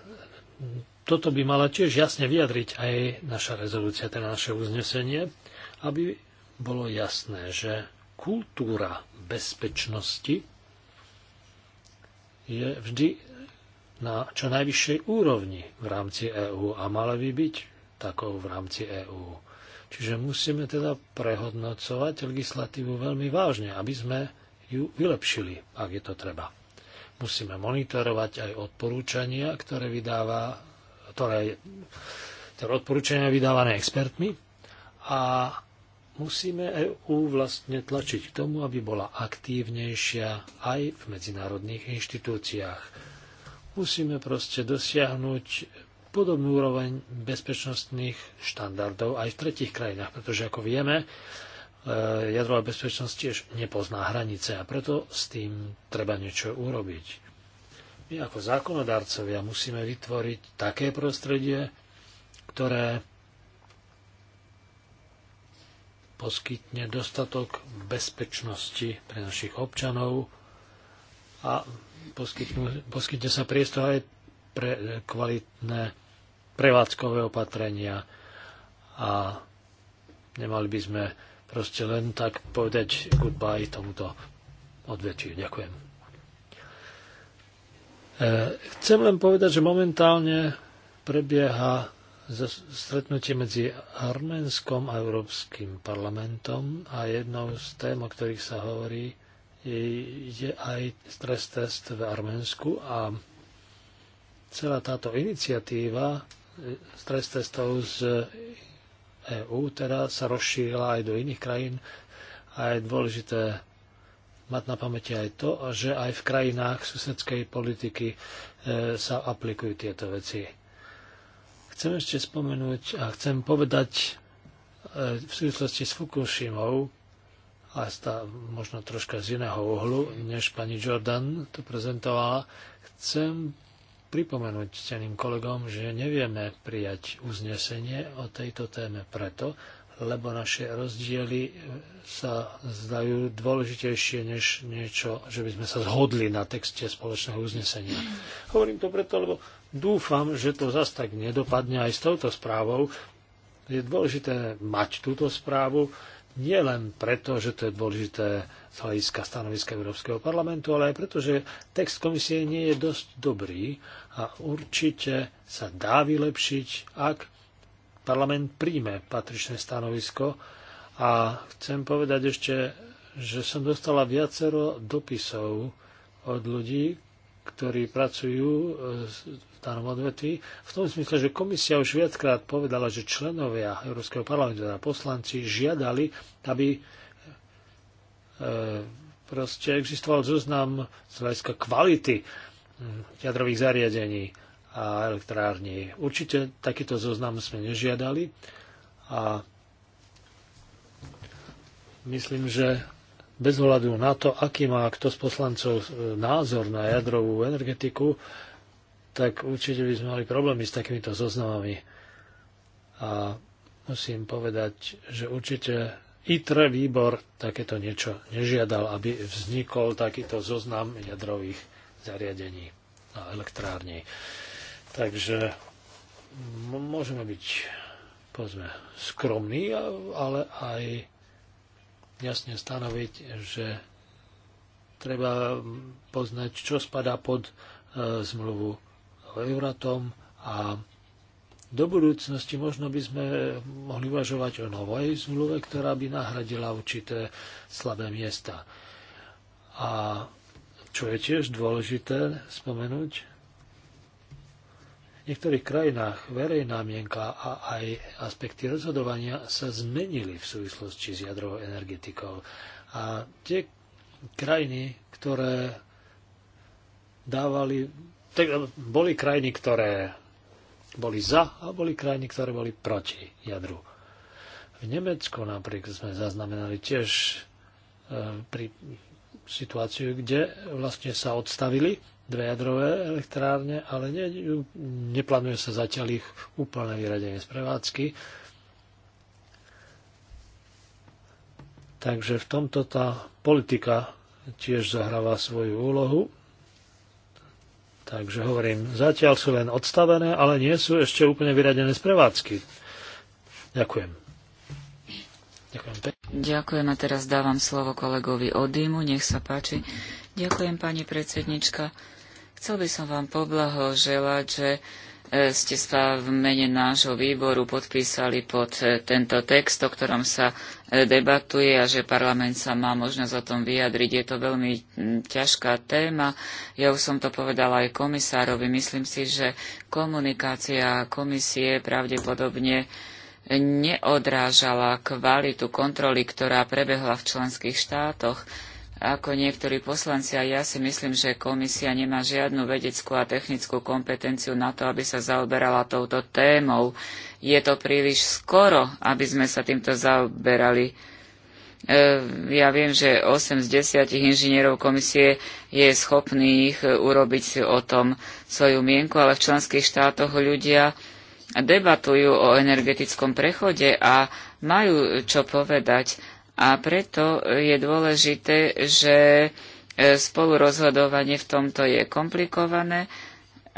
S3: toto by mala tiež jasne vyjadriť aj naša rezolúcia, teda naše uznesenie, aby bolo jasné, že kultúra bezpečnosti je vždy na čo najvyššej úrovni v rámci EÚ a mala by byť takou v rámci EÚ. Čiže musíme teda prehodnocovať legislatívu veľmi vážne, aby sme ju vylepšili, ak je to treba. Musíme monitorovať aj odporúčania, ktoré vydáva, ktoré, ktoré odporúčania vydávané expertmi a musíme EU vlastne tlačiť k tomu, aby bola aktívnejšia aj v medzinárodných inštitúciách. Musíme proste dosiahnuť podobnú úroveň bezpečnostných štandardov aj v tretich krajinách, pretože ako vieme, e, jadrová bezpečnosť tiež nepozná hranice a preto s tým treba niečo urobiť. My ako zákonodarcovia musíme vytvoriť také prostredie, ktoré poskytne dostatok bezpečnosti pre našich občanov a poskytne, poskytne sa priestor aj pre kvalitné prevádzkové opatrenia a nemali by sme proste len tak povedať goodbye tomuto odvetviu. Ďakujem. E, chcem len povedať, že momentálne prebieha stretnutie medzi Arménskom a Európskym parlamentom a jednou z tém, o ktorých sa hovorí, je aj stres test v Arménsku a Celá táto iniciatíva e, stres testov z EU teda sa rozšírila aj do iných krajín a je dôležité mať na pamäti aj to, že aj v krajinách susedskej politiky e, sa aplikujú tieto veci. Chcem ešte spomenúť a chcem povedať e, v súvislosti s Fukushimou a stá, možno troška z iného uhlu, než pani Jordan to prezentovala, chcem pripomenúť ceným kolegom, že nevieme prijať uznesenie o tejto téme preto, lebo naše rozdiely eh, sa zdajú dôležitejšie než niečo, že by sme sa zhodli na texte spoločného uznesenia. Hovorím to preto, lebo dúfam, že to zas tak nedopadne aj s touto správou. Je dôležité mať túto správu, nie len preto, že to je dôležité z hľadiska stanoviska Európskeho parlamentu, ale aj preto, že text komisie nie je dosť dobrý a určite sa dá vylepšiť, ak parlament príjme patričné stanovisko. A chcem povedať ešte, že som dostala viacero dopisov od ľudí, ktorí pracujú e, danom odvetví, v tom smysle, že komisia už viackrát povedala, že členovia Európskeho parlamentu, teda poslanci, žiadali, aby e, proste existoval zoznam z hľadiska kvality hm, jadrových zariadení a elektrární. Určite takýto zoznam sme nežiadali a myslím, že bez ohľadu na to, aký má kto z poslancov e, názor na jadrovú energetiku, tak určite by sme mali problémy s takýmito zoznamami. A musím povedať, že určite ITRE výbor takéto niečo nežiadal, aby vznikol takýto zoznam jadrových zariadení a elektrární. Takže môžeme byť povedzme, skromní, ale aj jasne stanoviť, že treba poznať, čo spadá pod e, zmluvu Euratom a do budúcnosti možno by sme mohli uvažovať o novej zmluve, ktorá by nahradila určité slabé miesta. A čo je tiež dôležité spomenúť, v niektorých krajinách verejná mienka a aj aspekty rozhodovania sa zmenili v súvislosti s jadrovou energetikou. A tie krajiny, ktoré dávali Eh, boli krajiny, ktoré boli za a boli krajiny, ktoré boli proti jadru. V Nemecku napríklad sme zaznamenali tiež eh, pri situáciu, kde vlastne sa odstavili dve jadrové elektrárne, ale ne, neplánuje sa zatiaľ ich úplné vyradenie z prevádzky. Takže v tomto tá politika tiež zahráva svoju úlohu Takže hovorím, zatiaľ sú len odstavené, ale nie sú ešte úplne vyradené z prevádzky.
S1: Ďakujem. Ďakujem Ďakujem a teraz dávam slovo kolegovi Odýmu, nech sa páči. Ďakujem pani predsednička. Chcel by som vám poblahoželať, že ste sa v mene nášho výboru podpísali pod e, tento text, o ktorom sa e, debatuje a že parlament sa má možnosť o tom vyjadriť. Je to veľmi ťažká téma. Ja už som to povedala aj komisárovi. Myslím si, že komunikácia komisie pravdepodobne neodrážala kvalitu kontroly, ktorá prebehla v členských štátoch ako niektorí poslanci a ja si myslím, že komisia nemá žiadnu vedeckú a technickú kompetenciu na to, aby sa zaoberala touto témou. Je to príliš skoro, aby sme sa týmto zaoberali. E, ja viem, že 8 z 10 inžinierov komisie je schopných urobiť si o tom svoju mienku, ale v členských štátoch ľudia debatujú o energetickom prechode a majú čo povedať a preto je dôležité, že e, spolurozhodovanie v tomto je komplikované,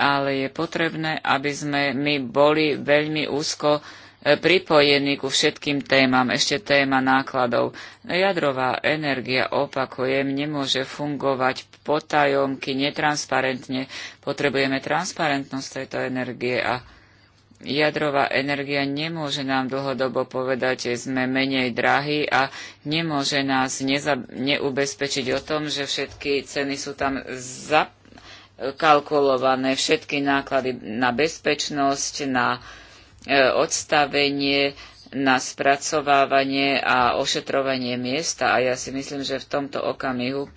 S1: ale je potrebné, aby sme my boli veľmi úzko e, pripojení ku všetkým témam, ešte téma nákladov. Jadrová energia, opakujem, nemôže fungovať potajomky, netransparentne. Potrebujeme transparentnosť tejto energie a jadrová energia nemôže nám dlhodobo povedať, že sme menej drahí a nemôže nás neza, neubezpečiť o tom, že všetky ceny sú tam zakalkulované, všetky náklady na bezpečnosť, na e, odstavenie, na spracovávanie a ošetrovanie miesta. A ja si myslím, že v tomto okamihu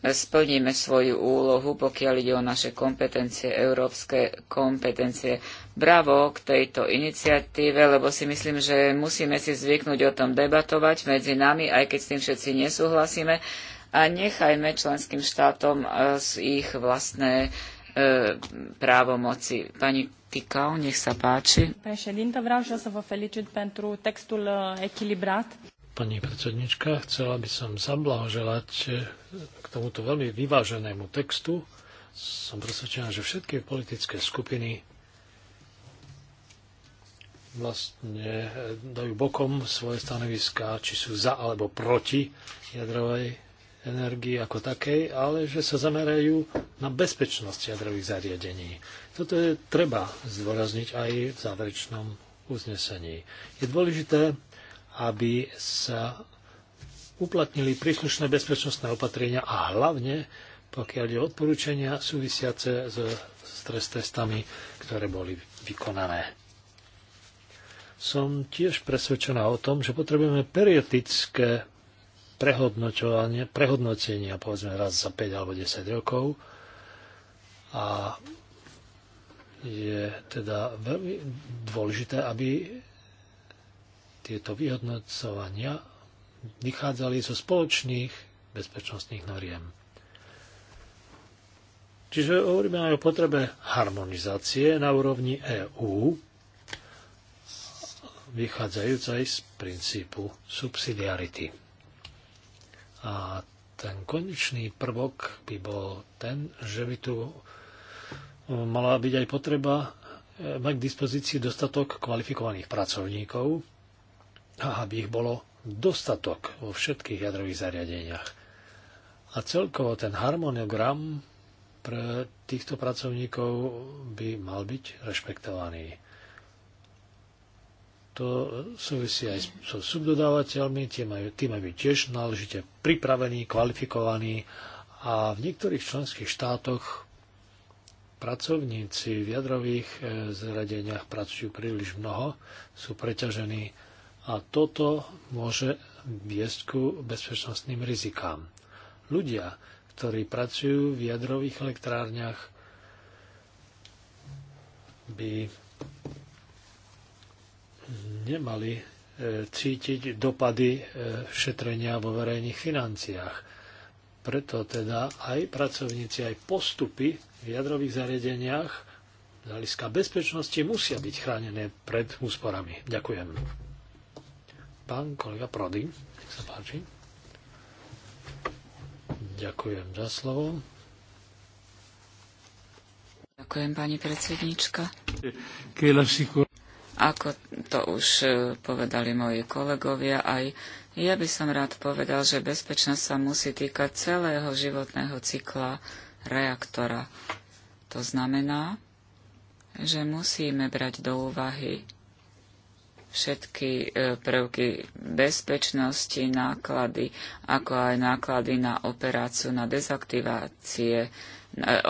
S1: splníme svoju úlohu, pokiaľ ide o naše kompetencie, európske kompetencie. Bravo k tejto iniciatíve, lebo si myslím, že musíme si zvyknúť o tom debatovať medzi nami, aj keď s tým všetci nesúhlasíme. A nechajme členským štátom z e, ich vlastné e, právomoci. Pani Ticau, nech sa páči. vreau felicit pentru textul e, pani predsednička. Chcela by som zablahoželať
S3: eh, k tomuto veľmi vyváženému textu. Som presvedčená, že všetky politické skupiny vlastne eh, dajú bokom svoje stanoviská, či sú za alebo proti jadrovej energii ako takej, ale že sa zamerajú na bezpečnosť jadrových zariadení. Toto je treba zdôrazniť aj v záverečnom uznesení. Je dôležité aby sa uplatnili príslušné bezpečnostné opatrenia a hlavne, pokiaľ je odporúčania súvisiace s stres testami, ktoré boli vykonané. Som tiež presvedčená o tom, že potrebujeme periodické prehodnotovanie, prehodnotenia, povedzme raz za 5 alebo 10 rokov, a je teda veľmi dôležité, aby tieto vyhodnocovania vychádzali zo spoločných bezpečnostných noriem. Čiže hovoríme aj o potrebe harmonizácie na úrovni EÚ, aj z princípu subsidiarity. A ten konečný prvok by bol ten, že by tu mala byť aj potreba e, mať k dispozícii dostatok kvalifikovaných pracovníkov, a aby ich bolo dostatok vo všetkých jadrových zariadeniach. A celkovo ten harmoniogram pre týchto pracovníkov by mal byť rešpektovaný. To súvisí aj so subdodávateľmi, tí majú, tí majú byť tiež náležite pripravení, kvalifikovaní a v niektorých členských štátoch pracovníci v jadrových e, zariadeniach pracujú príliš mnoho, sú preťažení a toto môže viesť ku bezpečnostným rizikám. Ľudia, ktorí pracujú v jadrových elektrárniach, by nemali e, cítiť dopady e, šetrenia vo verejných financiách. Preto teda aj pracovníci, aj postupy v jadrových zariadeniach z hľadiska bezpečnosti musia byť chránené pred úsporami. Ďakujem. Pán kolega Prody, nech sa páči. Ďakujem za slovo.
S1: Ďakujem, pani predsednička. Ako to už e, povedali moji kolegovia, aj ja by som rád povedal, že bezpečnosť sa musí týkať celého životného cykla reaktora. To znamená, že musíme brať do úvahy všetky e, prvky bezpečnosti, náklady, ako aj náklady na operáciu, na dezaktivácie, e,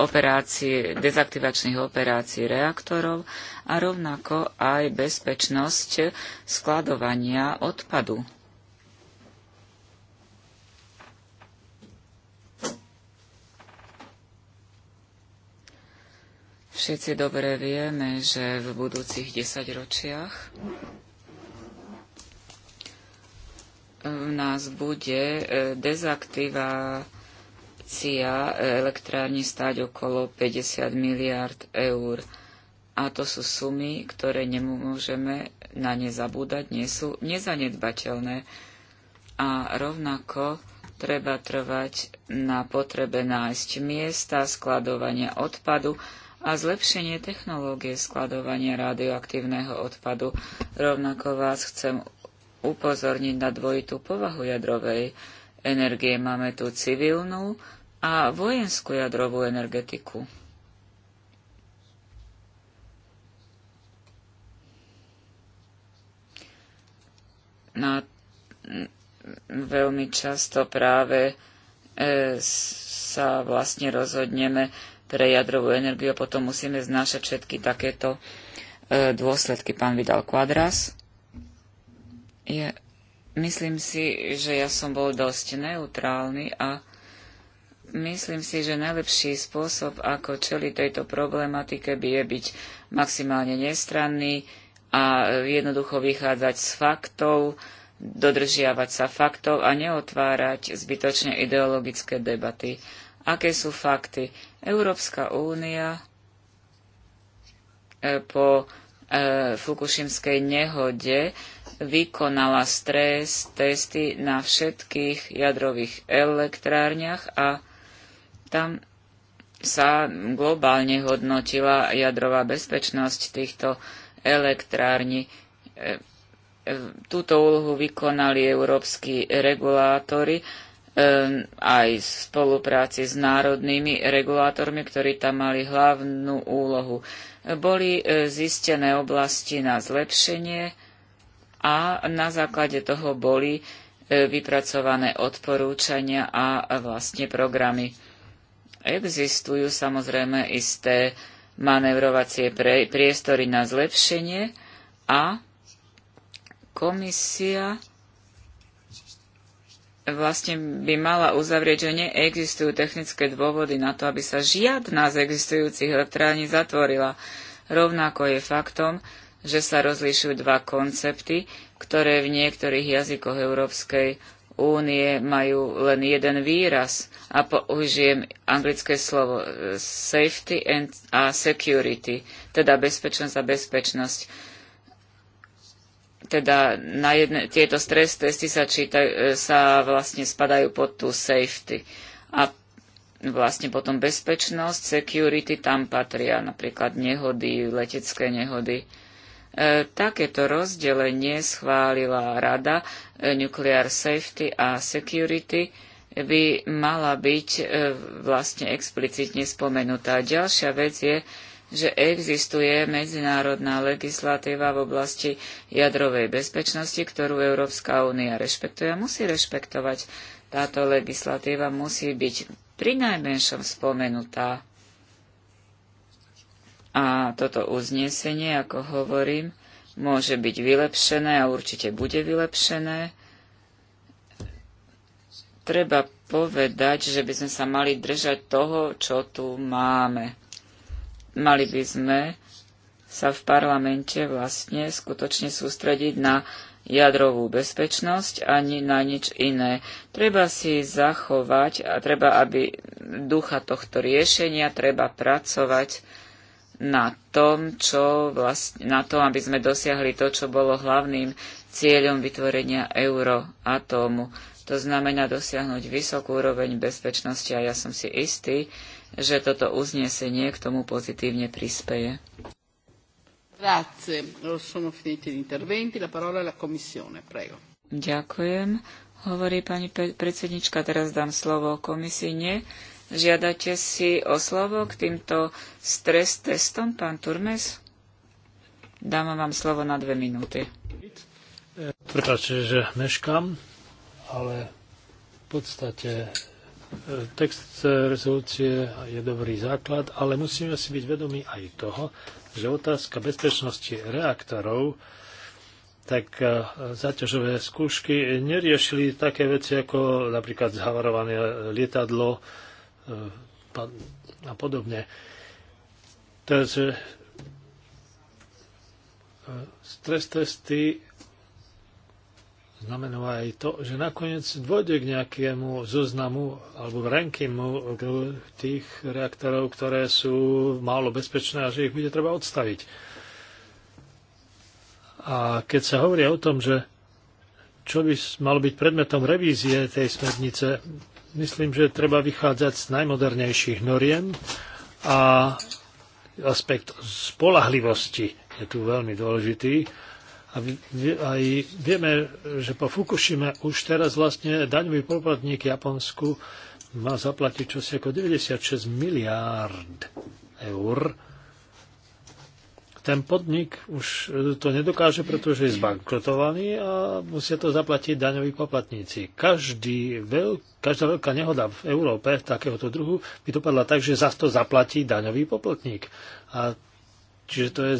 S1: operácie, dezaktivačných operácií reaktorov a rovnako aj bezpečnosť skladovania odpadu. Všetci dobre vieme, že v budúcich desaťročiach v nás bude e, dezaktivácia elektrárne stáť okolo 50 miliard eur. A to sú sumy, ktoré nemôžeme na ne zabúdať, nie sú nezanedbateľné. A rovnako treba trvať na potrebe nájsť miesta skladovania odpadu a zlepšenie technológie skladovania radioaktívneho odpadu. Rovnako vás chcem upozorniť na dvojitú povahu jadrovej energie. Máme tu civilnú a vojenskú jadrovú energetiku. Na, veľmi často práve e, sa vlastne rozhodneme pre jadrovú energiu a potom musíme znášať všetky takéto e, dôsledky. Pán Vidal Quadras. Ja, myslím si, že ja som bol dosť neutrálny a myslím si, že najlepší spôsob, ako čeliť tejto problematike, by je byť maximálne nestranný a jednoducho vychádzať z faktov, dodržiavať sa faktov a neotvárať zbytočne ideologické debaty. Aké sú fakty? Európska únia eh, po eh, fukušimskej nehode vykonala stres testy na všetkých jadrových elektrárniach a tam sa globálne hodnotila jadrová bezpečnosť týchto elektrární. E, e, túto úlohu vykonali európsky regulátori e, aj v spolupráci s národnými regulátormi, ktorí tam mali hlavnú úlohu. Boli zistené oblasti na zlepšenie, a na základe toho boli e, vypracované odporúčania a vlastne programy. Existujú samozrejme isté manevrovacie priestory na zlepšenie a komisia vlastne by mala uzavrieť, že neexistujú technické dôvody na to, aby sa žiadna z existujúcich elektrární zatvorila. Rovnako je faktom, že sa rozlišujú dva koncepty, ktoré v niektorých jazykoch Európskej únie majú len jeden výraz a použijem anglické slovo e, safety and, a security, teda bezpečnosť a bezpečnosť. Teda na jedne, tieto stres testy sa, čítaj e, sa vlastne spadajú pod tú safety. A vlastne potom bezpečnosť, security tam patria, napríklad nehody, letecké nehody. E, takéto rozdelenie schválila Rada e, Nuclear Safety a Security by mala byť e, vlastne explicitne spomenutá. Ďalšia vec je, že existuje medzinárodná legislatíva v oblasti jadrovej bezpečnosti, ktorú Európska únia rešpektuje a musí rešpektovať. Táto legislatíva musí byť pri najmenšom spomenutá. A toto uznesenie, ako hovorím, môže byť vylepšené a určite bude vylepšené. Treba povedať, že by sme sa mali držať toho, čo tu máme. Mali by sme sa v parlamente vlastne skutočne sústrediť na jadrovú bezpečnosť ani na nič iné. Treba si zachovať a treba, aby ducha tohto riešenia treba pracovať na, tom, čo vlastne, na tom, aby sme dosiahli to, čo bolo hlavným cieľom vytvorenia euroatómu. To znamená dosiahnuť vysokú úroveň bezpečnosti a ja som si istý, že toto uznesenie k tomu pozitívne prispeje. Ďakujem. Hovorí pani predsednička, teraz dám slovo komisii. Nie. Žiadate si o slovo k týmto stres testom, pán Turmes? Dám vám slovo na dve minúty.
S3: Prepačte, že meškám, ale v podstate e, text rezolúcie je dobrý základ, ale musíme si byť vedomi aj toho, že otázka bezpečnosti reaktorov tak e, zaťažové skúšky neriešili také veci ako napríklad zhavarované lietadlo E, a podobne. Takže e, stres testy znamená aj to, že nakoniec dôjde k nejakému zoznamu alebo rankingu tých reaktorov, ktoré sú málo bezpečné a že ich bude treba odstaviť. A keď sa hovorí o tom, že čo by malo byť predmetom revízie tej smernice, myslím, že treba vychádzať z najmodernejších noriem a aspekt spolahlivosti je tu veľmi dôležitý. A aj vieme, že po Fukushima už teraz vlastne daňový poplatník Japonsku má zaplatiť čosi ako 96 miliárd eur ten podnik už e, to nedokáže, pretože je zbankrotovaný a musia to zaplatiť daňoví poplatníci. Každý veľ, každá veľká nehoda v Európe takéhoto druhu by dopadla tak, že za to zaplatí daňový poplatník. A Čiže to je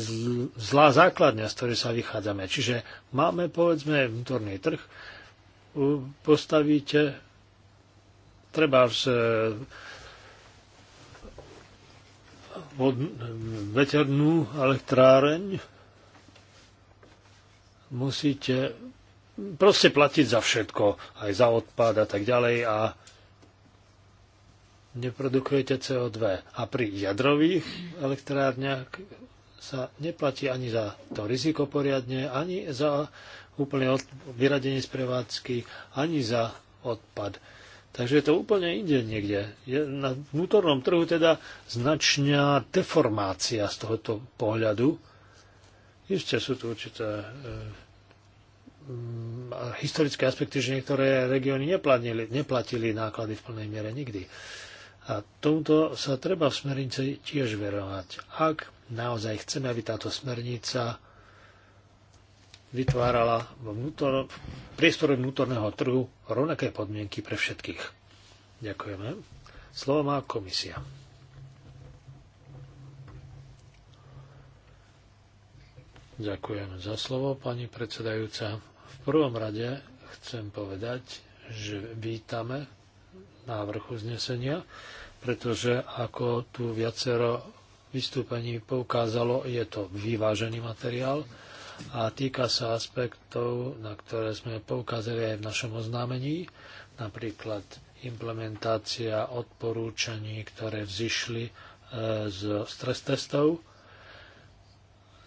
S3: zlá základňa, z ktorej sa vychádzame. Čiže máme, povedzme, vnútorný trh, postavíte treba z veternú elektráreň, musíte proste platiť za všetko, aj za odpad a tak ďalej a neprodukujete CO2. A pri jadrových elektrárniach sa neplatí ani za to riziko poriadne, ani za úplne vyradenie z prevádzky, ani za odpad. Takže je to úplne inde niekde. Je na vnútornom trhu teda značná deformácia z tohoto pohľadu. Isté sú tu určité e, historické aspekty, že niektoré regióny neplatili, neplatili náklady v plnej miere nikdy. A tomuto sa treba v smernici tiež verovať. Ak naozaj chceme, aby táto smernica vytvárala vnútor, priestore vnútorného trhu rovnaké podmienky pre všetkých. Ďakujeme. Slovo má komisia. Ďakujem za slovo, pani predsedajúca. V prvom rade chcem povedať, že vítame návrh uznesenia, pretože ako tu viacero vystúpení poukázalo, je to vyvážený materiál a týka sa aspektov, na ktoré sme poukázali aj v našom oznámení, napríklad implementácia odporúčaní, ktoré vzýšli e, z stres testov,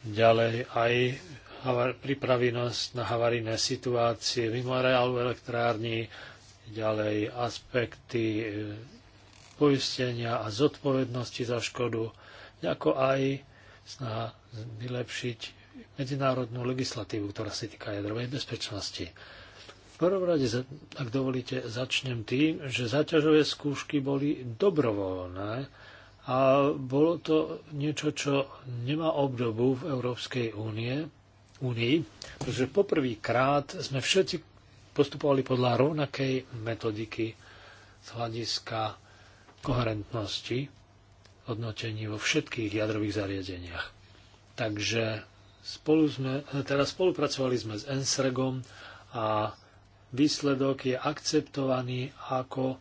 S3: ďalej aj pripravenosť na havarijné situácie v more elektrárni, ďalej aspekty e, poistenia a zodpovednosti za škodu, ako aj snaha vylepšiť medzinárodnú legislatívu, ktorá sa týka jadrovej bezpečnosti. V prvom rade, ak dovolíte, začnem tým, že zaťažové skúšky boli dobrovoľné a bolo to niečo, čo nemá obdobu v Európskej únie, únii, pretože poprvýkrát sme všetci postupovali podľa rovnakej metodiky z hľadiska koherentnosti hodnotení vo všetkých jadrových zariadeniach. Takže Spolu sme, teda spolupracovali sme s Ensregom a výsledok je akceptovaný ako e,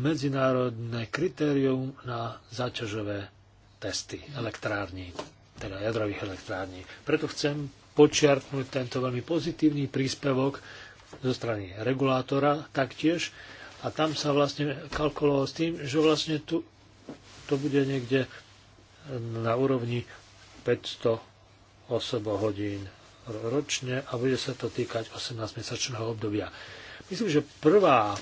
S3: medzinárodné kritérium na záťažové testy elektrární, teda jadrových elektrární. Preto chcem počiarknúť tento veľmi pozitívny príspevok zo strany regulátora taktiež a tam sa vlastne kalkulovalo s tým, že vlastne tu, to bude niekde na úrovni 500 osobohodín ročne a bude sa to týkať 18-mesačného obdobia. Myslím, že prvá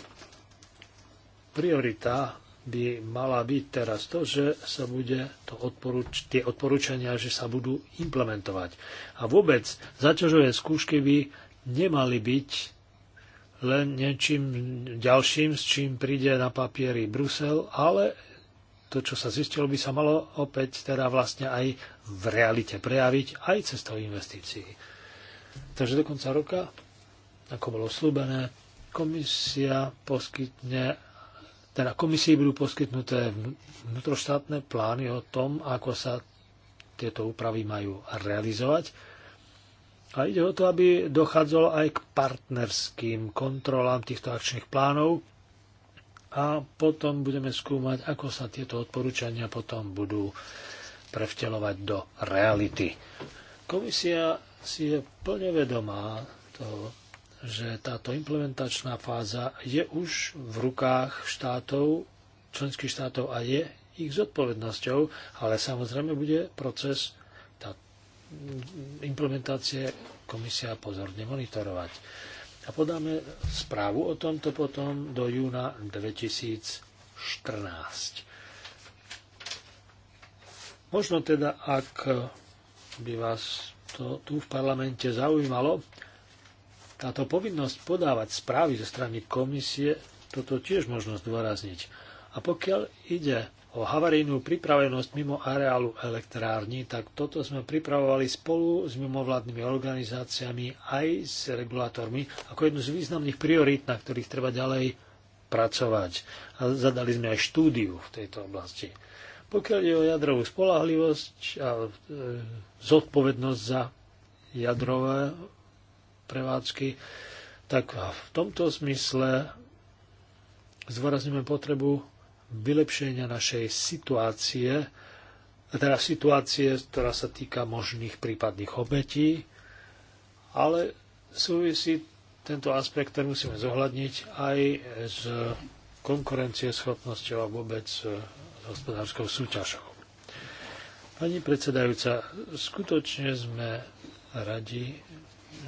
S3: priorita by mala byť teraz to, že sa bude to odporuč- tie odporúčania, že sa budú implementovať. A vôbec zaťažové skúšky by nemali byť len niečím ďalším, s čím príde na papieri Brusel, ale to, čo sa zistilo, by sa malo opäť teda vlastne aj v realite prejaviť aj cestou investícií. Takže do konca roka, ako bolo slúbené, komisia poskytne teda komisii budú poskytnuté vnútroštátne plány o tom, ako sa tieto úpravy majú realizovať. A ide o to, aby dochádzalo aj k partnerským kontrolám týchto akčných plánov, a potom budeme skúmať, ako sa tieto odporúčania potom budú prevtelovať do reality. Komisia si je plne vedomá toho, že táto implementačná fáza je už v rukách štátov, členských štátov a je ich zodpovednosťou, ale samozrejme bude proces tá implementácie komisia pozorne monitorovať a podáme správu o tomto potom do júna 2014. Možno teda, ak by vás to tu v parlamente zaujímalo, táto povinnosť podávať správy zo strany komisie, toto tiež možno zdôrazniť. A pokiaľ ide o havarijnú pripravenosť mimo areálu elektrárni, tak toto sme pripravovali spolu s mimovládnymi organizáciami aj s regulátormi ako jednu z významných priorít, na ktorých treba ďalej pracovať. A zadali sme aj štúdiu v tejto oblasti. Pokiaľ je o jadrovú spolahlivosť a e, zodpovednosť za jadrové prevádzky, tak v tomto zmysle zvorazňujeme potrebu vylepšenia našej situácie, teda situácie, ktorá sa týka možných prípadných obetí, ale súvisí tento aspekt, ktorý musíme zohľadniť aj s konkurencieschopnosťou a vôbec s hospodárskou súťažou. Pani predsedajúca, skutočne sme radi,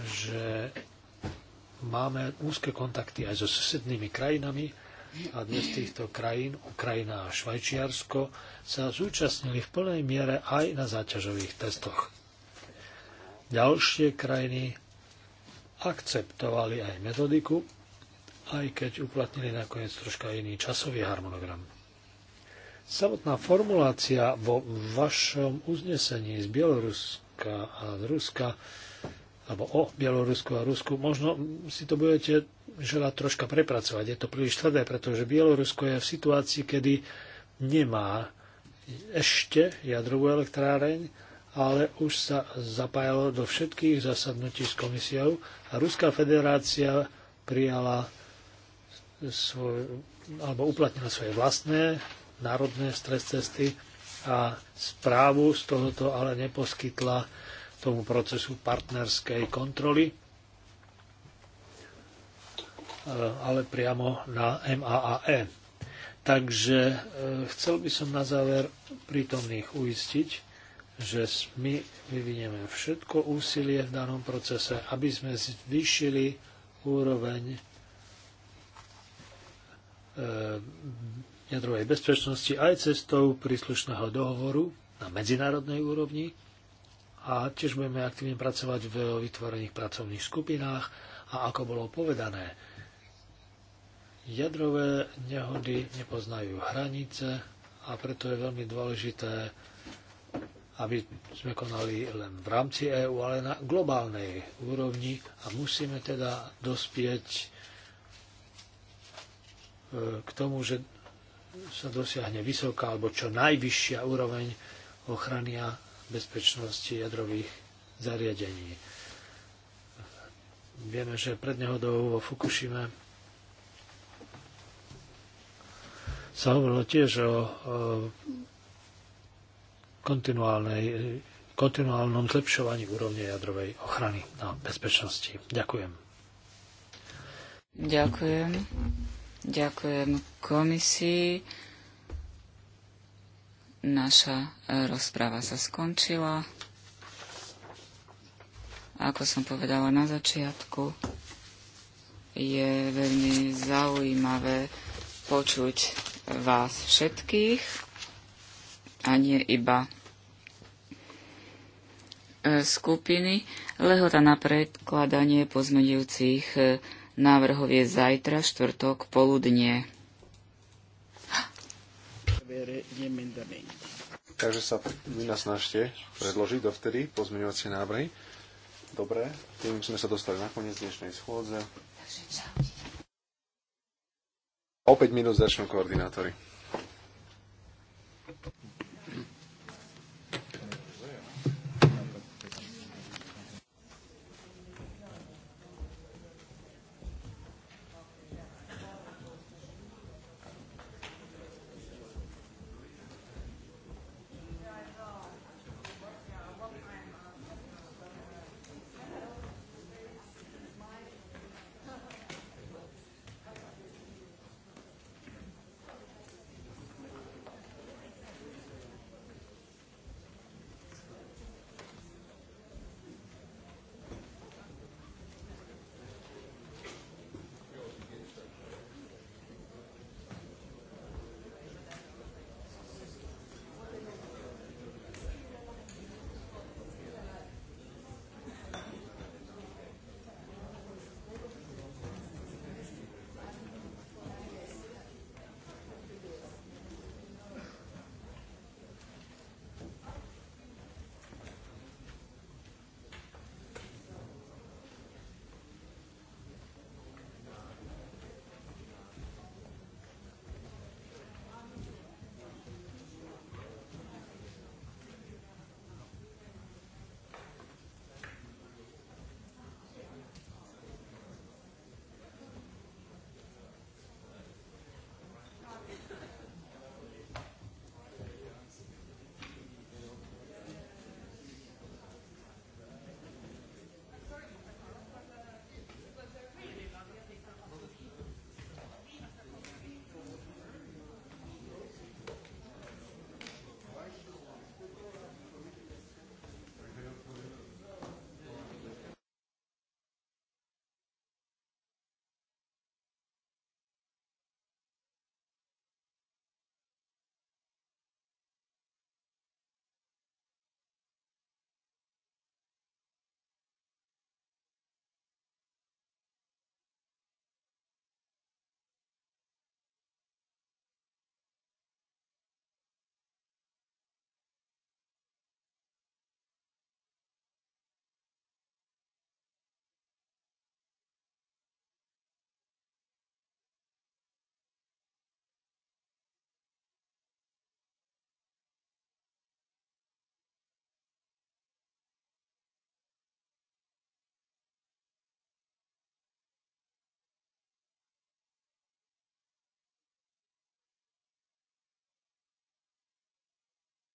S3: že máme úzke kontakty aj so susednými krajinami, a dnes týchto krajín, Ukrajina a Švajčiarsko, sa zúčastnili v plnej miere aj na záťažových testoch. Ďalšie krajiny akceptovali aj metodiku, aj keď uplatnili nakoniec troška iný časový harmonogram. Samotná formulácia vo vašom uznesení z Bieloruska a z Ruska, alebo o Bielorusku a Rusku, možno si to budete želá troška prepracovať. Je to príliš tvrdé, pretože Bielorusko je v situácii, kedy nemá ešte jadrovú elektráreň, ale už sa zapájalo do všetkých zasadnutí s komisiou a Ruská federácia prijala svoj, alebo uplatnila svoje vlastné národné stres cesty a správu z tohoto ale neposkytla tomu procesu partnerskej kontroly Eh, ale priamo na MAAE. Takže eh, chcel by som na záver prítomných uistiť, že my vyvinieme všetko úsilie v danom procese, aby sme zvýšili úroveň eh, jadrovej bezpečnosti aj cestou príslušného dohovoru na medzinárodnej úrovni a tiež budeme aktívne pracovať v vytvorených pracovných skupinách a ako bolo povedané, Jadrové nehody nepoznajú hranice a preto je veľmi dôležité, aby sme konali len v rámci EÚ, ale na globálnej úrovni a musíme teda dospieť e, k tomu, že sa dosiahne vysoká alebo čo najvyššia úroveň ochrany a bezpečnosti jadrových zariadení. Vieme, že pred nehodou vo Fukushime sa hovorilo tiež o, kontinuálnej, kontinuálnom zlepšovaní úrovne jadrovej ochrany a bezpečnosti. Ďakujem.
S1: Ďakujem. Ďakujem komisii. Naša rozpráva sa skončila. Ako som povedala na začiatku, je veľmi zaujímavé počuť vás všetkých a nie iba e, skupiny. Lehota na predkladanie pozmeňujúcich e, návrhov je zajtra, štvrtok, poludnie. Takže sa
S2: vy nás snažte predložiť dovtedy pozmeňovacie návrhy. Dobre, tým sme sa dostali na koniec dnešnej schôdze. Takže čau opäť minus začnú koordinátori.